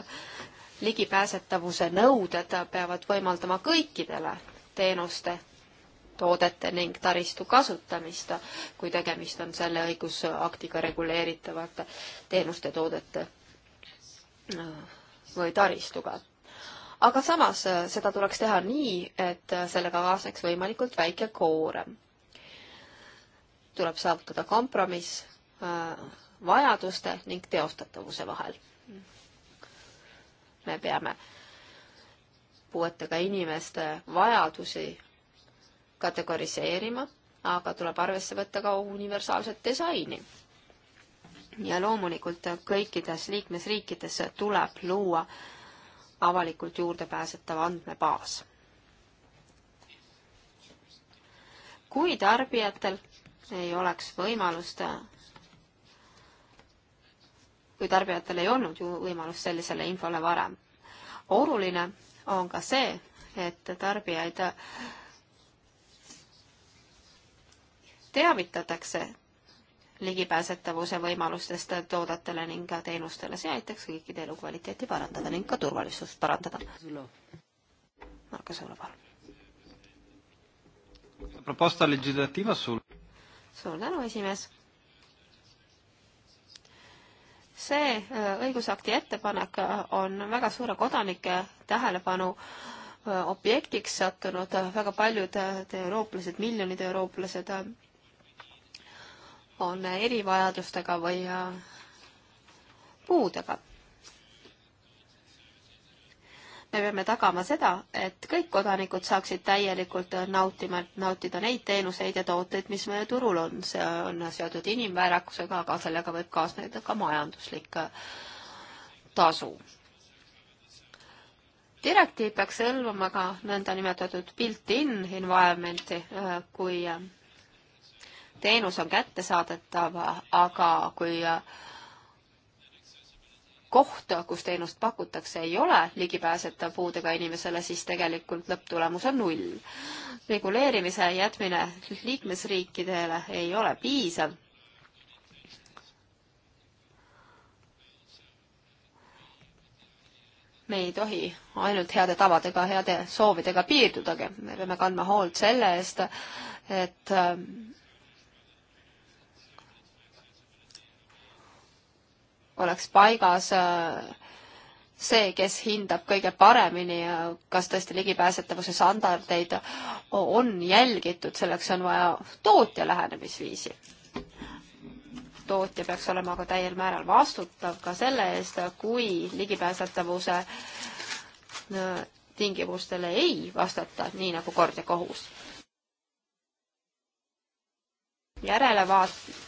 ligipääsetavuse nõuded peavad võimaldama kõikidele teenuste toodete ning taristu kasutamist, kui tegemist on selle õigusaktiga reguleeritavate teenuste, toodete äh, või taristuga aga samas äh, seda tuleks teha nii, et äh, sellega kaasneks võimalikult väike koorem. tuleb saavutada kompromiss äh, vajaduste ning teostatavuse vahel. me peame puuetega inimeste vajadusi kategoriseerima, aga tuleb arvesse võtta ka universaalset disaini. ja loomulikult kõikides liikmesriikides tuleb luua äh, avalikult juurdepääsetav andmebaas. kui tarbijatel ei oleks võimalust, kui tarbijatel ei olnud ju võimalust sellisele infole varem. oluline on ka see, et tarbijaid teavitatakse ligipääsetavuse võimalustest toodetele ning teenustele. see aitaks kõikide elukvaliteeti parandada ning ka turvalisust parandada. Marko Sõõla, palun. suur tänu, esimees see äh, õigusakti ettepanek äh, on väga suure kodanike tähelepanu äh, objektiks sattunud, väga paljud eurooplased, miljonid eurooplased on erivajadustega või äh, puudega. me peame tagama seda, et kõik kodanikud saaksid täielikult nautima, nautida neid teenuseid ja tooteid, mis meie turul on. see on seotud inimväärakusega, aga sellega võib kaasneda ka majanduslik äh, tasu direktiiv peaks hõlmama ka nõndanimetatud built-in environment'i äh, kui teenus on kättesaadetav, aga kui äh, koht, kus teenust pakutakse, ei ole ligipääsetav puudega inimesele, siis tegelikult lõpptulemus on null. reguleerimise jätmine liikmesriikidele ei ole piisav. me ei tohi ainult heade tavadega, heade soovidega piirdudagi, me peame kandma hoolt selle eest, et äh, oleks paigas äh, see, kes hindab kõige paremini, äh, kas tõesti ligipääsetavuse standardeid on jälgitud, selleks on vaja tootja lähenemisviisi. tootja peaks olema aga täiel määral vastutav ka selle eest, kui ligipääsetavuse äh, tingimustele ei vastata, nii nagu kord ja kohus. järelevaat-,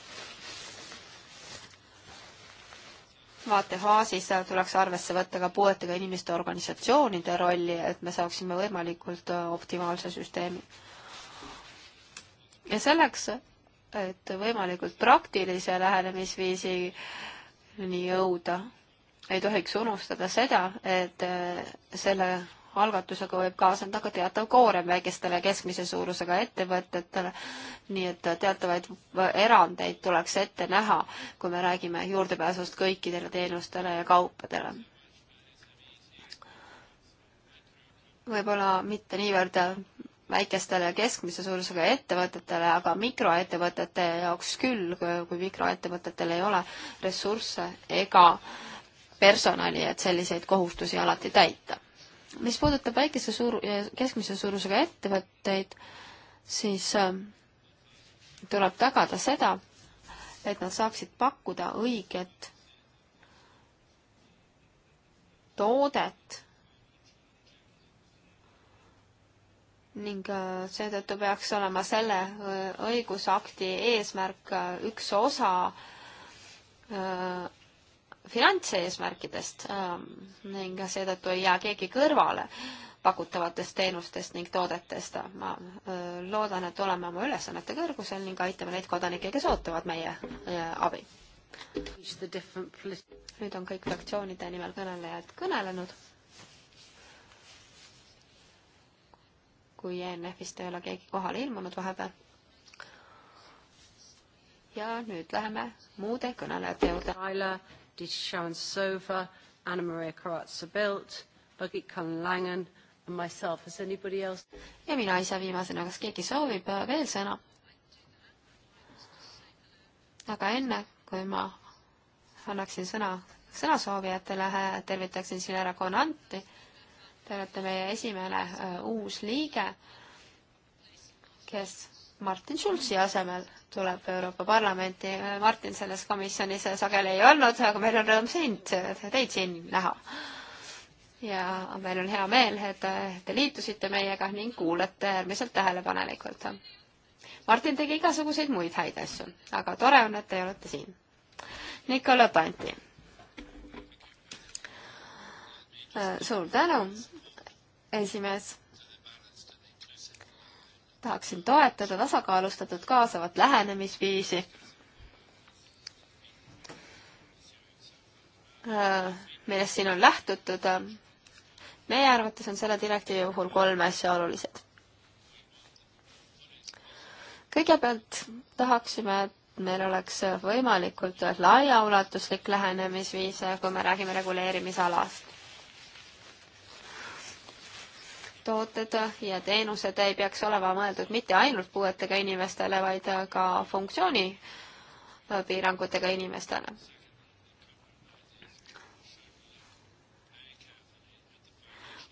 vaatefaasis tuleks arvesse võtta ka puuetega inimeste organisatsioonide rolli, et me saaksime võimalikult äh, optimaalse süsteemi. ja selleks, et võimalikult praktilise lähenemisviisini jõuda, ei tohiks unustada seda, et äh, selle algatusega võib kaasneda ka teatav koorem väikestele keskmise suurusega ettevõtetele, nii et teatavaid erandeid tuleks ette näha, kui me räägime juurdepääsust kõikidele teenustele ja kaupadele. võib-olla mitte niivõrd väikestele ja keskmise suurusega ettevõtetele, aga mikroettevõtete jaoks küll, kui mikroettevõtetel ei ole ressursse ega personali, et selliseid kohustusi alati täita mis puudutab väikese suur- ja keskmise suurusega ettevõtteid, siis ähm, tuleb tagada seda, et nad saaksid pakkuda õiget toodet ning äh, seetõttu peaks olema selle äh, õigusakti eesmärk äh, üks osa finantseesmärkidest ähm, ning seetõttu ei jää keegi kõrvale pakutavatest teenustest ning toodetest. ma äh, loodan, et oleme oma ülesannete kõrgusel ning aitame neid kodanikke, kes ootavad meie äh, abi. nüüd on kõik fraktsioonide nimel kõnelejad kõnelenud. kui ENF-ist ei ole keegi kohale ilmunud vahepeal. ja nüüd läheme muude kõnelejate juurde. Deputy Sharon Sova, Anna Maria Karatsa-Bilt, Birgit Cullen-Langen and myself. Has anybody else? ja mina ise viimasena, kas keegi soovib äh, veel sõna? aga enne, kui ma annaksin sõna sõnasoovijatele, tervitaksin siin ära Konanti. Te olete meie esimene uh, uus liige, kes Martin Schulzi asemel tuleb Euroopa Parlamenti. Martin selles komisjonis sageli ei olnud, aga meil on rõõm sind, teid siin näha. ja meil on hea meel, et te liitusite meiega ning kuulate äärmiselt tähelepanelikult. Martin tegi igasuguseid muid häid asju, aga tore on, et te olete siin. Nicola Tanti. suur tänu, esimees tahaksin toetada tasakaalustatud kaasavat lähenemisviisi äh, millest siin on lähtutud. Äh, meie arvates on selle direktiivi puhul kolm asja olulised. kõigepealt tahaksime, et meil oleks võimalikult laiaulatuslik lähenemisviis, kui me räägime reguleerimisalast. tooted ja teenused ei peaks olema mõeldud mitte ainult puuetega inimestele, vaid ka funktsiooni piirangutega inimestele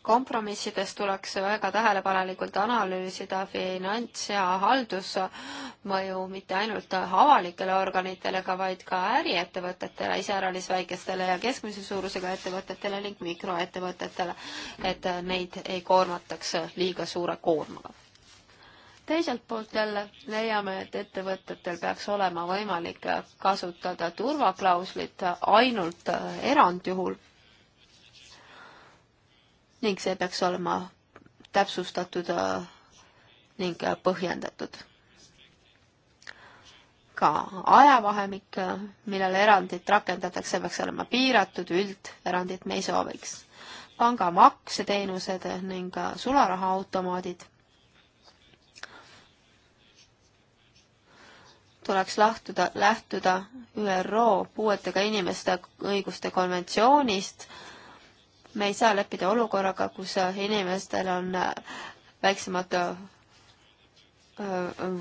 kompromissides tuleks väga tähelepanelikult analüüsida finants- ja haldusmõju mitte ainult avalikele organitele, aga vaid ka äriettevõtetele, iseäranis väikestele ja keskmise suurusega ettevõtetele ning mikroettevõtetele, et neid ei koormataks liiga suure koormaga. teiselt poolt jälle leiame, et ettevõtetel peaks olema võimalik kasutada turvaklauslit ainult erandjuhul ning see peaks olema täpsustatud äh, ning äh, põhjendatud. ka ajavahemik, äh, millele erandit rakendatakse, peaks olema piiratud, ülderandit me ei sooviks. panga makseteenused ning sularahaautomaadid tuleks lahtuda, lähtuda ÜRO puuetega inimeste õiguste konventsioonist me ei saa leppida olukorraga, kus inimestel on äh, väiksemad äh, äh,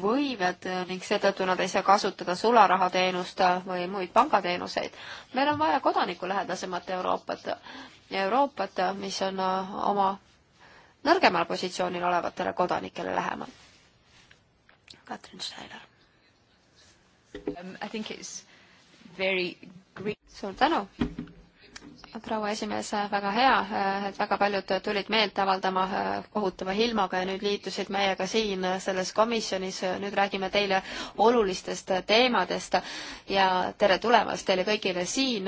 võimed ning seetõttu nad ei saa kasutada sularahateenust või muid pangateenuseid. meil on vaja kodanikulähedasemat Euroopat, Euroopat, mis on oma nõrgemal positsioonil olevatele kodanikele lähemal. Katrin Steiler um,. suur tänu! proua esimees, väga hea, et väga paljud tulid meelt avaldama eh, kohutava ilmaga ja nüüd liitusid meiega siin selles komisjonis. nüüd räägime teile olulistest teemadest ja tere tulemast teile kõigile siin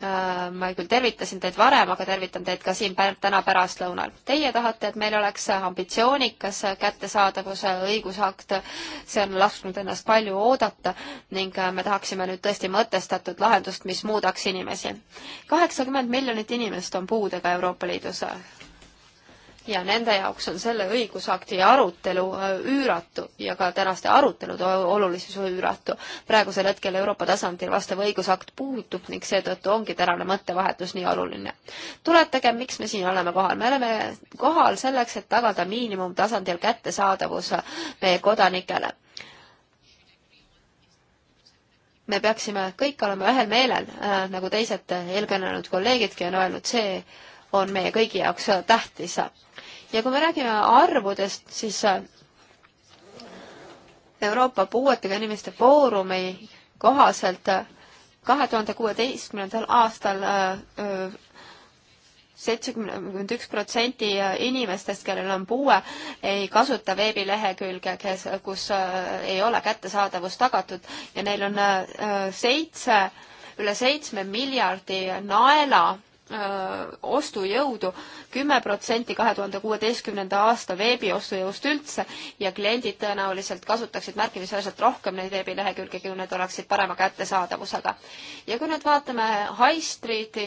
Äh, ma küll tervitasin teid varem, aga tervitan teid ka siin täna pärastlõunal. Teie tahate, et meil oleks ambitsioonikas kättesaadavuse õigusakt, see on lasknud ennast palju oodata ning äh, me tahaksime nüüd tõesti mõtestatud lahendust, mis muudaks inimesi. kaheksakümmend miljonit inimest on puudega Euroopa Liidus ja nende jaoks on selle õigusakti arutelu äh, üüratu ja ka tänaste arutelude olulisus üüratu. praegusel hetkel Euroopa tasandil vastav õigusakt puudub ning seetõttu ongi tänane mõttevahetus nii oluline. tuletagem, miks me siin oleme kohal. me oleme kohal selleks, et tagada miinimumtasandil kättesaadavus äh, meie kodanikele me peaksime kõik olema ühel meelel äh,, nagu teised äh, eelkõnelenud kolleegidki on öelnud, see on meie kõigi jaoks tähtis ja kui me räägime arvudest, siis äh, Euroopa Puuetega Inimeste Foorumi kohaselt äh, kahe tuhande kuueteistkümnendal aastal äh, seitsekümmend üks protsenti inimestest, kellel on puue, ei kasuta veebilehekülge, kes, kus ei ole kättesaadavus tagatud ja neil on seitse, üle seitsme miljardi naela Äh, ostujõudu kümme protsenti kahe tuhande kuueteistkümnenda aasta veebiostujõust üldse ja kliendid tõenäoliselt kasutaksid märkimisväärselt rohkem neid veebilehekülgi, kui need oleksid parema kättesaadavusega. ja kui nüüd vaatame High Streeti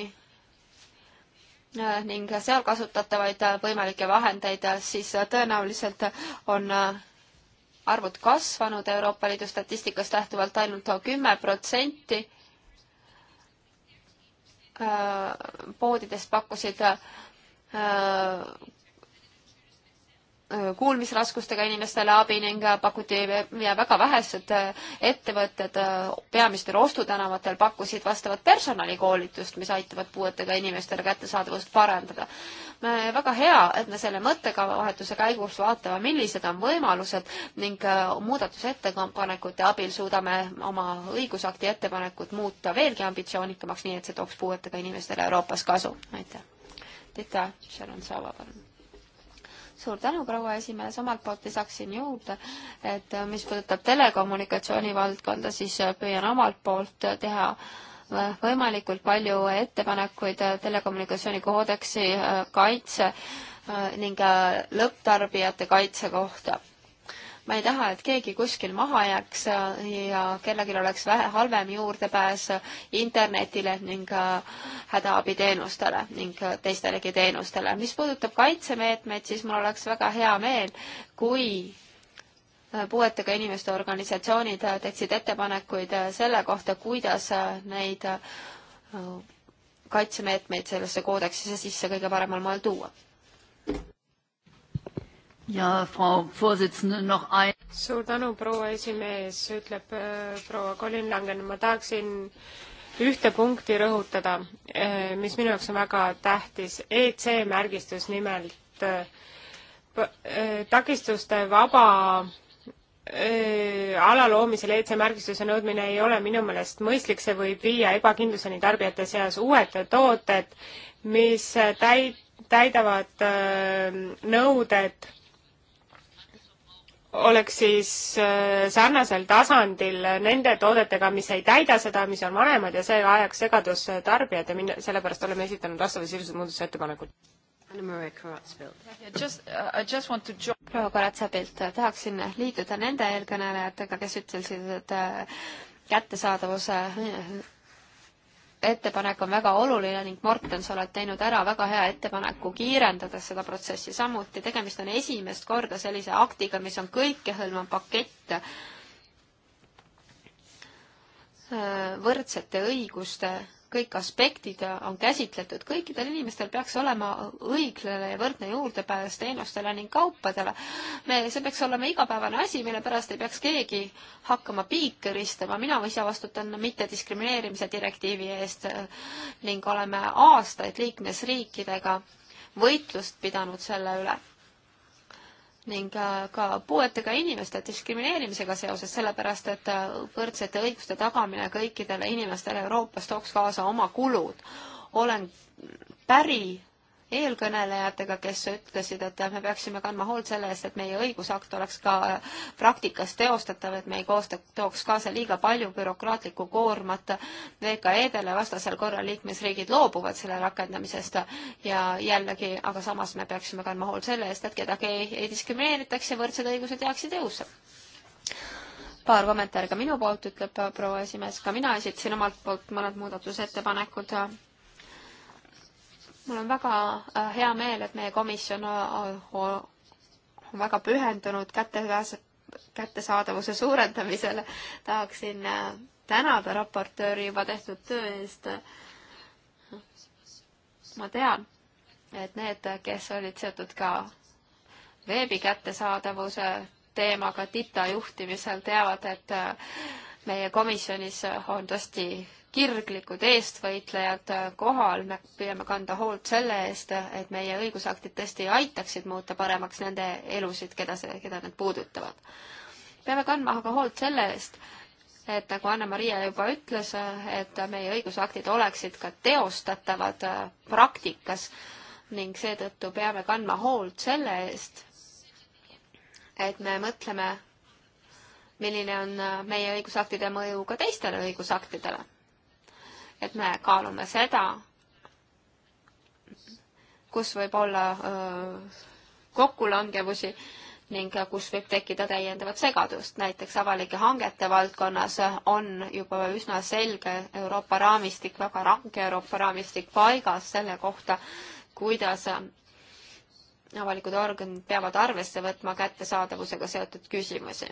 äh, ning seal kasutatavaid äh, võimalikke vahendeid, siis tõenäoliselt on arvud kasvanud Euroopa Liidu statistikast lähtuvalt ainult kümme protsenti poodides pakkusid äh, äh, kuulmisraskustega inimestele abi ning pakuti ja väga vähesed äh, ettevõtted peamistel ostutänavatel pakkusid vastavat personalikoolitust, mis aitavad puuetega inimestele kättesaadavust parandada väga hea, et me selle mõttekavavahetuse käigus vaatame, millised on võimalused ning äh, muudatusettepanekute abil suudame oma õigusakti ettepanekut muuta veelgi ambitsioonikamaks, nii et see tooks puuetega inimestele Euroopas kasu. aitäh. Tita Šarantsova, palun suur tänu, proua esimees, omalt poolt lisaksin juurde, et äh, mis puudutab telekommunikatsiooni valdkonda, siis äh, püüan omalt poolt teha äh, võimalikult palju ettepanekuid telekommunikatsioonikoodeksi äh, kaitse äh, ning äh, lõpptarbijate kaitse kohta. ma ei taha, et keegi kuskil maha jääks ja kellelgi oleks vähe halvem juurdepääs internetile ning hädaabiteenustele ning teistelegi teenustele. mis puudutab kaitsemeetmeid, siis mul oleks väga hea meel, kui Äh, puuetega inimeste organisatsioonid äh, tegid ettepanekuid äh, selle kohta, kuidas neid kaitsemeetmeid sellesse koodeksisse sisse kõige paremal moel tuua. ja Frau Vorsitzende noch ein. suur tänu, proua esimees, ütleb proua Colin Langen, ma tahaksin ühte punkti rõhutada, mis minu jaoks on väga tähtis, EC märgistus nimelt takistuste vaba Äh, alaloomise leetse märgistuse nõudmine ei ole minu meelest mõistlik, see võib viia ebakindluseni tarbijate seas uued tooted, mis täi-, täidavad äh, nõuded, oleks siis äh, sarnasel tasandil nende toodetega, mis ei täida seda, mis on vanemad ja see ajaks segadusse tarbijad ja minna, sellepärast oleme esitanud vastavasisulise muudatusettepanekud. Uh, proua Karatsapilt, tahaksin liituda nende eelkõnelejatega, kes ütlesid, et äh, kättesaadavuse äh, ettepanek on väga oluline ning Morten, sa oled teinud ära väga hea ettepaneku, kiirendades seda protsessi samuti. tegemist on esimest korda sellise aktiga, mis on kõikehõlmav pakett äh, võrdsete õiguste kõik aspektid on käsitletud, kõikidel inimestel peaks olema õiglane ja võrdne juurdepääs teenustele ning kaupadele. me, see peaks olema igapäevane asi, mille pärast ei peaks keegi hakkama piike ristama, mina ise vastutan mittediskrimineerimise direktiivi eest ning oleme aastaid liikmesriikidega võitlust pidanud selle üle ning äh, ka puuetega inimeste diskrimineerimisega seoses, sellepärast et äh, võrdsete õiguste tagamine kõikidele inimestele Euroopas tooks kaasa oma kulud. olen päri eelkõnelejatega, kes ütlesid, et me peaksime kandma hoolt selle eest, et meie õigusakt oleks ka praktikas teostatav, et me ei koosta, tooks kaasa liiga palju bürokraatlikku koormat VKE-dele, vastasel korral liikmesriigid loobuvad selle rakendamisest ja jällegi, aga samas me peaksime kandma hoolt selle eest, et kedagi ei, ei diskrimineeritaks ja võrdsed õigused jääksid jõusse paar kommentaari ka minu poolt, ütleb proua esimees, ka mina esitasin omalt poolt mõned muudatusettepanekud mul on väga äh, hea meel, et meie komisjon äh, on väga pühendunud kätepääs-, kättesaadavuse suurendamisele. tahaksin äh, tänada raportööri juba tehtud töö eest. ma tean, et need, kes olid seotud ka veebi kättesaadavuse teemaga TITA juhtimisel, teavad, et meie komisjonis on tõesti kirglikud eestvõitlejad kohal, me püüame kanda hoolt selle eest, et meie õigusaktid tõesti aitaksid muuta paremaks nende elusid, keda see, keda need puudutavad. peame kandma aga hoolt selle eest, et nagu Anna-Maria juba ütles, et meie õigusaktid oleksid ka teostatavad praktikas ning seetõttu peame kandma hoolt selle eest, et me mõtleme, milline on meie õigusaktide mõju ka teistele õigusaktidele et me kaalume seda, kus võib olla kokkulangevusi ning kus võib tekkida täiendavat segadust. näiteks avalike hangete valdkonnas on juba üsna selge Euroopa raamistik, väga range Euroopa raamistik paigas selle kohta, kuidas avalikud organid peavad arvesse võtma kättesaadavusega seotud küsimusi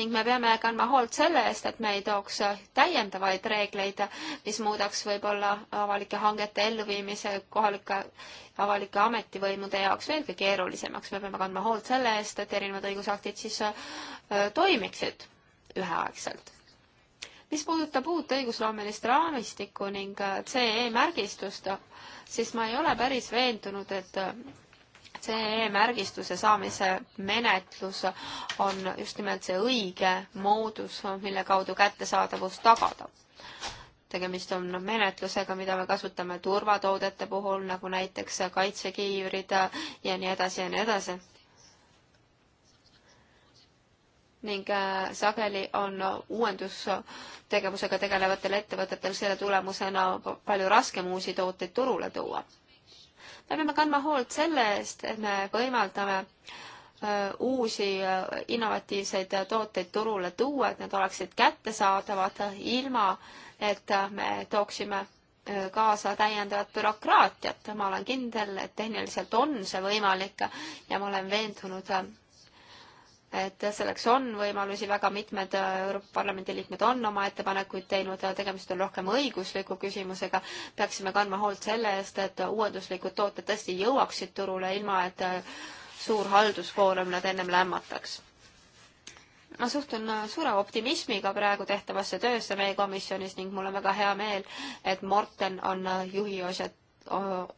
ning me peame kandma hoolt selle eest, et me ei tooks täiendavaid reegleid, mis muudaks võib-olla avalike hangete elluviimise kohalike avalike ametivõimude jaoks veelgi keerulisemaks. me peame kandma hoolt selle eest, et erinevad õigusaktid siis toimiksid üheaegselt mis puudutab uut õigusloomelist raamistikku ning CE märgistust, siis ma ei ole päris veendunud, et CE-märgistuse saamise menetlus on just nimelt see õige moodus, mille kaudu kättesaadavus tagada tegemist on menetlusega, mida me kasutame turvatoodete puhul, nagu näiteks kaitsekiivrid ja nii edasi ja nii edasi. ning äh, sageli on uuendustegevusega tegelevatel ettevõtetel selle tulemusena palju raskem uusi tooteid turule tuua me peame kandma hoolt selle eest, et me võimaldame uusi innovatiivseid tooteid turule tuua, et need oleksid kättesaadavad, ilma et me tooksime kaasa täiendavat bürokraatiat. ma olen kindel, et tehniliselt on see võimalik ja ma olen veendunud, et selleks on võimalusi, väga mitmed äh, Euroopa Parlamendi liikmed on oma ettepanekuid teinud, äh, tegemist on rohkem õigusliku küsimusega, peaksime kandma hoolt selle eest, et uuenduslikud tooted tõesti jõuaksid turule, ilma et äh, suur halduskoorem nad ennem lämmataks ma suhtun suure optimismiga praegu tehtavasse töösse meie komisjonis ning mul on väga hea meel, et Morten on juhi osad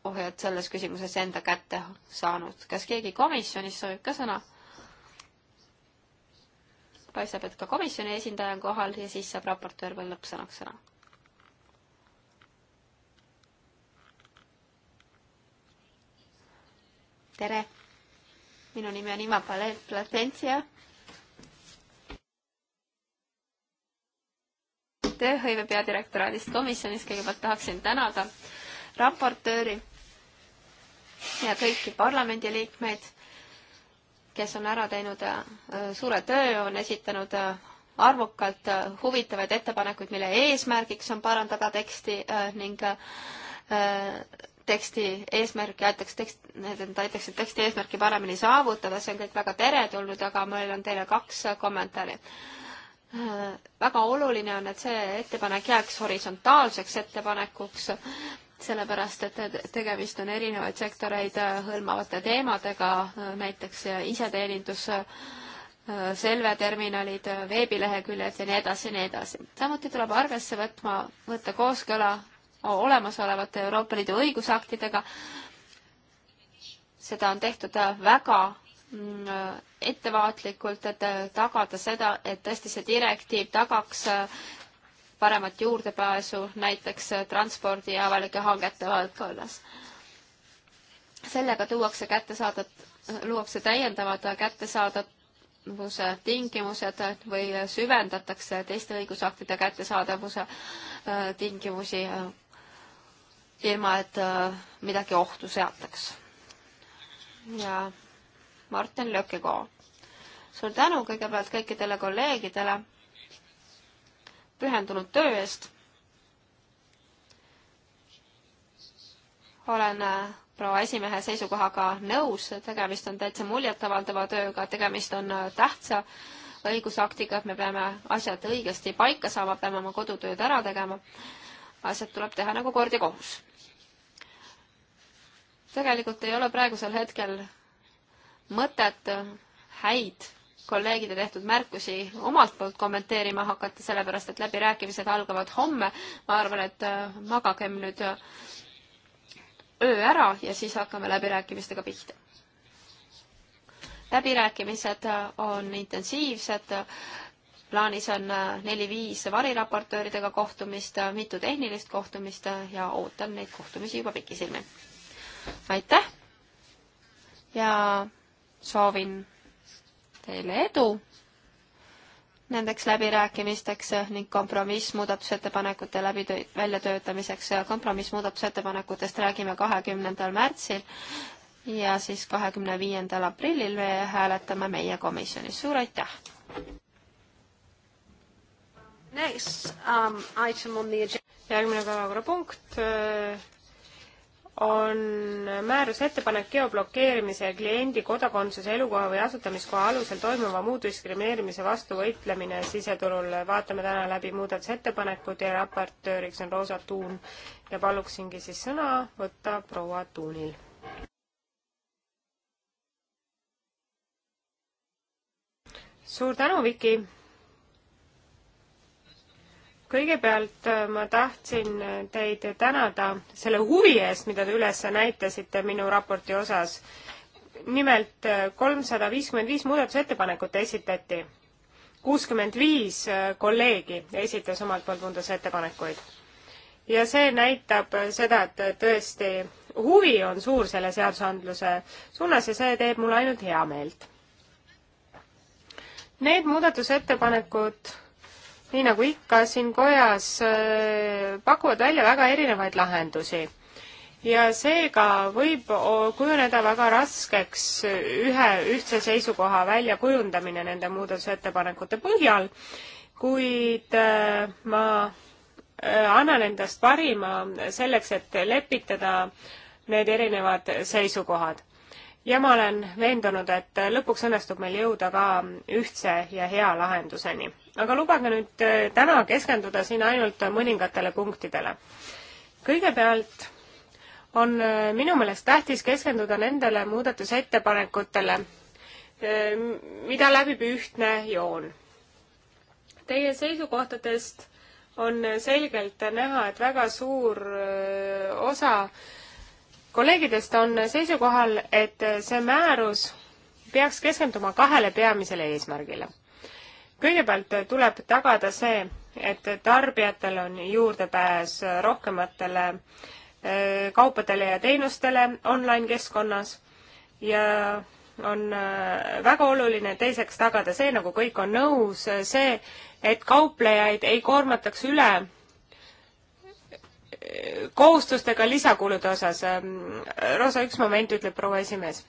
ohjad selles küsimuses enda kätte saanud. kas keegi komisjonis soovib ka sõna? paistab, et ka komisjoni esindaja on kohal ja siis saab raportöör veel lõppsõnaks sõna. tere! minu nimi on Ima Platentia. tööhõive peadirektoraadist komisjonis kõigepealt tahaksin tänada raportööri ja kõiki parlamendiliikmeid kes on ära teinud äh, suure töö, on esitanud äh, arvukalt äh, huvitavaid ettepanekuid, mille eesmärgiks on parandada teksti ning teksti eesmärki aitaks tekst, need aitaksid teksti eesmärki paremini saavutada, see on kõik väga teretulnud, aga meil on teile kaks kommentaari. väga oluline on, et see ettepanek jääks horisontaalseks ettepanekuks sellepärast et tegemist on erinevaid sektoreid äh, hõlmavate teemadega, äh, näiteks äh, iseteenindus, selveterminalid, veebileheküljed ja nii edasi ja nii edasi. samuti tuleb arvesse võtma, võtta kooskõla olemasolevate Euroopa Liidu õigusaktidega. seda on tehtud väga mm, ettevaatlikult, et tagada seda, et tõesti see direktiiv tagaks paremat juurdepääsu näiteks transpordi ja avalike hangete valdkonnas. sellega tuuakse kättesaadat-, luuakse täiendavad kättesaadavuse tingimused või süvendatakse teiste õigusaktide kättesaadavuse äh, tingimusi, äh, ilma et äh, midagi ohtu seataks. ja Martin Lökikoo suur tänu kõigepealt kõikidele kolleegidele pühendunud töö eest. olen äh, proua esimehe seisukohaga nõus, tegemist on täitsa muljetavaldava tööga, tegemist on äh, tähtsa õigusaktiga, et me peame asjad õigesti paika saama, peame oma kodutööd ära tegema. asjad tuleb teha nagu kord ja kohus. tegelikult ei ole praegusel hetkel mõtet häid kolleegide tehtud märkusi omalt poolt kommenteerima hakata, sellepärast et läbirääkimised algavad homme. ma arvan, et äh, magagem nüüd äh, öö ära ja siis hakkame läbirääkimistega pihta. läbirääkimised äh, on intensiivsed plaanis on neli-viis variraportööridega kohtumist, mitu tehnilist kohtumist ja ootan neid kohtumisi juba pikisilmi. aitäh ja soovin teile edu nendeks läbirääkimisteks ning kompromissmuudatusettepanekute läbi väljatöötamiseks. kompromissmuudatusettepanekutest räägime kahekümnendal märtsil ja siis kahekümne viiendal aprillil me hääletame meie komisjonis. suur aitäh! Next um, item on the agenda. järgmine päevakorrapunkt on määruse ettepanek geoblokeerimise ja kliendi kodakondsuse elukoha või asutamiskoha alusel toimuva muu diskrimineerimise vastu võitlemine siseturul. vaatame täna läbi muudatusettepanekud ja raportööriks on Roosa Tuun ja paluksingi siis sõna võtta proua Tuunil. suur tänu, Viki! kõigepealt äh, ma tahtsin äh, teid tänada selle huvi eest, mida te üles näitasite minu raporti osas. nimelt äh, kolmsada viiskümmend viis muudatusettepanekut esitati. kuuskümmend viis kolleegi esitas omalt poolt muudatusettepanekuid. ja see näitab seda, et tõesti huvi on suur selle seadusandluse suunas ja see teeb mulle ainult heameelt. Need muudatusettepanekud nii nagu ikka siin kojas, äh, pakuvad välja väga erinevaid lahendusi. ja seega võib kujuneda väga raskeks ühe ühtse seisukoha väljakujundamine nende muudatusettepanekute põhjal, kuid äh, ma äh, annan endast parima selleks, et lepitada need erinevad seisukohad ja ma olen veendunud, et lõpuks õnnestub meil jõuda ka ühtse ja hea lahenduseni. aga lubage nüüd äh, täna keskenduda siin ainult mõningatele punktidele. kõigepealt on äh, minu meelest tähtis keskenduda nendele muudatusettepanekutele, äh, mida läbib ühtne joon. Teie seisukohtadest on selgelt näha, et väga suur osa äh, kolleegidest on seisukohal, et see määrus peaks keskenduma kahele peamisele eesmärgile. kõigepealt tuleb tagada see, et tarbijatel on juurdepääs rohkematele äh, kaupadele ja teenustele online keskkonnas ja on äh, väga oluline teiseks tagada see, nagu kõik on nõus, see, et kauplejaid ei koormataks üle kohustustega lisakulude osas. Ähm, Rosa, üks moment, ütleb proua esimees.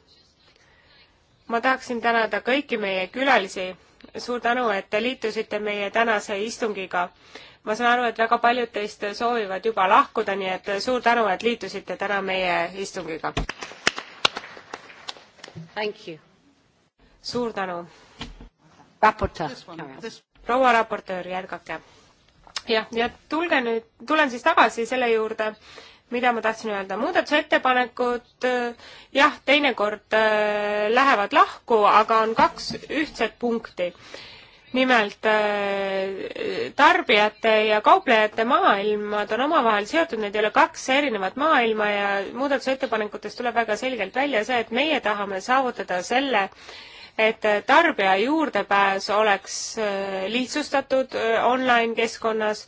ma tahaksin tänada kõiki meie külalisi. suur tänu, et te liitusite meie tänase istungiga. ma saan aru, et väga paljud teist soovivad juba lahkuda, nii et suur tänu, et liitusite täna meie istungiga. suur tänu. proua raportöör, jätkake jah, ja tulge nüüd, tulen siis tagasi selle juurde, mida ma tahtsin öelda. muudatusettepanekud äh, jah, teinekord äh, lähevad lahku, aga on kaks ühtset punkti. nimelt äh, tarbijate ja kauplejate maailmad on omavahel seotud, need ei ole kaks erinevat maailma ja muudatusettepanekutest tuleb väga selgelt välja see, et meie tahame saavutada selle äh, et äh, tarbija juurdepääs oleks äh, lihtsustatud äh, online keskkonnas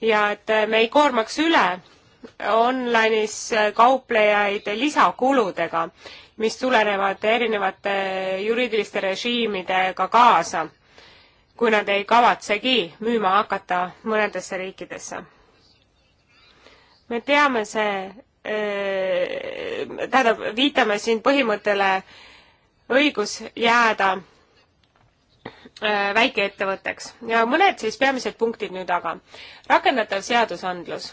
ja et me ei koormaks üle online'is kauplejaid lisakuludega, mis tulenevad erinevate juriidiliste režiimidega kaasa, kui nad ei kavatsegi müüma hakata mõnedesse riikidesse. me teame see tähendab, viitame siin põhimõttele õigus jääda äh, väikeettevõtteks ja mõned siis peamised punktid nüüd aga. rakendatav seadusandlus.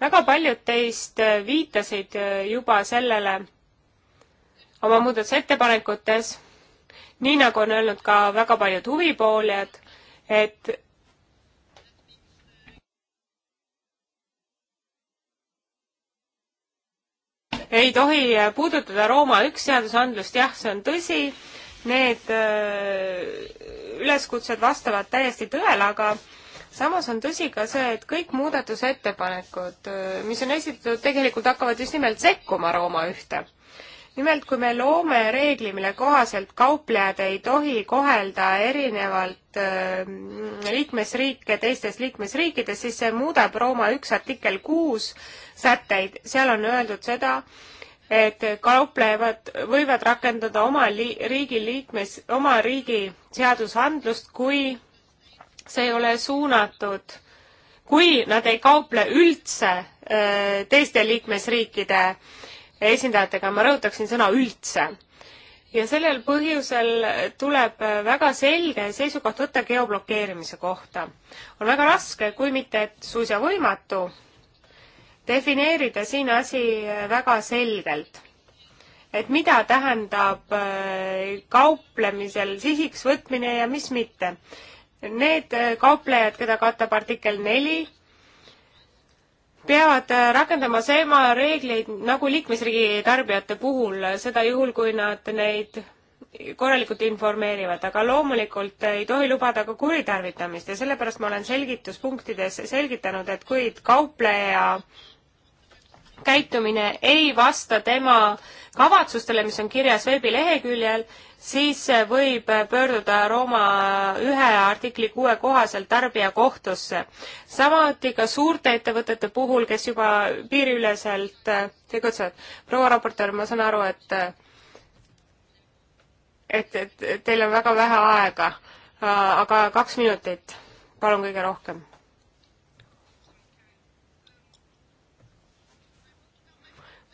väga paljud teist äh, viitasid äh, juba sellele oma muudatusettepanekutes, nii nagu on öelnud ka väga paljud huvipooljad, et ei tohi puudutada Rooma üks seadusandlust, jah, see on tõsi, need äh, üleskutsed vastavad täiesti tõele, aga samas on tõsi ka see, et kõik muudatusettepanekud, äh, mis on esitatud, tegelikult hakkavad just nimelt sekkuma Rooma ühte nimelt, kui me loome reegli, mille kohaselt kauplejad ei tohi kohelda erinevalt äh, liikmesriike teistes liikmesriikides, siis see muudab Rooma üks artikkel kuus sätteid, seal on öeldud seda, et kauplevad, võivad rakendada oma li-, riigi liikmes, oma riigi seadusandlust, kui see ei ole suunatud, kui nad ei kauple üldse öö, äh, teiste liikmesriikide öö, esindajatega, ma rõhutaksin sõna üldse. ja sellel põhjusel tuleb väga selge seisukoht võtta geoblokeerimise kohta. on väga raske, kui mitte et suisa võimatu, defineerida siin asi väga selgelt et mida tähendab äh, kauplemisel sihiks võtmine ja mis mitte. Need kauplejad, keda katab artikkel neli, peavad äh, rakendama sama reegleid nagu liikmesriigi tarbijate puhul, seda juhul, kui nad neid korralikult informeerivad, aga loomulikult ei tohi lubada ka kuritarvitamist ja sellepärast ma olen selgituspunktides selgitanud, et kui kaupleja käitumine ei vasta tema kavatsustele, mis on kirjas veebileheküljel, siis võib pöörduda Rooma ühe artikli kuue kohaselt tarbija kohtusse. samuti ka suurte ettevõtete puhul, kes juba piiriüleselt äh, tegutsevad. proua raportöör, ma saan aru, et äh, et, et teil on väga vähe aega, äh, aga kaks minutit, palun kõige rohkem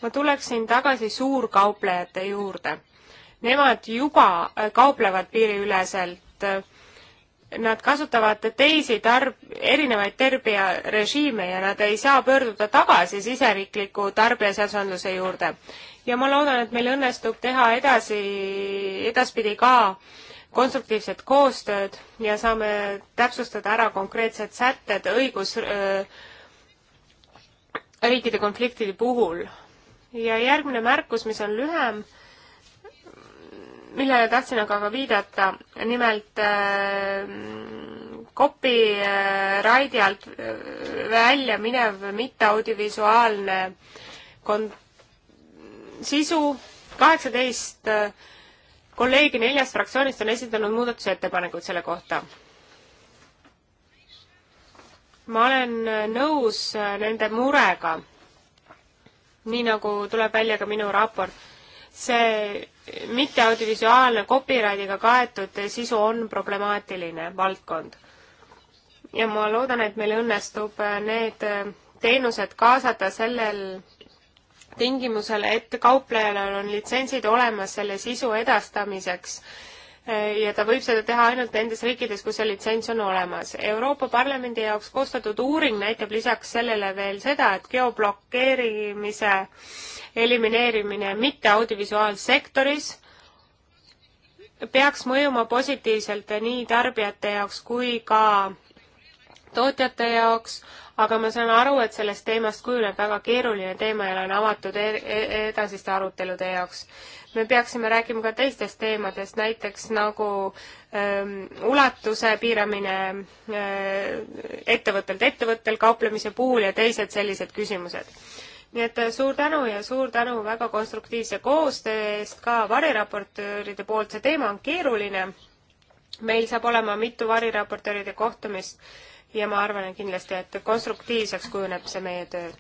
ma tuleksin tagasi suurkauplejate juurde nemad juba äh, kauplevad piiriüleselt. Nad kasutavad teisi tarb-, erinevaid tarbijarežiime ja nad ei saa pöörduda tagasi siseriikliku tarbijaseadusandluse juurde. ja ma loodan, et meil õnnestub teha edasi, edaspidi ka konstruktiivset koostööd ja saame täpsustada ära konkreetsed sätted õigus öö, äh, riikide konfliktide puhul. ja järgmine märkus, mis on lühem millele tahtsin aga ka viidata, nimelt äh, kopi äh, raidi alt äh, välja minev mitteaudivisuaalne kon-, sisu, kaheksateist äh, kolleegi neljast fraktsioonist on esitanud muudatusettepanekuid selle kohta. ma olen äh, nõus äh, nende murega, nii nagu tuleb välja ka minu raport see mitteaudiovisuaalne copyrightiga kaetud sisu on problemaatiline valdkond. ja ma loodan, et meil õnnestub need teenused kaasata sellel tingimusel, et kauplejal on litsentsid olemas selle sisu edastamiseks ja ta võib seda teha ainult nendes riikides, kus see litsents on olemas. Euroopa Parlamendi jaoks koostatud uuring näitab lisaks sellele veel seda, et geoblokeerimise äh, elimineerimine mitte audiovisuaalsektoris peaks mõjuma positiivselt nii tarbijate jaoks kui ka tootjate jaoks, aga ma saan aru, et sellest teemast kujuneb väga keeruline teema ja olen avatud e-, e-, edasiste arutelude jaoks. me peaksime rääkima ka teistest teemadest, näiteks nagu ähm, ulatuse piiramine äh, ettevõttelt ettevõttel kauplemise puhul ja teised sellised küsimused nii et äh, suur tänu ja suur tänu väga konstruktiivse koostöö eest ka variraportööride poolt, see teema on keeruline. meil saab olema mitu variraportööride kohtumist ja ma arvan kindlasti, et konstruktiivseks kujuneb see meie töö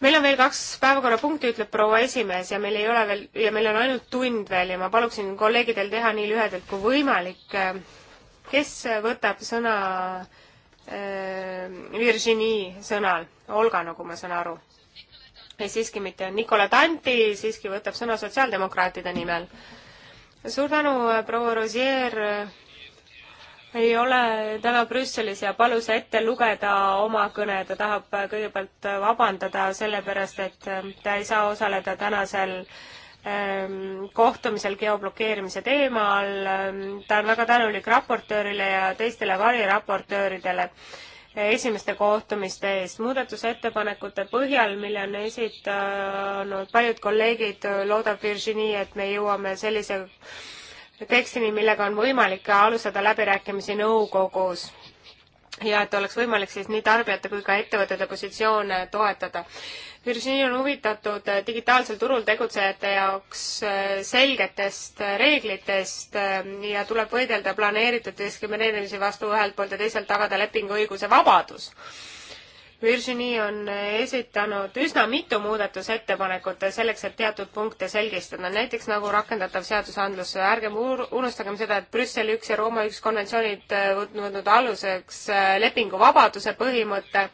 meil on veel kaks päevakorrapunkti, ütleb proua esimees ja meil ei ole veel ja meil on ainult tund veel ja ma paluksin kolleegidel teha nii lühedalt kui võimalik. kes võtab sõna äh, Ehm, Virginie sõnal, Olga, nagu ma saan aru. ei, siiski mitte, Nicola Tanti siiski võtab sõna sotsiaaldemokraatide nimel. suur tänu, äh, proua Rosier äh, ei ole täna Brüsselis ja palus ette lugeda oma kõne, ta tahab äh, kõigepealt vabandada selle pärast, et ta ei saa osaleda tänasel äh, Ähm, kohtumisel geoblokeerimise teemal. Ähm, ta on väga tänulik raportöörile ja teistele variraportööridele esimeste kohtumiste eest. muudatusettepanekute põhjal, mille on esitanud paljud kolleegid, loodab Virginie, et me jõuame sellise tekstini, millega on võimalik alustada läbirääkimisi nõukogus ja et oleks võimalik siis nii tarbijate kui ka ettevõtete positsioone toetada. Virginia on huvitatud äh, digitaalsel turul tegutsejate jaoks äh, selgetest äh, reeglitest ja tuleb võidelda planeeritud diskrimineerimise vastu ühelt poolt ja teisalt tagada lepinguõiguse vabadus Virginie on esitanud üsna mitu muudatusettepanekut selleks, et teatud punkte selgistada, näiteks nagu rakendatav seadusandlus, ärgem unustagem seda, et Brüssel üks ja Rooma üks konventsioonid äh, võtnud aluseks äh, lepinguvabaduse põhimõte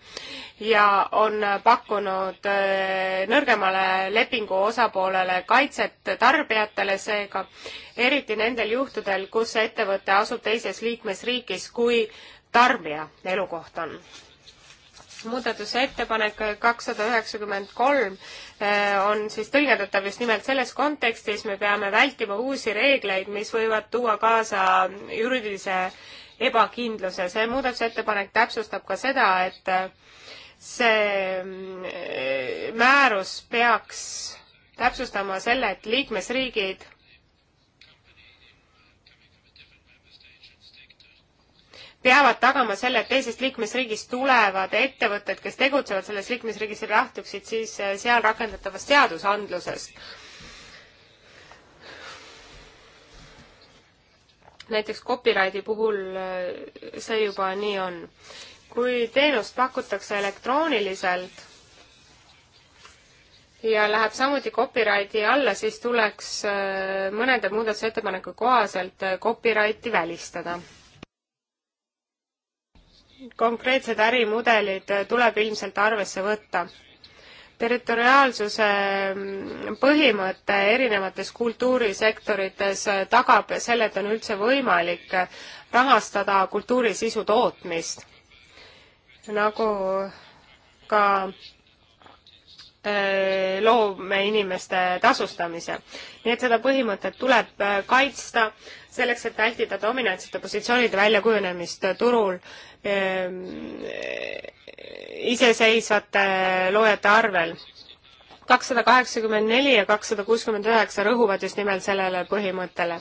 ja on pakkunud äh, nõrgemale lepingu osapoolele kaitset tarbijatele, seega eriti nendel juhtudel, kus ettevõte asub teises liikmesriigis, kui tarbija elukoht on muudatusettepanek kakssada üheksakümmend kolm eh, on siis tõlgendatav just nimelt selles kontekstis, me peame vältima uusi reegleid, mis võivad tuua kaasa juriidilise ebakindluse. see muudatusettepanek täpsustab ka seda, et eh, see mm, eh, määrus peaks täpsustama selle, et liikmesriigid peavad tagama selle, et teisest liikmesriigist tulevad ettevõtted, kes tegutsevad selles liikmesriigis, lähtuksid siis äh, seal rakendatavast seadusandlusest. näiteks copyrighti puhul äh, see juba nii on. kui teenust pakutakse elektrooniliselt ja läheb samuti copyrighti alla, siis tuleks äh, mõnede muudatusettepaneku kohaselt copyrighti välistada konkreetsed ärimudelid tuleb ilmselt arvesse võtta. territoriaalsuse mm, põhimõte erinevates kultuurisektorites tagab selle, et on üldse võimalik rahastada kultuurisisu tootmist. nagu ka äh, loomeinimeste tasustamise. nii et seda põhimõtet tuleb äh, kaitsta selleks, et vältida dominantsete positsioonide väljakujunemist turul ehm, iseseisvate loojate arvel kakssada kaheksakümmend neli ja kakssada kuuskümmend üheksa rõhuvad just nimelt sellele põhimõttele.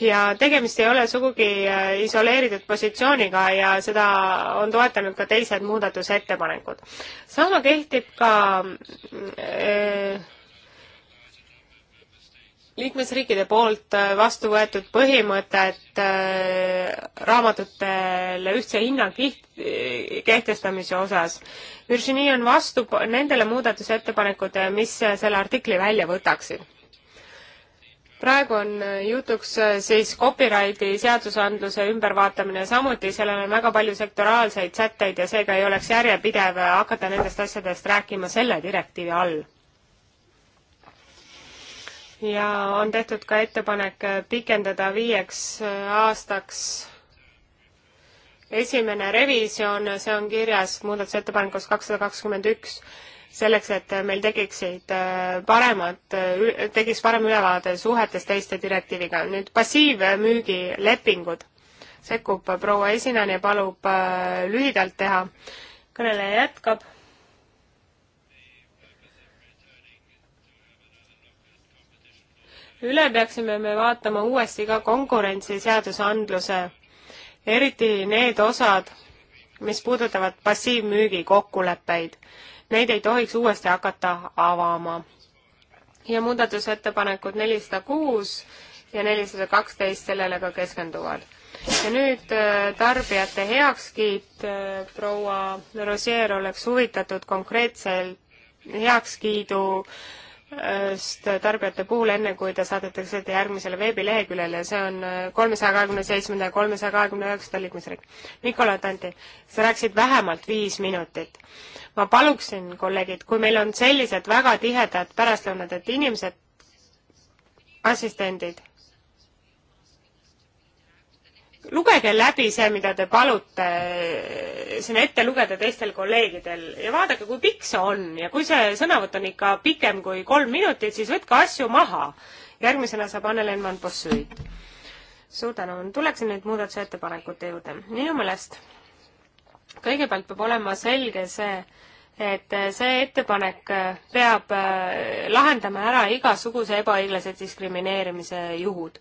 ja tegemist ei ole sugugi äh, isoleeritud positsiooniga ja seda on toetanud ka teised muudatusettepanekud. sama kehtib ka öö, äh, liikmesriikide poolt äh, vastu võetud põhimõte, et äh, raamatutele ühtse hinna kiht-, äh, kehtestamise osas. Virginie on vastu nendele muudatusettepanekutele, mis selle artikli välja võtaksid. praegu on jutuks siis copyrighti seadusandluse ümbervaatamine, samuti sellel on väga palju sektoraalseid sätteid ja seega ei oleks järjepidev hakata nendest asjadest rääkima selle direktiivi all ja on tehtud ka ettepanek pikendada viieks aastaks esimene revisjon, see on kirjas muudatusettepanekus kakssada kakskümmend üks, selleks, et meil tekiksid äh, paremad, tekiks parem ülevaade suhetes teiste direktiiviga. nüüd passiivmüügilepingud sekkub proua esinejani ja palub äh, lühidalt teha. kõneleja jätkab üle peaksime me vaatama uuesti ka konkurentsiseadusandluse, eriti need osad, mis puudutavad passiivmüügi kokkuleppeid. Neid ei tohiks uuesti hakata avama. ja muudatusettepanekud nelisada kuus ja nelisada kaksteist sellele ka keskenduvad. ja nüüd äh, tarbijate heakskiit, äh, proua Rosier oleks huvitatud konkreetselt heakskiidu äh, tarbijate puhul, enne kui ta saadetakse järgmisele veebileheküljele ja see on äh, kolmesaja kahekümne seitsmenda ja kolmesaja kahekümne üheksanda liikmesriik. Nikola Tanti, sa rääkisid vähemalt viis minutit. ma paluksin, kolleegid, kui meil on sellised väga tihedad pärastlõunad, et inimesed, assistendid lugege läbi see, mida te palute siin ette lugeda teistel kolleegidel ja vaadake, kui pikk see on ja kui see sõnavõtt on ikka pikem kui kolm minutit, siis võtke asju maha. järgmisena saab Annelen Van Bossuit. suur tänu, tuleksin nüüd muudatusettepanekute juurde. minu meelest kõigepealt peab olema selge see, et see ettepanek peab äh, lahendama ära igasuguse ebaõiglase diskrimineerimise juhud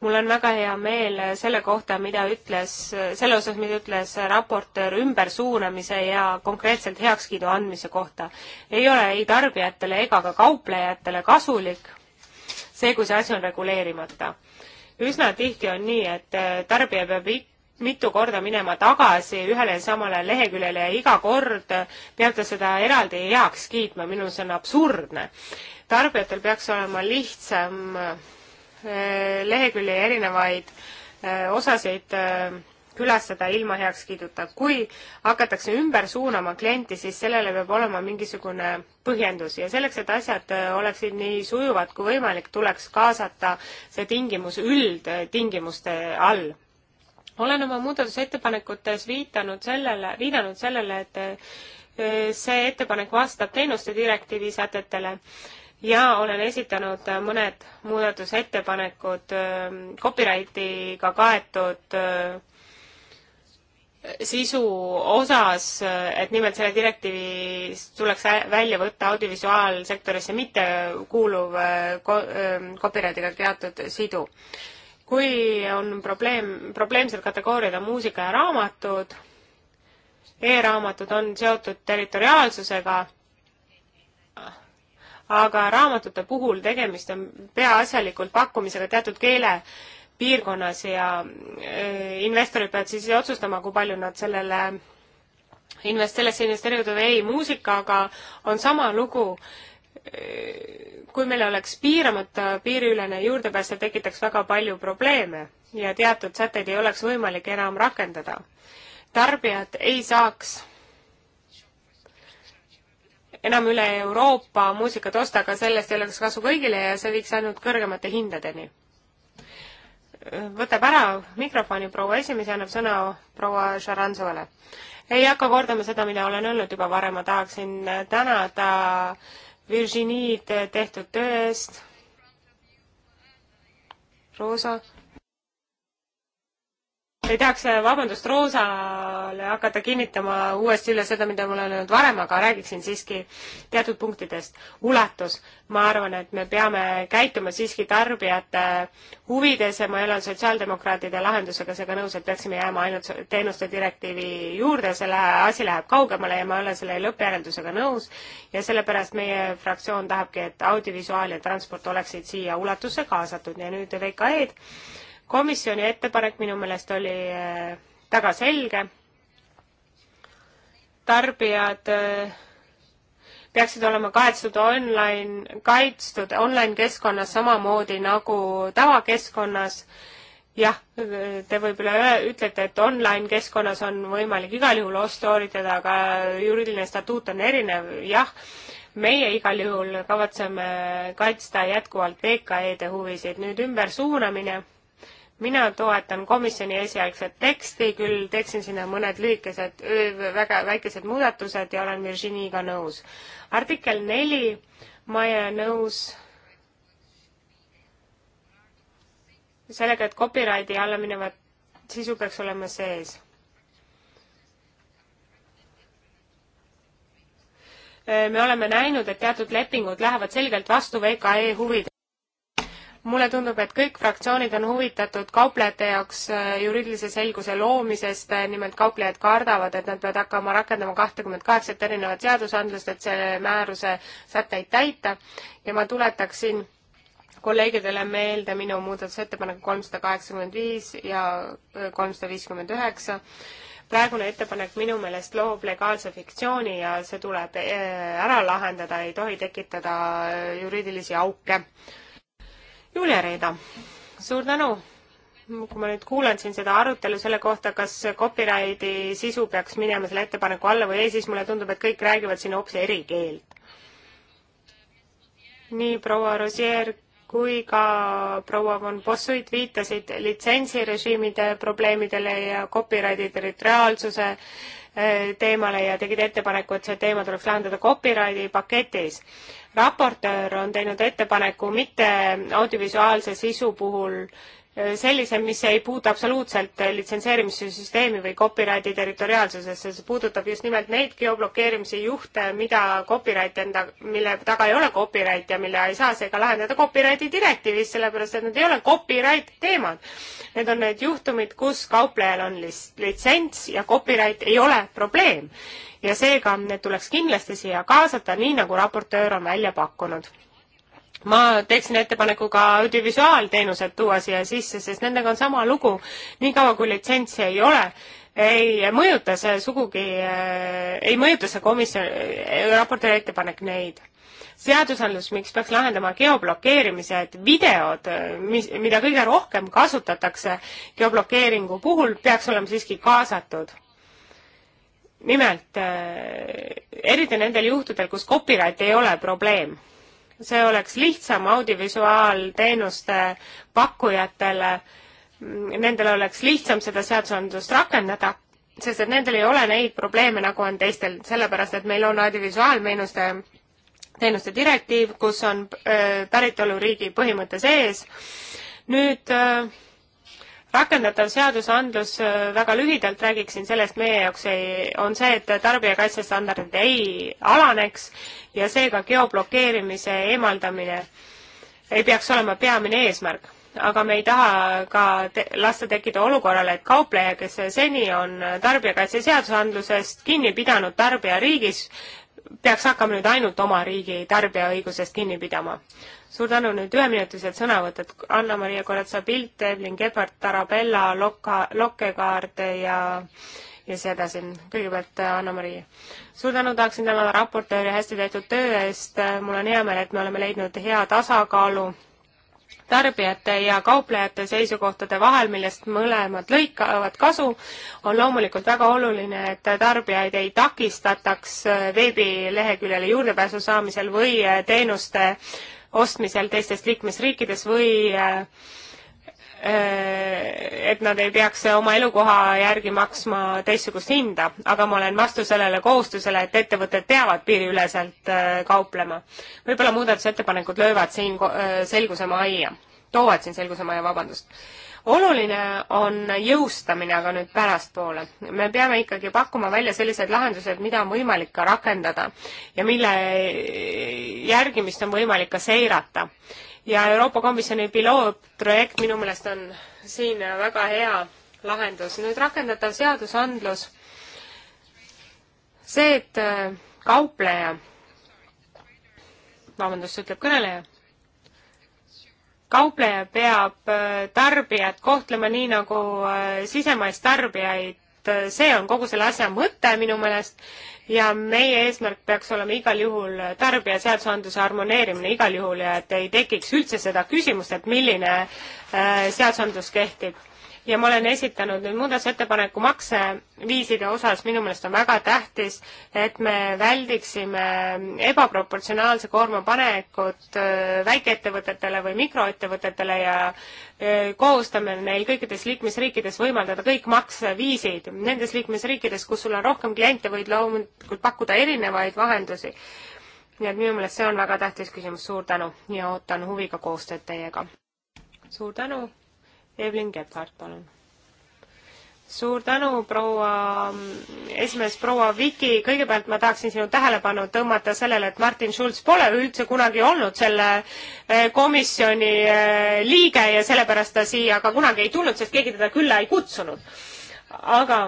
mul on väga hea meel selle kohta, mida ütles, selle osas, mida ütles raportöör ümbersuunamise ja konkreetselt heakskiidu andmise kohta. ei ole ei tarbijatele ega ka kauplejatele kasulik see, kui see asi on reguleerimata. üsna tihti on nii, et tarbija peab mitu korda minema tagasi ühele ja samale leheküljele ja iga kord peab ta seda eraldi heaks kiitma, minu arust see on absurdne. tarbijatel peaks olema lihtsam Eh, lehekülje erinevaid eh, osasid eh, külastada ilma heakskiiduta. kui hakatakse ümber suunama klienti, siis sellele peab olema mingisugune põhjendus ja selleks, et asjad oleksid nii sujuvad kui võimalik, tuleks kaasata see tingimus üldtingimuste all. olen oma muudatusettepanekutes viitanud sellele, viidanud sellele, et see ettepanek vastab teenuste direktiivi sätetele ja olen esitanud mõned muudatusettepanekud ähm, copyrightiga kaetud äh, sisu osas, äh, et nimelt selle direktiivi tuleks välja võtta audiovisuaalsektorisse mitte kuuluv äh, ähm, copyrightiga teatud sidu. kui on probleem, probleemsed kategooriad on muusika ja raamatud e, e-raamatud on seotud territoriaalsusega aga raamatute puhul tegemist on peaasjalikult pakkumisega teatud keele piirkonnas ja äh, investorid peavad siis otsustama, kui palju nad sellele invest-, sellesse investeerivad või ei, muusikaga on sama lugu, äh, kui meil oleks piiramata piiriülene juurdepääs, see tekitaks väga palju probleeme ja teatud sätteid ei oleks võimalik enam rakendada. tarbijad ei saaks enam üle Euroopa muusikat osta, aga sellest ei oleks kasu kõigile ja see viiks ainult kõrgemate hindadeni. võtab ära mikrofoni proua esimees ja annab sõna proua Šarantsovale. ei hakka kordama seda, mida olen öelnud juba varem, ma tahaksin tänada Virginiid tehtud töö eest, Roosa ei tahaks, eh, vabandust, Roosale hakata kinnitama uuesti üle seda, mida ma olen öelnud varem, aga räägiksin siiski teatud punktidest. ulatus, ma arvan, et me peame käituma siiski tarbijate huvides ja ma ei ole sotsiaaldemokraatide lahendusega seega nõus, et peaksime jääma ainult teenuste direktiivi juurde, selle asi läheb kaugemale ja ma ei ole selle lõppjäreldusega nõus ja sellepärast meie fraktsioon tahabki, et audiovisuaal ja transport oleksid siia ulatusse kaasatud ja nüüd VKE-d komisjoni ettepanek minu meelest oli äh, väga selge. tarbijad äh, peaksid olema kaetud online, kaitstud online keskkonnas samamoodi nagu tavakeskkonnas. jah, te võib-olla ütlete, et online keskkonnas on võimalik igal juhul ostu hoolitada, aga juriidiline statuut on erinev, jah meie igal juhul kavatseme kaitsta jätkuvalt VKE-de huvisid. nüüd ümbersuunamine mina toetan komisjoni esialgset teksti, küll teeksin sinna mõned lühikesed, väga väikesed muudatused ja olen Virginiga nõus. artikkel neli, ma ei ole nõus sellega, et copyrighti alla minevat sisu peaks olema sees. me oleme näinud, et teatud lepingud lähevad selgelt vastu VKE huvidele mulle tundub, et kõik fraktsioonid on huvitatud kauplejate jaoks äh, juriidilise selguse loomisest, äh, nimelt kauplejad kardavad, et nad peavad hakkama rakendama kahtekümmet kaheksat erinevat seadusandlust, et selle määruse sätteid täita ja ma tuletaksin kolleegidele meelde minu muudatusettepanek kolmsada kaheksakümmend viis ja äh, kolmsada viiskümmend üheksa. praegune ettepanek minu meelest loob legaalse fiktsiooni ja see tuleb ära lahendada, ei tohi tekitada juriidilisi auke Julia Reeda, suur tänu! kui ma nüüd kuulan siin seda arutelu selle kohta, kas copyrighti sisu peaks minema selle ettepaneku alla või ei, siis mulle tundub, et kõik räägivad siin hoopis eri keelt. nii proua Rosier kui ka proua von Bossuit viitasid litsentsirežiimide probleemidele ja copyrighti territoriaalsuse eh, teemale ja tegid ettepaneku, et see teema tuleks lahendada copyrighti paketis. raportöör on teinud ettepaneku mitte audiovisuaalse sisu puhul sellise, mis ei puutu absoluutselt litsenseerimissüsteemi või copyrighti territoriaalsusesse, see puudutab just nimelt neid geoblokeerimise juhte, mida copyright enda, mille taga ei ole copyright ja mille ei saa seega lahendada copyrighti direktiivis, sellepärast et nad ei ole copyright teemad. Need on need juhtumid, kus kauplejal on litsents ja copyright ei ole probleem. ja seega need tuleks kindlasti siia kaasata, nii nagu raportöör on välja pakkunud ma teeksin ettepaneku ka audiovisuaalteenused tuua siia sisse, sest nendega on sama lugu. niikaua, kui litsentsi ei ole, ei mõjuta see sugugi, äh, ei mõjuta see komisjon, äh, raportööri ettepanek neid. seadusandlus, miks peaks lahendama geoblokeerimise, et videod, äh, mis, mida kõige rohkem kasutatakse geoblokeeringu puhul, peaks olema siiski kaasatud nimelt, eriti nendel juhtudel, kus copyright ei ole probleem see oleks lihtsam audiovisuaalteenuste pakkujatele, nendel oleks lihtsam seda seadusandlust rakendada, sest et nendel ei ole neid probleeme, nagu on teistel, sellepärast et meil on audiovisuaalmeenuste teenuste direktiiv, kus on äh, päritoluriigi põhimõte sees. nüüd öö, äh, rakendatav seadusandlus, äh, väga lühidalt räägiksin sellest, meie jaoks ei, on see, et tarbijakaitsestandardid ei alaneks ja seega geoblokeerimise eemaldamine ei peaks olema peamine eesmärk. aga me ei taha ka te lasta tekkida olukorrale, et kaupleja, kes seni on tarbijakaitse seadusandlusest kinni pidanud tarbijariigis, peaks hakkama nüüd ainult oma riigi tarbijaõigusest kinni pidama suur tänu, nüüd üheminutilised sõnavõtted, Anna-Maria Koratsa-Pilt, Evelyn Gebhardt, Arabella, Lokka, Lokkekaard ja ja siis edasi. kõigepealt äh, Anna-Maria. suur tänu, tahaksin tänada raportööri hästi tehtud töö eest, mul on hea meel, et me oleme leidnud hea tasakaalu tarbijate ja kauplejate seisukohtade vahel, millest mõlemad lõikavad kasu, on loomulikult väga oluline, et tarbijaid ei takistataks veebileheküljele juurdepääsu saamisel või teenuste ostmisel teistes liikmesriikides või äh, et nad ei peaks oma elukoha järgi maksma teistsugust hinda, aga ma olen vastu sellele kohustusele, et ettevõtted peavad piiriüleselt äh, kauplema. võib-olla muudatusettepanekud löövad siin äh, selguse majja, toovad siin selguse majja, vabandust oluline on jõustamine aga nüüd pärastpoole. me peame ikkagi pakkuma välja sellised lahendused, mida on võimalik ka rakendada ja mille järgimist on võimalik ka seirata. ja Euroopa Komisjoni pilootprojekt minu meelest on siin väga hea lahendus. nüüd rakendatav seadusandlus, see, et äh, kaupleja, vabandust, ütleb kõneleja kaupleja peab äh, tarbijat kohtlema nii, nagu äh, sisemaist tarbijaid, äh, see on kogu selle asja mõte minu meelest ja meie eesmärk peaks olema igal juhul tarbijaseadusandluse harmoneerimine igal juhul ja et ei tekiks üldse seda küsimust, et milline seadusandlus kehtib ja ma olen esitanud nüüd muudatusettepaneku makseviiside osas, minu meelest on väga tähtis, et me väldiksime ebaproportsionaalse koorma panekut äh, väikeettevõtetele või mikroettevõtetele ja äh, kohustame neil kõikides liikmesriikides võimaldada kõik makseviisid. Nendes liikmesriikides, kus sul on rohkem kliente, võid loomulikult pakkuda erinevaid vahendusi. nii et minu meelest see on väga tähtis küsimus, suur tänu ja ootan huviga koostööd teiega. suur tänu! Evelyn Gebhardt, palun. suur tänu, proua mm, esimees, proua Viki, kõigepealt ma tahaksin sinu tähelepanu tõmmata sellele, et Martin Schulz pole üldse kunagi olnud selle eh, komisjoni eh, liige ja sellepärast ta siia ka kunagi ei tulnud, sest keegi teda külla ei kutsunud. aga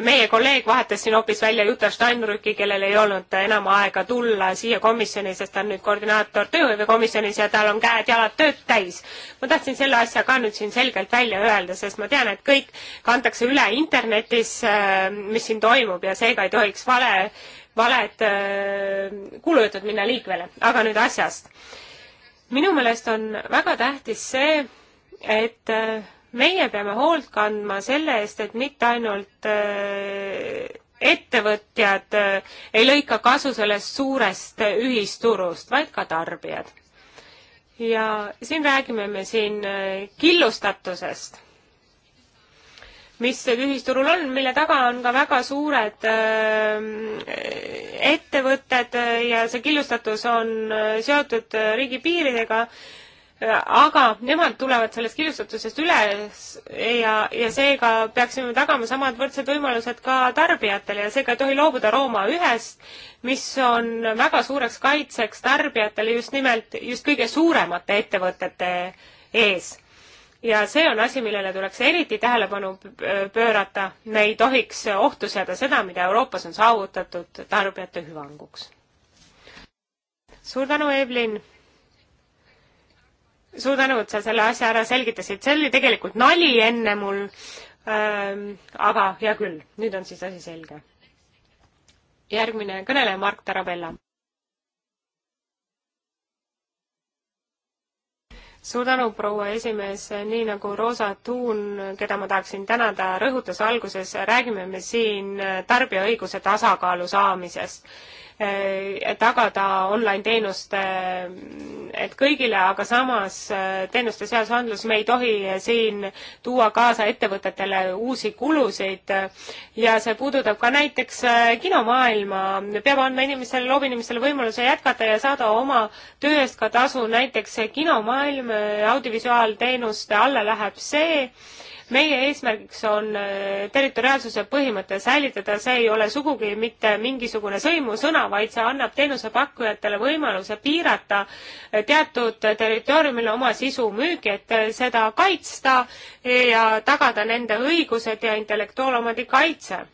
meie kolleeg vahetas siin hoopis välja Juta Steinrücki, kellel ei olnud enam aega tulla siia komisjoni, sest ta on nüüd koordinaator tööhõivekomisjonis ja tal on käed-jalad tööd täis. ma tahtsin selle asja ka nüüd siin selgelt välja öelda, sest ma tean, et kõik kantakse üle internetis, mis siin toimub ja seega ei tohiks vale, valed kuulujutud minna liikvele. aga nüüd asjast. minu meelest on väga tähtis see, et meie peame hoolt kandma selle eest, et mitte ainult äh, ettevõtjad äh, ei lõika kasu sellest suurest äh, ühisturust, vaid ka tarbijad. ja siin räägime me siin killustatusest, mis ühisturul on, mille taga on ka väga suured ettevõtted ja see killustatus on seotud riigipiiridega aga nemad tulevad sellest killustatusest üles ja, ja seega peaksime tagama samad võrdsed võimalused ka tarbijatele ja seega ei tohi loobuda Rooma ühest, mis on väga suureks kaitseks tarbijatele just nimelt just kõige suuremate ettevõtete ees. ja see on asi, millele tuleks eriti tähelepanu pöörata, me ei tohiks ohtu seada seda, mida Euroopas on saavutatud tarbijate hüvanguks. suur tänu, Evelyn! suur tänu, et sa selle asja ära selgitasid, see oli tegelikult nali enne mul ähm,. aga hea küll, nüüd on siis asi selge. järgmine kõneleja, Mark Tarabella. suur tänu, proua esimees, nii nagu Rosa Tuun, keda ma tahaksin tänada, rõhutas alguses, räägime me siin tarbijaõiguse tasakaalu saamisest Eh, tagada online-teenuste, eh, et kõigile, aga samas eh, teenuste seadusandlus, me ei tohi siin tuua kaasa ettevõtetele uusi kulusid ja see puudutab ka näiteks kinomaailma, peab andma inimestele, loovinimestele võimaluse jätkata ja saada oma töö eest ka tasu, näiteks kinomaailm, audiovisuaalteenuste alla läheb see, meie eesmärgiks on äh, territoriaalsuse põhimõte säilitada, see ei ole sugugi mitte mingisugune sõimusõna, vaid see annab teenusepakkujatele võimaluse piirata äh, teatud territooriumil oma sisu müügi, et äh, seda kaitsta ja tagada nende õigused ja intellektuaalomandi kaitse.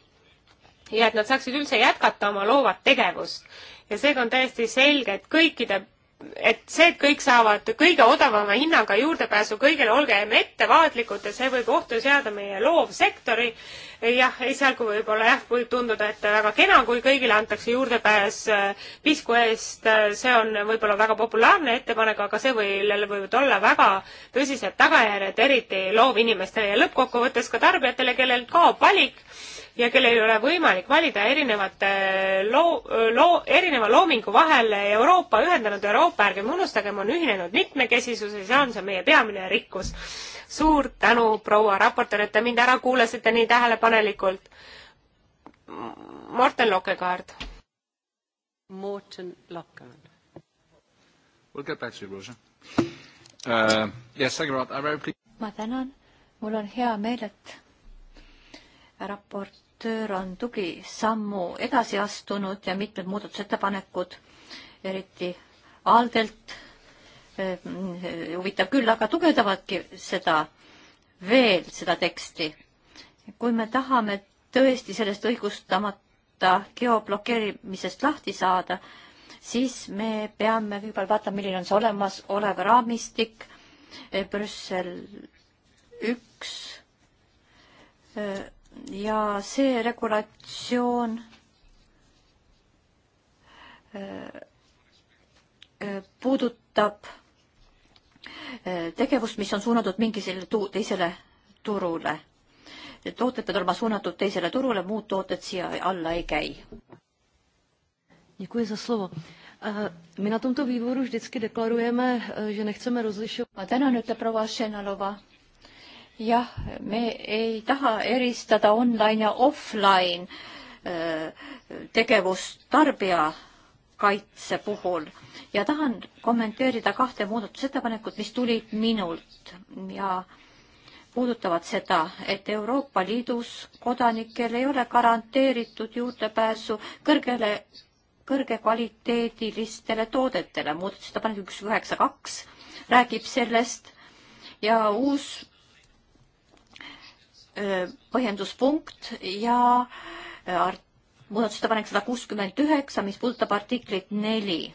ja et nad saaksid üldse jätkata oma loovat tegevust ja seega on täiesti selge, et kõikide et see, et kõik saavad kõige odavama hinnaga juurdepääsu kõigele, olgem ettevaatlikud ja see võib ohtu seada meie loovsektori. jah, esialgu võib-olla jah, võib tunduda, et väga kena, kui kõigile antakse juurdepääs äh, pisku eest, äh, see on võib-olla väga populaarne ettepanek, aga see või, võivad olla väga tõsised tagajärjed, eriti loovinimestele ja lõppkokkuvõttes ka tarbijatele, kellel kaob valik ja kellel ei ole võimalik valida erinevate äh, loo, äh, loo, erineva loomingu vahel Euroopa, ühendanud Euroopa, ärgem unustagem, on ühinenud mitmekesisuses ja on see meie peamine rikkus. suur tänu, proua raportöör, et te mind ära kuulasite nii tähelepanelikult. Morten Lokekaard. Morten Lokekaard. We'll get back to you, Rosa. Uh, yes, thank you, I'm very pleased. ma tänan, mul on hea meel, et raport raportöör on tugisammu edasi astunud ja mitmed muudatusettepanekud, eriti Aldelt, eh, huvitav küll, aga tugevdavadki seda veel, seda teksti. kui me tahame tõesti sellest õigustamata geoblokeerimisest lahti saada, siis me peame kõigepealt vaatama, milline on see olemasolev raamistik eh, Brüssel üks eh, ja see regulatsioon äh, äh, puudutab äh, tegevust, mis on suunatud mingisele tu-, teisele turule. tooted peavad olema suunatud teisele turule, muud tooted siia alla ei käi. Děkuji za slovo. My na tomto výboru vždycky deklarujeme, eh, že nechceme rozlišovat. A tänan, ütleb proua Šenalova jah, me ei taha eristada online ja offline äh, tegevust tarbijakaitse puhul ja tahan kommenteerida kahte muudatusettepanekut, mis tulid minult ja puudutavad seda, et Euroopa Liidus kodanikel ei ole garanteeritud juurdepääsu kõrgele, kõrgekvaliteedilistele toodetele. muudatusettepanek üks üheksa kaks räägib sellest ja uus põhjenduspunkt ja äh, muudatusettepanek sada kuuskümmend üheksa, mis puudutab artiklit neli.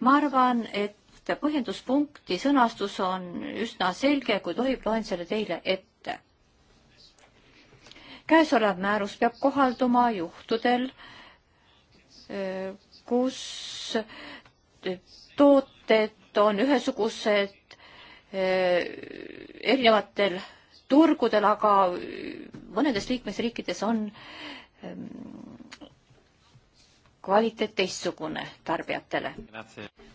ma arvan, et põhjenduspunkti sõnastus on üsna selge, kui tohib, loen selle teile ette. käesolev määrus peab kohalduma juhtudel, äh, kus äh, tooted on ühesugused erinevatel turgudel, aga mõnedes liikmesriikides on ähm, kvaliteet teistsugune tarbijatele.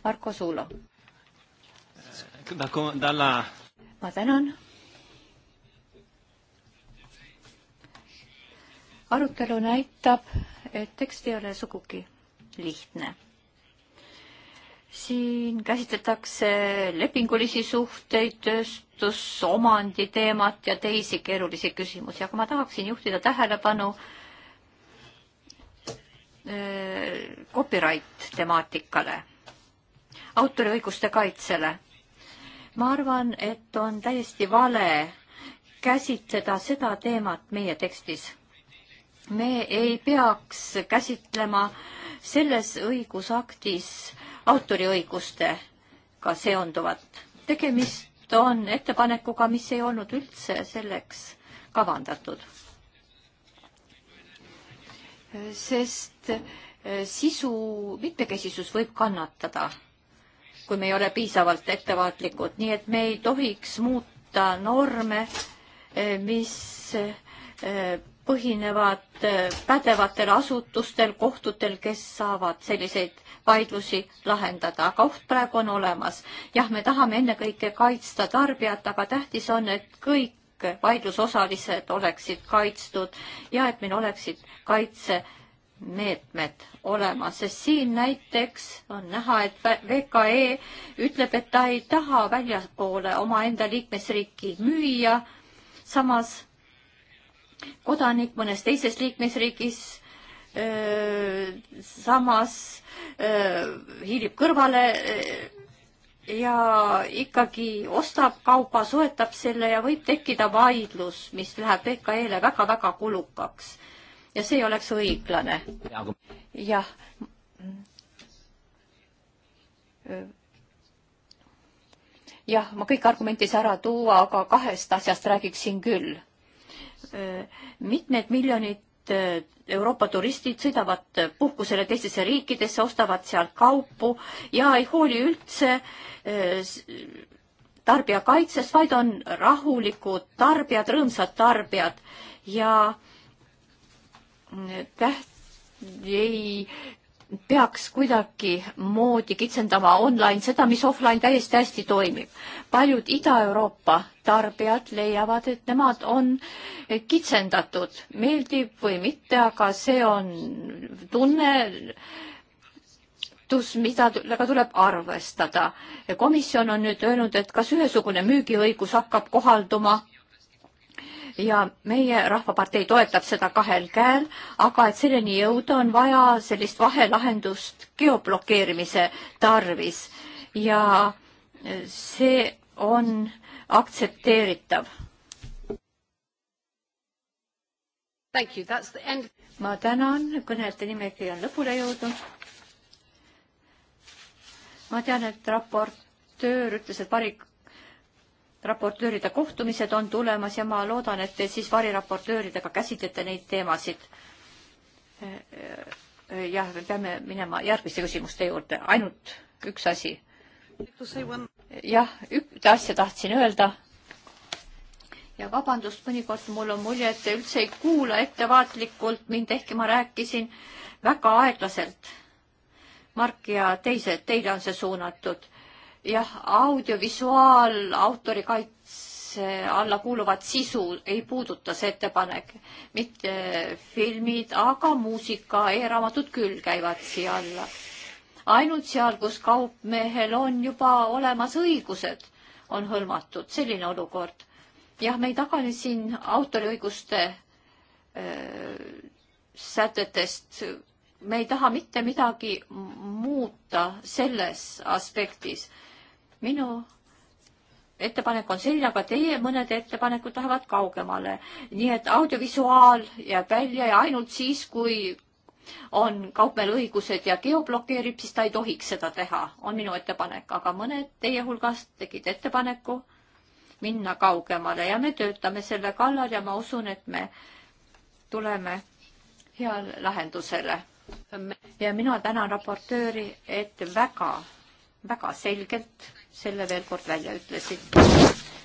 Marko Suulo. Eh, ma tänan. arutelu näitab, et tekst ei ole sugugi lihtne siin käsitletakse lepingulisi suhteid, tööstusomandi teemat ja teisi keerulisi küsimusi, aga ma tahaksin juhtida tähelepanu äh, copyright temaatikale, autoriõiguste kaitsele. ma arvan, et on täiesti vale käsitleda seda teemat meie tekstis. me ei peaks käsitlema äh, selles õigusaktis autoriõigustega seonduvat. tegemist on ettepanekuga, mis ei olnud üldse selleks kavandatud. sest eh, sisu mitmekesisus võib kannatada, kui me ei ole piisavalt ettevaatlikud, nii et me ei tohiks muuta norme, eh, mis eh, põhinevad äh, pädevatel asutustel, kohtutel, kes saavad selliseid vaidlusi lahendada, aga oht praegu on olemas. jah, me tahame ennekõike kaitsta tarbijat, aga tähtis on, et kõik vaidlusosalised oleksid kaitstud ja et meil oleksid kaitsemeetmed olemas, sest siin näiteks on näha, et VKE ütleb, et ta ei taha väljapoole omaenda liikmesriiki müüa, samas kodanik mõnes teises liikmesriigis öö, samas öö, hiilib kõrvale öö, ja ikkagi ostab kauba, soetab selle ja võib tekkida vaidlus, mis läheb VKE-le väga-väga kulukaks. ja see ei oleks õiglane. jah jah, ma kõiki argumente ei saa ära tuua, aga kahest asjast räägiksin küll. Äh, mitmed miljonid äh, Euroopa turistid sõidavad puhkusele teistesse riikidesse, ostavad seal kaupu ja ei hooli üldse äh, tarbijakaitsest, vaid on rahulikud tarbijad, rõõmsad tarbijad ja mm, täht-, ei peaks kuidagi moodi kitsendama online seda, mis offline täiesti hästi toimib. paljud Ida-Euroopa tarbijad leiavad, et nemad on kitsendatud, meeldib või mitte, aga see on tunne, mida, millega tuleb arvestada. komisjon on nüüd öelnud, et kas ühesugune müügiõigus hakkab kohalduma ja meie Rahvapartei toetab seda kahel käel, aga et selleni jõuda, on vaja sellist vahelahendust geoblokeerimise tarvis ja see on aktsepteeritav. ma tänan, kõnelejate nimekiri on lõpule jõudnud. ma tean, et raportöör ütles, et parik raportööride kohtumised on tulemas ja ma loodan, et te siis variraportööridega käsitlete neid teemasid. jah, me peame minema järgmiste küsimuste juurde, ainult üks asi. jah, ühte asja tahtsin öelda. ja vabandust, mõnikord mul on mulje, et te üldse ei kuula ettevaatlikult mind, ehkki ma rääkisin väga aeglaselt. Mark ja teised, teile on see suunatud jah, audiovisuaal autorikaitse alla kuuluvat sisu ei puuduta see ettepanek, mitte filmid, aga muusika e, e-raamatud küll käivad siia alla. ainult seal, kus kaupmehel on juba olemas õigused, on hõlmatud selline olukord. jah, me ei tagane siin autoriõiguste öö, sätetest me ei taha mitte midagi muuta selles aspektis minu ettepanek on selline, aga teie mõned ettepanekud lähevad kaugemale. nii et audiovisuaal jääb välja ja ainult siis, kui on kaupmehel õigused ja geoblokeerib, siis ta ei tohiks seda teha, on minu ettepanek, aga mõned teie hulgast tegid ettepaneku minna kaugemale ja me töötame selle kallal ja ma usun, et me tuleme heale lahendusele. ja mina tänan raportööri, et väga, väga selgelt selle veel kord välja ütlesid.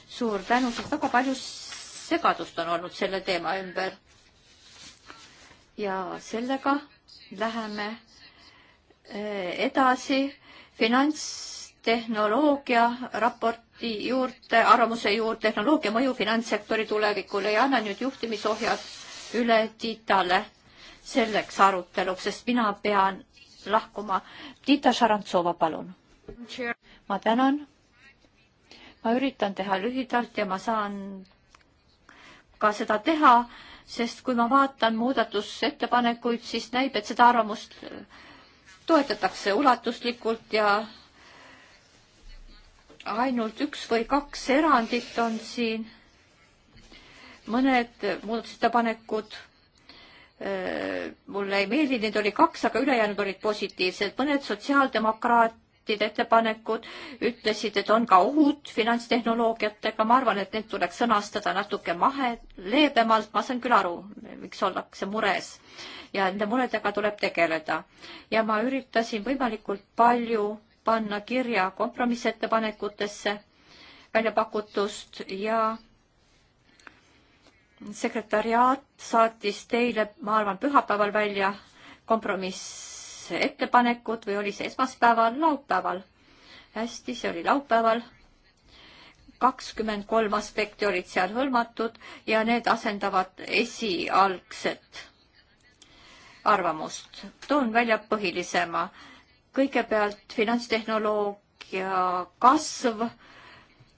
suur tänu, sest väga palju segadust on olnud selle teema ümber. ja sellega läheme eh, edasi finantstehnoloogia raporti juurde, arvamuse juurde, tehnoloogia mõju finantssektori tulevikule ja annan nüüd juhtimisohjad üle Tiitale selleks aruteluks, sest mina pean lahkuma. Tiita Šarantsova, palun ma tänan. ma üritan teha lühidalt ja ma saan ka seda teha, sest kui ma vaatan muudatusettepanekuid, siis näib, et seda arvamust toetatakse ulatuslikult ja ainult üks või kaks erandit on siin. mõned muudatusettepanekud äh, mulle ei meeldi, neid oli kaks, aga ülejäänud olid positiivsed, mõned sotsiaaldemokraat ekspertide ettepanekud ütlesid, et on ka ohud finantstehnoloogiatega, ma arvan, et need tuleks sõnastada natuke mahe, leebemalt, ma saan küll aru, miks ollakse mures ja nende muredega tuleb tegeleda. ja ma üritasin võimalikult palju panna kirja kompromissettepanekutesse väljapakutust ja sekretariaat saatis teile, ma arvan, pühapäeval välja kompromiss ettepanekud või oli see esmaspäeval, laupäeval? hästi, see oli laupäeval. kakskümmend kolm aspekti olid seal hõlmatud ja need asendavad esialgset arvamust. toon välja põhilisema. kõigepealt finantstehnoloogia kasv.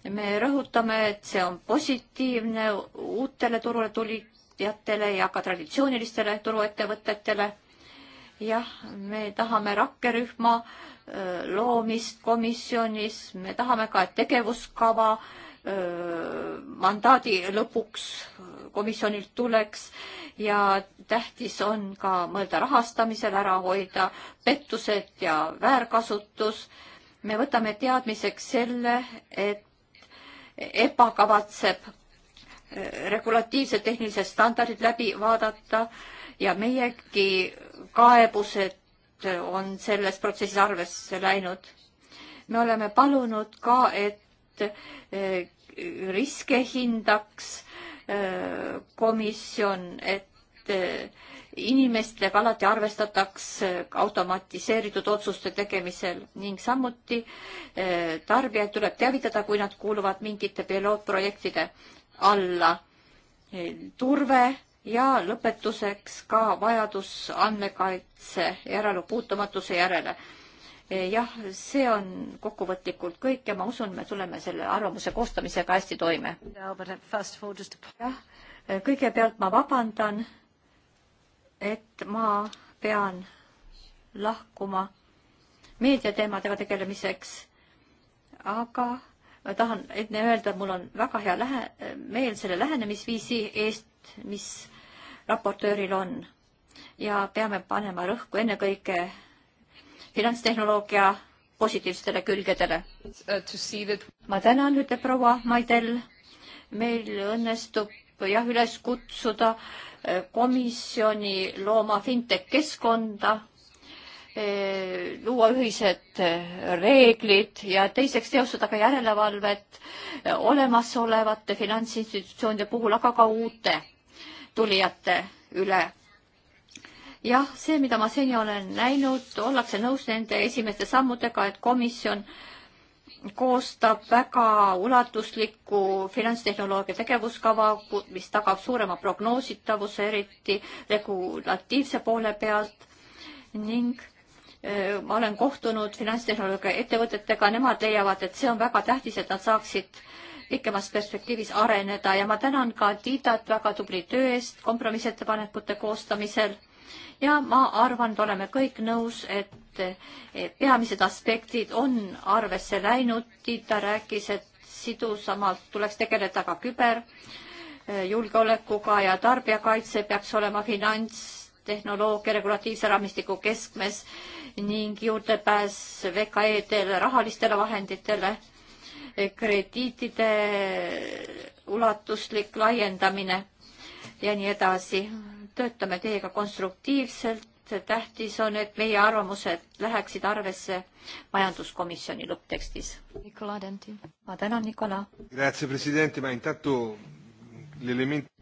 me rõhutame, et see on positiivne uutele turule tulijatele ja ka traditsioonilistele turuettevõtetele jah, me tahame rakkerühma äh, loomist komisjonis, me tahame ka, et tegevuskava äh, mandaadi lõpuks äh, komisjonilt tuleks ja tähtis on ka mõelda rahastamisel ära hoida pettused ja väärkasutus. me võtame teadmiseks selle, et EPA kavatseb regulatiivsed tehnilised standardid läbi vaadata ja meiegi kaebused on selles protsessis arvesse läinud. me oleme palunud ka, et eh, riske hindaks eh, komisjon, et eh, inimestega alati arvestataks automatiseeritud otsuste tegemisel ning samuti tarbijaid tuleb teavitada, kui nad kuuluvad mingite pilootprojektide alla. turve ja lõpetuseks ka vajadus andmekaitse järelu puutumatuse järele. E, jah, see on kokkuvõtlikult kõik ja ma usun, me tuleme selle arvamuse koostamisega hästi toime. jah, e, kõigepealt ma vabandan, et ma pean lahkuma meediateemadega tegelemiseks, aga ma tahan enne öelda, et mul on väga hea lähe-, meel selle lähenemisviisi eest, mis raportööril on ja peame panema rõhku ennekõike finantstehnoloogia positiivsetele külgedele. Uh, ma tänan, ütleb proua Maidel. meil õnnestub jah, üles kutsuda eh, komisjoni looma fintech keskkonda, eh, luua ühised eh, reeglid ja teiseks teostada ka järelevalvet olemasolevate finantsinstitutsioonide puhul, aga ka uute tulijate üle. jah, see, mida ma seni olen näinud, ollakse nõus nende esimeste sammudega, et komisjon koostab väga ulatusliku finantstehnoloogia tegevuskava, mis tagab suurema prognoositavuse, eriti regulatiivse poole pealt ning ma olen kohtunud finantstehnoloogia ettevõtetega, nemad leiavad, et see on väga tähtis, et nad saaksid pikemas perspektiivis areneda ja ma tänan ka Tiidat väga tubli töö eest kompromissettepanekute koostamisel. ja ma arvan, et oleme kõik nõus, et peamised aspektid on arvesse läinud. Tiita rääkis, et sidusamalt tuleks tegeleda ka küberjulgeolekuga eh, ja tarbijakaitse peaks olema finantstehnoloogia regulatiivse raamistiku keskmes ning juurdepääs VKE-del rahalistele vahenditele krediitide ulatuslik laiendamine ja nii edasi. töötame teiega konstruktiivselt, tähtis on, et meie arvamused läheksid arvesse majanduskomisjoni lõpptekstis. ma tänan, Nikola.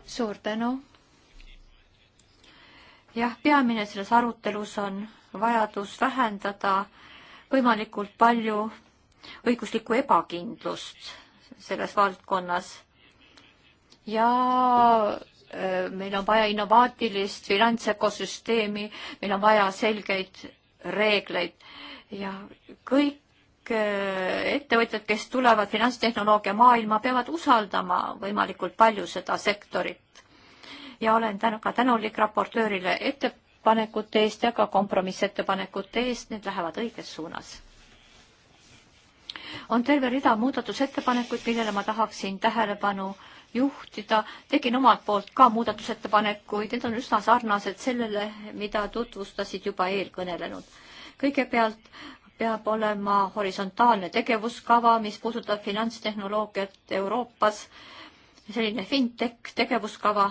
suur tänu. jah, peamine selles arutelus on vajadus vähendada võimalikult palju õiguslikku ebakindlust selles valdkonnas. ja äh, meil on vaja innovaatilist finantsökosüsteemi, meil on vaja selgeid reegleid ja kõik äh, ettevõtjad, kes tulevad finantstehnoloogia maailma, peavad usaldama võimalikult palju seda sektorit. ja olen tänu ka tänulik raportöörile ettepanekute eest ja ka kompromissettepanekute eest, need lähevad õiges suunas on terve rida muudatusettepanekuid, millele ma tahaksin tähelepanu juhtida. tegin omalt poolt ka muudatusettepanekuid, need on üsna sarnased sellele, mida tutvustasid juba eelkõnelenud. kõigepealt peab olema horisontaalne tegevuskava, mis puudutab finantstehnoloogiat Euroopas, selline fintech tegevuskava.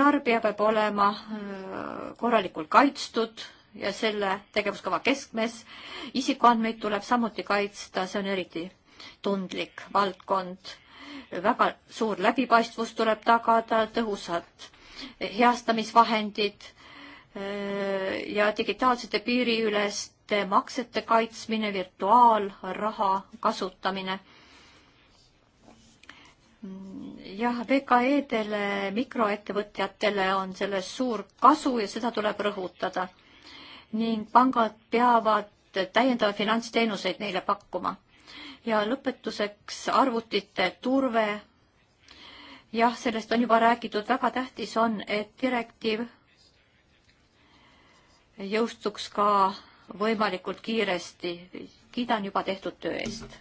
tarbija peab olema äh, korralikult kaitstud ja selle tegevuskava keskmes. isikuandmeid tuleb samuti kaitsta, see on eriti tundlik valdkond. väga suur läbipaistvus tuleb tagada, tõhusad heastamisvahendid äh, ja digitaalsete piiriüleste maksete kaitsmine, virtuaalraha kasutamine jah, VKE-dele, mikroettevõtjatele on sellest suur kasu ja seda tuleb rõhutada ning pangad peavad täiendavaid finantsteenuseid neile pakkuma. ja lõpetuseks arvutite turve. jah, sellest on juba räägitud, väga tähtis on, et direktiiv jõustuks ka võimalikult kiiresti. kiidan juba tehtud töö eest.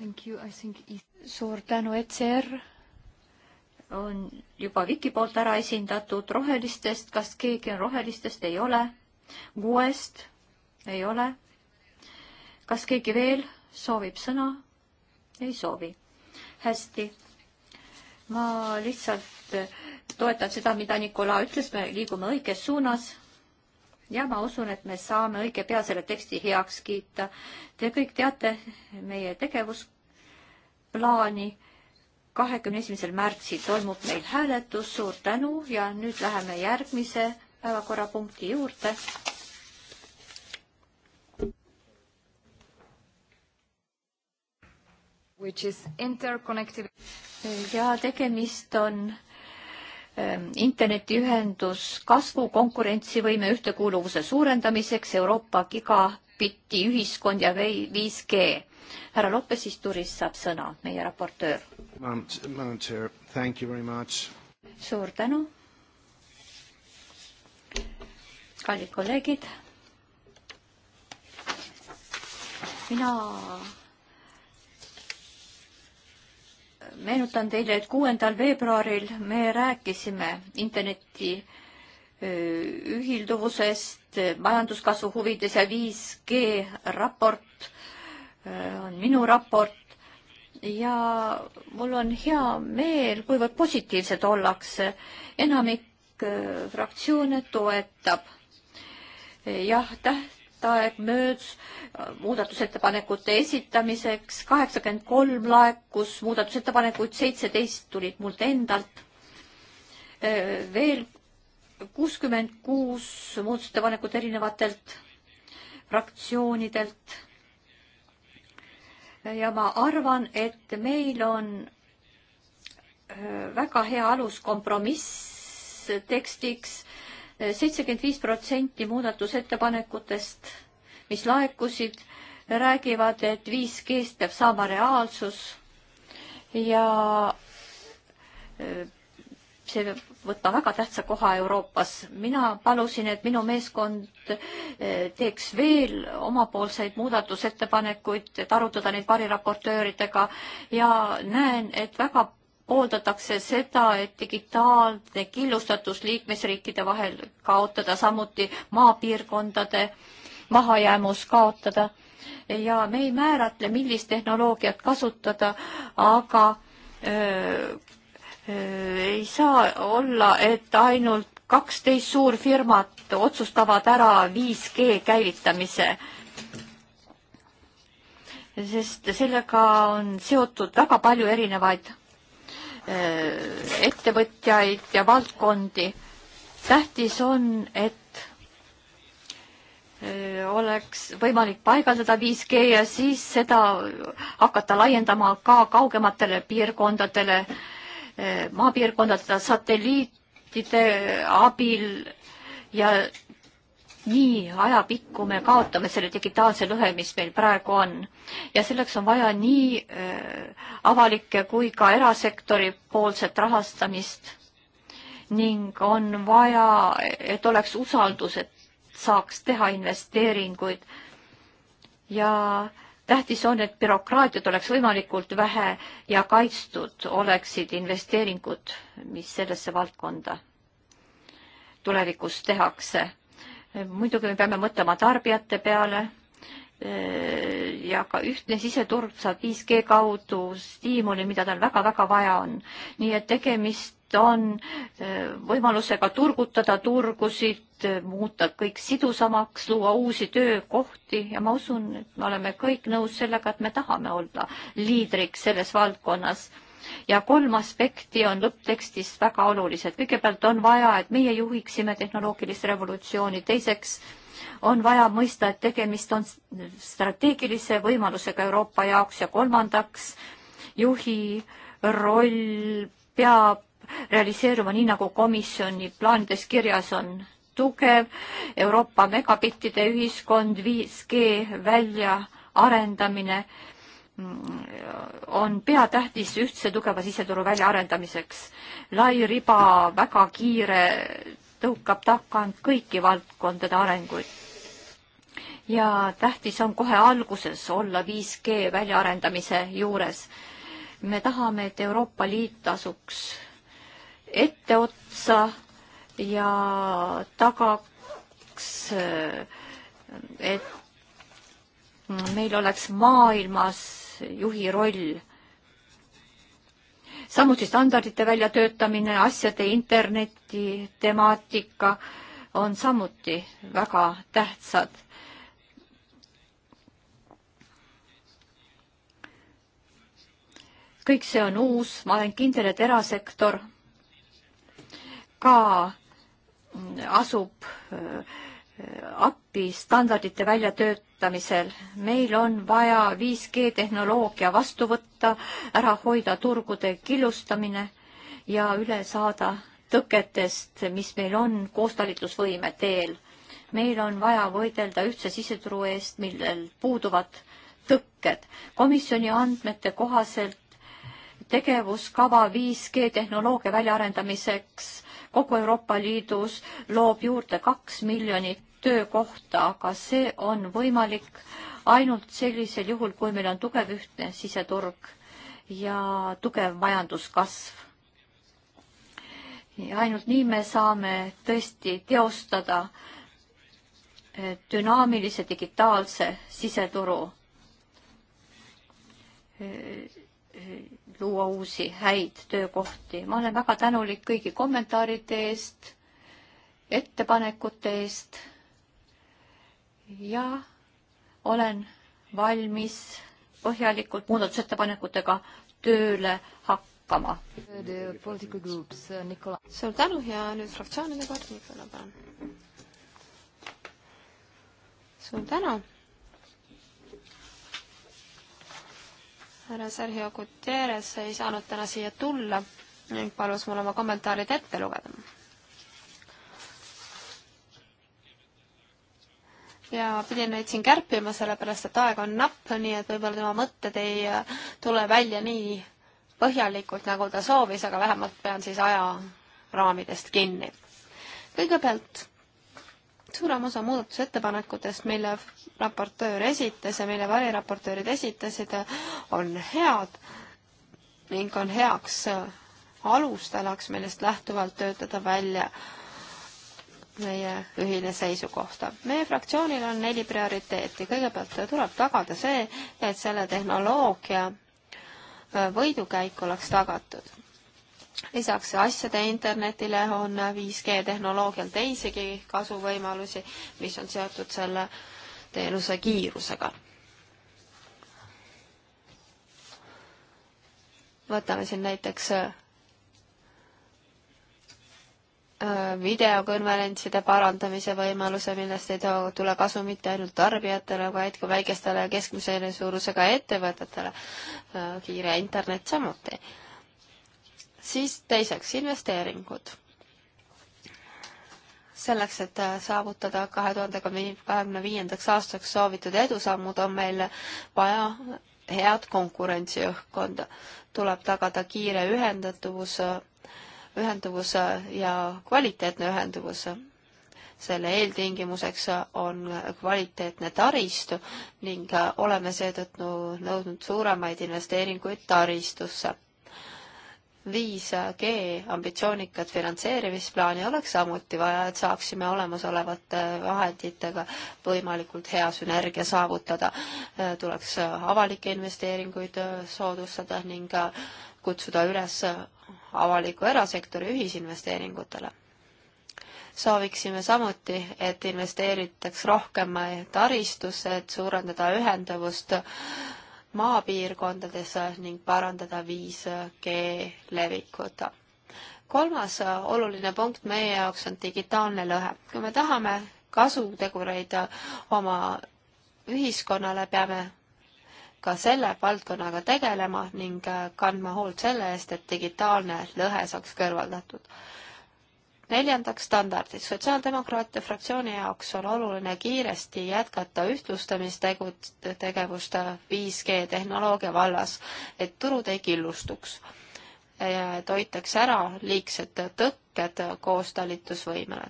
E- suur tänu, ECR on juba Viki poolt ära esindatud rohelistest, kas keegi on rohelistest, ei ole? kuuest ei ole. kas keegi veel soovib sõna? ei soovi. hästi. ma lihtsalt eh, toetan seda, mida Nikola ütles, me liigume õiges suunas ja ma usun, et me saame õige pea selle teksti heaks kiita. Te kõik teate meie tegevusplaani. kahekümne esimesel märtsil toimub meil hääletus, suur tänu ja nüüd läheme järgmise päevakorrapunkti juurde. Which is interconnected. ja tegemist on ähm, internetiühendus kasvu, konkurentsivõime, ühtekuuluvuse suurendamiseks Euroopa gigabitti ühiskond ja 5G. härra Lopes Isturis saab sõna, meie raportöör. suur tänu kallid kolleegid. mina meenutan teile, et kuuendal veebruaril me rääkisime interneti ühilduvusest majanduskasvu huvides ja 5G raport on minu raport ja mul on hea meel, kuivõrd positiivsed ollakse. enamik fraktsioone toetab jah, tähtaeg mööds äh, muudatusettepanekute esitamiseks, kaheksakümmend kolm laekus muudatusettepanekuid, seitseteist tulid mult endalt. Äh, veel kuuskümmend kuus muudatusettepanekut erinevatelt fraktsioonidelt. ja ma arvan, et meil on äh, väga hea alus kompromiss tekstiks seitsekümmend viis protsenti muudatusettepanekutest, mis laekusid, räägivad, et 5G-st peab saama reaalsus ja äh, see peab võtma väga tähtsa koha Euroopas. mina palusin, et minu meeskond äh, teeks veel omapoolseid muudatusettepanekuid, et arutada neid variraportööridega ja näen, et väga pooldatakse seda, et digitaalne killustatus liikmesriikide vahel kaotada, samuti maapiirkondade mahajäämus kaotada ja me ei määratle, millist tehnoloogiat kasutada, aga öö, öö, ei saa olla, et ainult kaksteist suurfirmat otsustavad ära 5G käivitamise sest sellega on seotud väga palju erinevaid Äh, ettevõtjaid ja valdkondi. tähtis on, et äh, oleks võimalik paigaldada 5G ja siis seda hakata laiendama ka kaugematele piirkondadele, äh, maapiirkondadele satelliitide abil ja nii ajapikku me kaotame selle digitaalse lõhe, mis meil praegu on. ja selleks on vaja nii äh, avalikke kui ka erasektori poolset rahastamist ning on vaja, et oleks usaldus, et saaks teha investeeringuid ja tähtis on, et bürokraatiat oleks võimalikult vähe ja kaitstud oleksid investeeringud, mis sellesse valdkonda tulevikus tehakse muidugi me peame mõtlema tarbijate peale e, ja ka ühtne siseturg saab 5G kaudu stiimuli, mida tal väga-väga vaja on. nii et tegemist on e, võimalusega turgutada turgusid, e, muuta kõik sidusamaks, luua uusi töökohti ja ma usun, et me oleme kõik nõus sellega, et me tahame olla liidriks selles valdkonnas ja kolm aspekti on lõpptekstis väga olulised. kõigepealt on vaja, et meie juhiksime tehnoloogilist revolutsiooni, teiseks on vaja mõista, et tegemist on strateegilise võimalusega Euroopa jaoks ja kolmandaks juhi roll peab realiseeruma nii, nagu komisjoni plaanides kirjas on tugev Euroopa megabittide ühiskond, 5G väljaarendamine on peatähtis ühtse tugeva siseturu väljaarendamiseks. lai riba, väga kiire, tõukab takand kõiki valdkondade arenguid. ja tähtis on kohe alguses olla 5G väljaarendamise juures. me tahame, et Euroopa Liit asuks etteotsa ja tagaks, et meil oleks maailmas juhi roll. samuti standardite väljatöötamine, asjade interneti temaatika on samuti väga tähtsad. kõik see on uus, ma olen kindel, et erasektor ka asub äh, appi standardite väljatöötamisel. meil on vaja 5G tehnoloogia vastu võtta, ära hoida turgude killustamine ja üle saada tõketest, mis meil on koostalitlusvõime teel. meil on vaja võidelda ühtse siseturu eest, millel puuduvad tõkked. komisjoni andmete kohaselt tegevuskava 5G tehnoloogia väljaarendamiseks kogu Euroopa Liidus loob juurde kaks miljonit töökohta, aga see on võimalik ainult sellisel juhul, kui meil on tugev ühtne siseturg ja tugev majanduskasv. ja ainult nii me saame tõesti teostada eh, dünaamilise digitaalse siseturu, eh, eh, luua uusi häid töökohti. ma olen väga tänulik kõigi kommentaaride eest, ettepanekute eest ja olen valmis põhjalikult muudatusettepanekutega tööle hakkama. Uh, suur tänu ja nüüd fraktsioonide kord, Nikola, palun. suur tänu. härra Sergio Gutierrez ei saanud täna siia tulla ning palus mul oma kommentaarid ette lugeda. ja pidin neid siin kärpima, sellepärast et aeg on napp, nii et võib-olla tema mõtted ei äh, tule välja nii põhjalikult, nagu ta soovis, aga vähemalt pean siis ajaraamidest kinni. kõigepealt suurem osa muudatusettepanekutest, mille raportöör esitas ja mille variraportöörid esitasid, on head ning on heaks äh, alustalaks, millest lähtuvalt töötada välja äh, meie ühine seisukoht. meie fraktsioonil on neli prioriteeti. kõigepealt tuleb tagada see, et selle tehnoloogia äh, võidukäik oleks tagatud. lisaks asjade internetile on 5G tehnoloogial teisigi kasuvõimalusi, mis on seotud selle teenuse kiirusega. võtame siin näiteks äh, Äh, videokonverentside parandamise võimaluse, millest ei too, tule kasu mitte ainult tarbijatele, vaid ka väikestele ja keskmise suurusega ettevõtetele. Äh, kiire internet samuti. siis teiseks, investeeringud. selleks, et äh, saavutada kahe tuhande kahekümne viiendaks aastaks soovitud edusammud, on meil vaja head konkurentsiõhkkonda. tuleb tagada kiire ühendatavus ühenduvus ja kvaliteetne ühenduvus. selle eeltingimuseks on kvaliteetne taristu ning oleme seetõttu nõudnud suuremaid investeeringuid taristusse 5G ambitsioonikat finantseerimisplaani oleks samuti vaja, et saaksime olemasolevate vahenditega võimalikult hea sünergia saavutada. tuleks avalikke investeeringuid soodustada ning kutsuda üles avaliku erasektori ühisinvesteeringutele. sooviksime samuti, et investeeritaks rohkem taristusse, et suurendada ühendavust maapiirkondades ning parandada 5G levikut. kolmas oluline punkt meie jaoks on digitaalne lõhe. kui me tahame kasutegureid oma ühiskonnale, peame ka selle valdkonnaga tegelema ning äh, kandma hoolt selle eest, et digitaalne lõhe saaks kõrvaldatud. neljandaks standardid. sotsiaaldemokraatia fraktsiooni jaoks on oluline kiiresti jätkata ühtlustamistegud, tegevust 5G äh, tehnoloogia vallas, et turud ei killustuks ja et hoitaks ära liigsed tõkked koos talitusvõimele.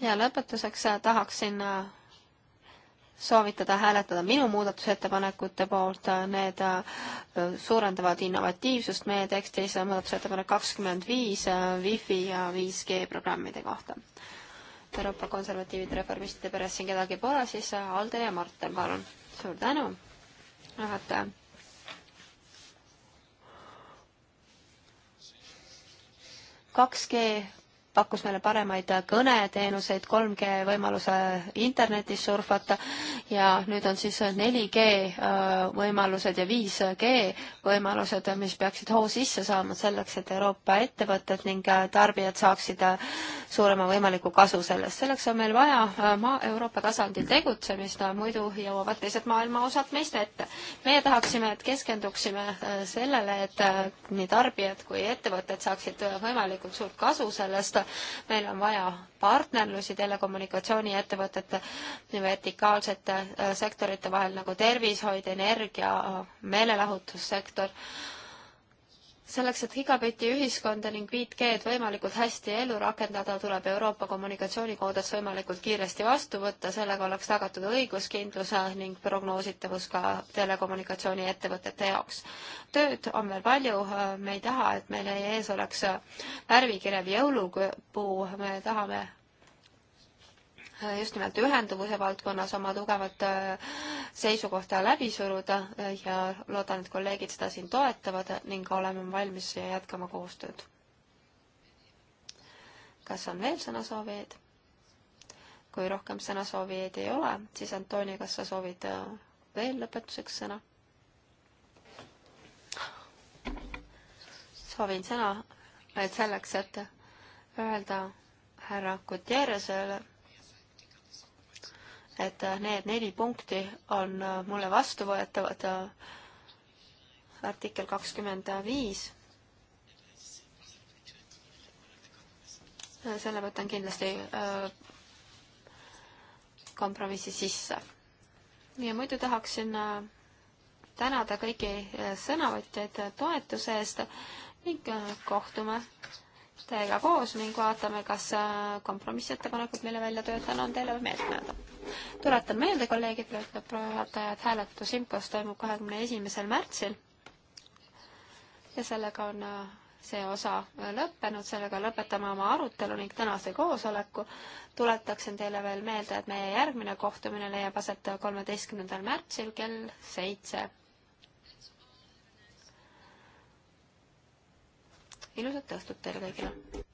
ja lõpetuseks äh, tahaksin soovitada hääletada minu muudatusettepanekute poolt, need äh, suurendavad innovatiivsust meie tekstis, muudatusettepanek kakskümmend viis äh, Wi-Fi ja 5G programmide kohta. Euroopa konservatiivide reformistide peres siin kedagi pole, siis äh, Alde ja Martin, palun. suur tänu, juhataja. kaks G pakkus meile paremaid kõneteenuseid, 3G võimaluse internetis surfata ja nüüd on siis 4G äh, võimalused ja 5G võimalused, mis peaksid hoo sisse saama selleks, et Euroopa ettevõtted ning äh, tarbijad saaksid äh, suurema võimaliku kasu sellest. selleks on meil vaja maa, Euroopa tasandil tegutsemist, muidu jõuavad teised maailma osad meist ette. meie tahaksime, et keskenduksime sellele, et nii tarbijad kui ettevõtted saaksid võimalikult suurt kasu sellest meil on vaja partnerlusi telekommunikatsiooniettevõtete vertikaalsete äh, sektorite vahel nagu tervishoid, energia, meelelahutussektor selleks, et gigabitiühiskonda ning 5G-d võimalikult hästi ellu rakendada, tuleb Euroopa kommunikatsioonikoodes võimalikult kiiresti vastu võtta, sellega oleks tagatud õiguskindlus ning prognoositavus ka telekommunikatsiooniettevõtete jaoks. tööd on veel palju, me ei taha, et meil ees oleks värvikirev jõulupuu, me tahame just nimelt ühenduvuse valdkonnas oma tugevat äh, seisukohta läbi suruda äh, ja loodan, et kolleegid seda siin toetavad ning oleme valmis jätkama koostööd. kas on veel sõnasoovijaid? kui rohkem sõnasoovijaid ei ole, siis Antoni, kas sa soovid äh, veel lõpetuseks sõna? soovin sõna et selleks, et öelda härra Gutierrezele et äh, need neli punkti on äh, mulle vastuvõetavad. Äh, artikkel kakskümmend viis. selle võtan kindlasti kompromissi sisse. ja muidu tahaksin tänada kõiki sõnavõtjaid toetuse eest ning kohtume teiega koos ning vaatame, kas kompromissettepanekud, mille välja töötan, on teile meeltmööda tuletan meelde, kolleegidele ütleb proua juhataja, et hääletus IMCO-s toimub kahekümne esimesel märtsil. ja sellega on äh, see osa äh, lõppenud, sellega lõpetame oma arutelu ning tänase koosoleku. tuletaksin teile veel meelde, et meie järgmine kohtumine leiab aset kolmeteistkümnendal märtsil kell seitse. ilusat õhtut teile kõigile!